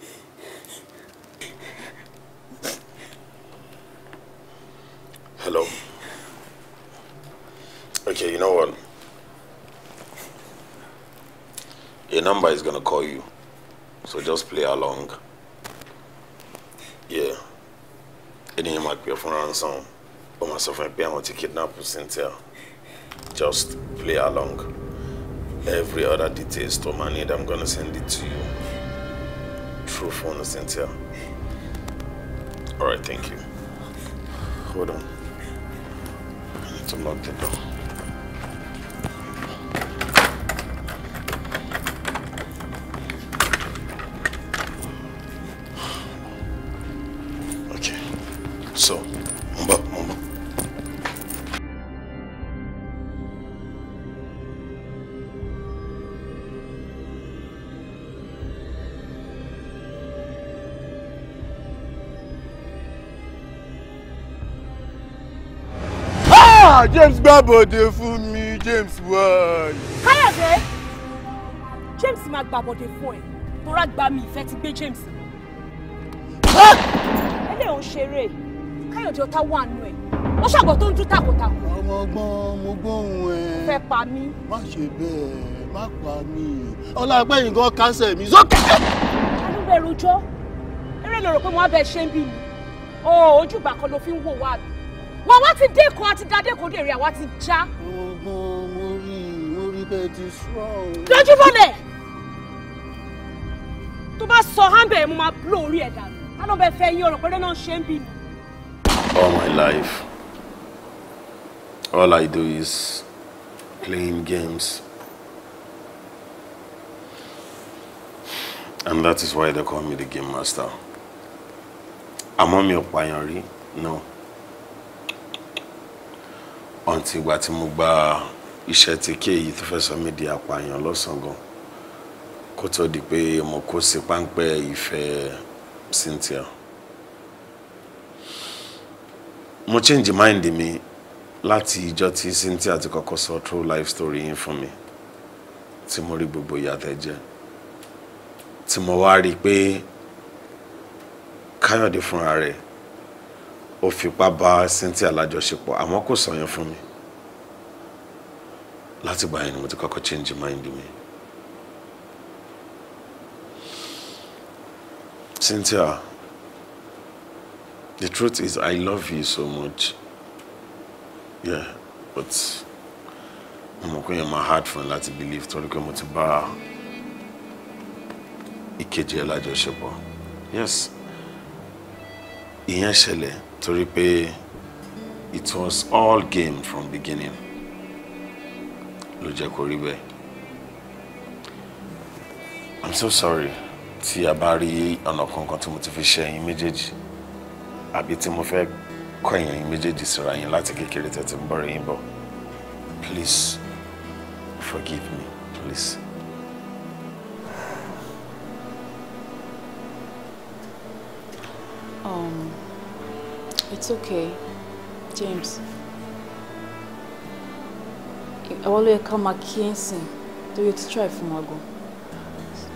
okay, you know what? A number is gonna call you, so just play along. Yeah. Any might be a phone song, but myself and Pierre want to kidnap Cynthia. Just play along. Every other details to my need, I'm gonna send it to you. True phone, Cynthia. All right, thank you. Hold on. I need to lock the door. ah James gbá bọ̀dé fún mi James wáyé. káyọ̀dé James máa gbà bọ̀dé fún ẹ rọra gba mi ìfẹ́ ti gbé James. Ah! ẹlẹ́ ò ń ṣeré káyọ̀dé ọ̀tá wà nù ẹ̀ wọ́n ṣàgbọ́ tó ń dún tàkùtàkù. ọmọ ọgbọ́n mo gbóhùn ẹ. fẹ́ pa mí. má ṣe bẹ́ẹ̀ má pa mí ọlágbẹ́yìn gan kánsẹ̀ mi sókè. alúbẹ̀rù jọ eré lè pé mo á bẹ ṣé ń bì ní. o ojúgbà kan ló fi ń wò wá mi àwa ti dé kan àti dáadé kò dé èrè àwa ti já. ọgbọ́n mo rí mo bọ́lẹ̀ tó bá sọ hánbẹ̀ mo máa blow orí ẹ̀ dànù kánú fẹ́ yín ọ̀rọ̀ pẹ́rẹ́ náà ṣe ń bì all my life all I do is playing games and that is why they call me the game master àmọ́ mi ò pààyàn rí no ọ̀ǹtí ìgbà tí mo gba iṣẹ́ tí kéyìí tó fẹ́ sọ mí di apààyàn lọ́sàn-án gan kó tó di pé mo kó sí páńpẹ́ ìfẹ́ Cynthia mo change mind mi láti ìjọ tí Cynthia ti kọ́kọ́ sọ true life story yín fún mi tí mo rí gbogbo ìyàtẹ̀ jẹ́ tí mo wá rí i pé Káyọ̀dé fúnra rẹ̀ ó fipá bá Cynthia lájọṣepọ̀ àmọ́ kò sọyàn fún mi láti gbà yẹn ni mo ti kọ́kọ́ change mind mi. Cynthia the truth is I love you so much yeah but mo mọ̀ pé yẹn máa hard fún mi láti believe torí pé mo ti bá ìkejì ẹ̀ lájọṣepọ̀ yes ìyẹn ṣẹlẹ̀ torí pé it was all game from beginning ló jẹ́ kó rí bẹ́ẹ̀ i'm so sorry tí a bá rí ọ̀nà kankan tí mo ti fi ṣe ẹ̀yin méjèèjì àbí tí mo fẹ́ kọ́ ẹ̀yin méjèèjì síra yín láti kékeré tẹ̀tí ń bọ̀ rẹ̀ yín bọ̀ please forgive me please. Um. It's okay, James. I ló yẹ ká máa kí ẹ̀ sìn try fún wa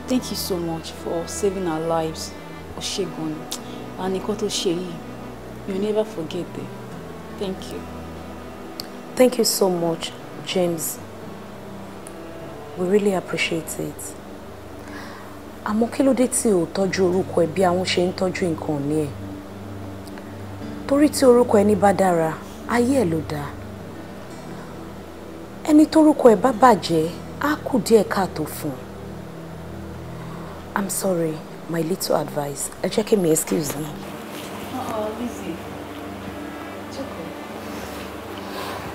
Thank you so much for saving our lives. Ó And Nikoto tó ṣe you never forget it. Thank you. Thank you so much, James. We really appreciate it. Àmọ́ kí ló dé tí ò tọ́jú orúkọ ẹ bí àwọn ṣe torí tí orúkọ ẹni bá dára ayé ẹ̀ ló dáa ẹni tórúkọ ẹ̀ bá bàjẹ́ á kù díẹ̀ káàtó fún un i'm sorry my little advice ẹ jẹ́ kí mi excuse me. Uh-uh,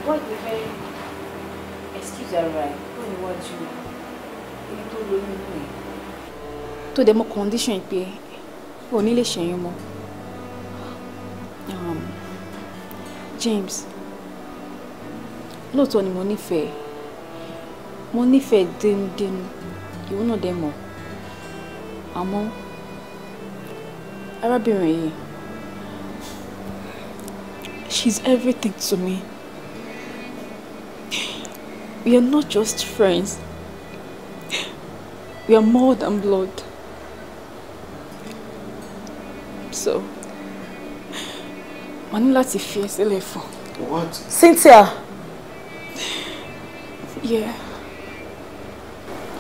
Why do you very excuse her right when you you? Èyí tó lóyún nìyẹn. Tó dẹ̀ mọ condition pé o ní lè ṣẹ́yún mọ́ um, James lóòótọ́ ni mo nífẹ̀ẹ́ mo nífẹ̀ẹ́ dénúdénú ìwọ náà dẹ̀ mọ̀ àmọ́ arábìnrin yìí she's everything to me we are not just friends we are more than blood so wọ́n ní láti fi ẹ sílẹ̀ fún. What? Cynthia. Yeah.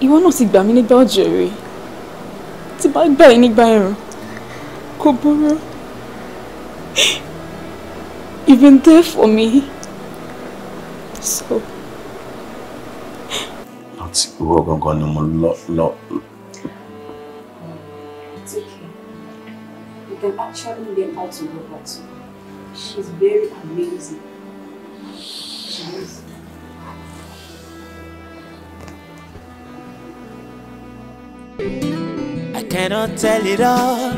Ìwọ náà ti gbà mí nígbà ọ̀jẹ̀ rẹ̀. Tí bá gbà ẹ nígbà ẹ̀rùn, kò burú. You've been there for me. So. Àti ìwọ gangan ni mo lọ lọ. It's okay. You can actually learn out to love her too. She's very amazing. She is. I cannot tell it all.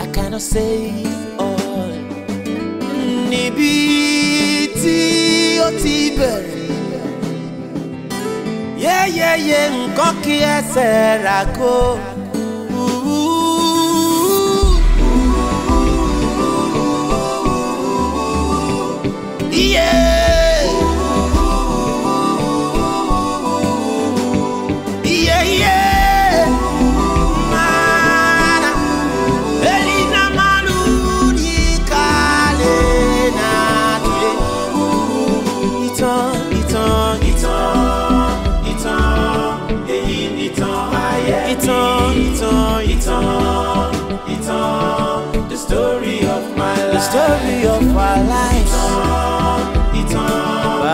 I cannot say it all. Níbi tí ó ti bẹ̀rẹ̀. Yeah, yeah, yeah. ki ẹsẹ̀ kó. The story of my life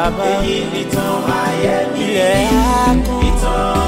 bàbá. èyí nìtàn ayé mi ilẹ̀ àkùn. ìtàn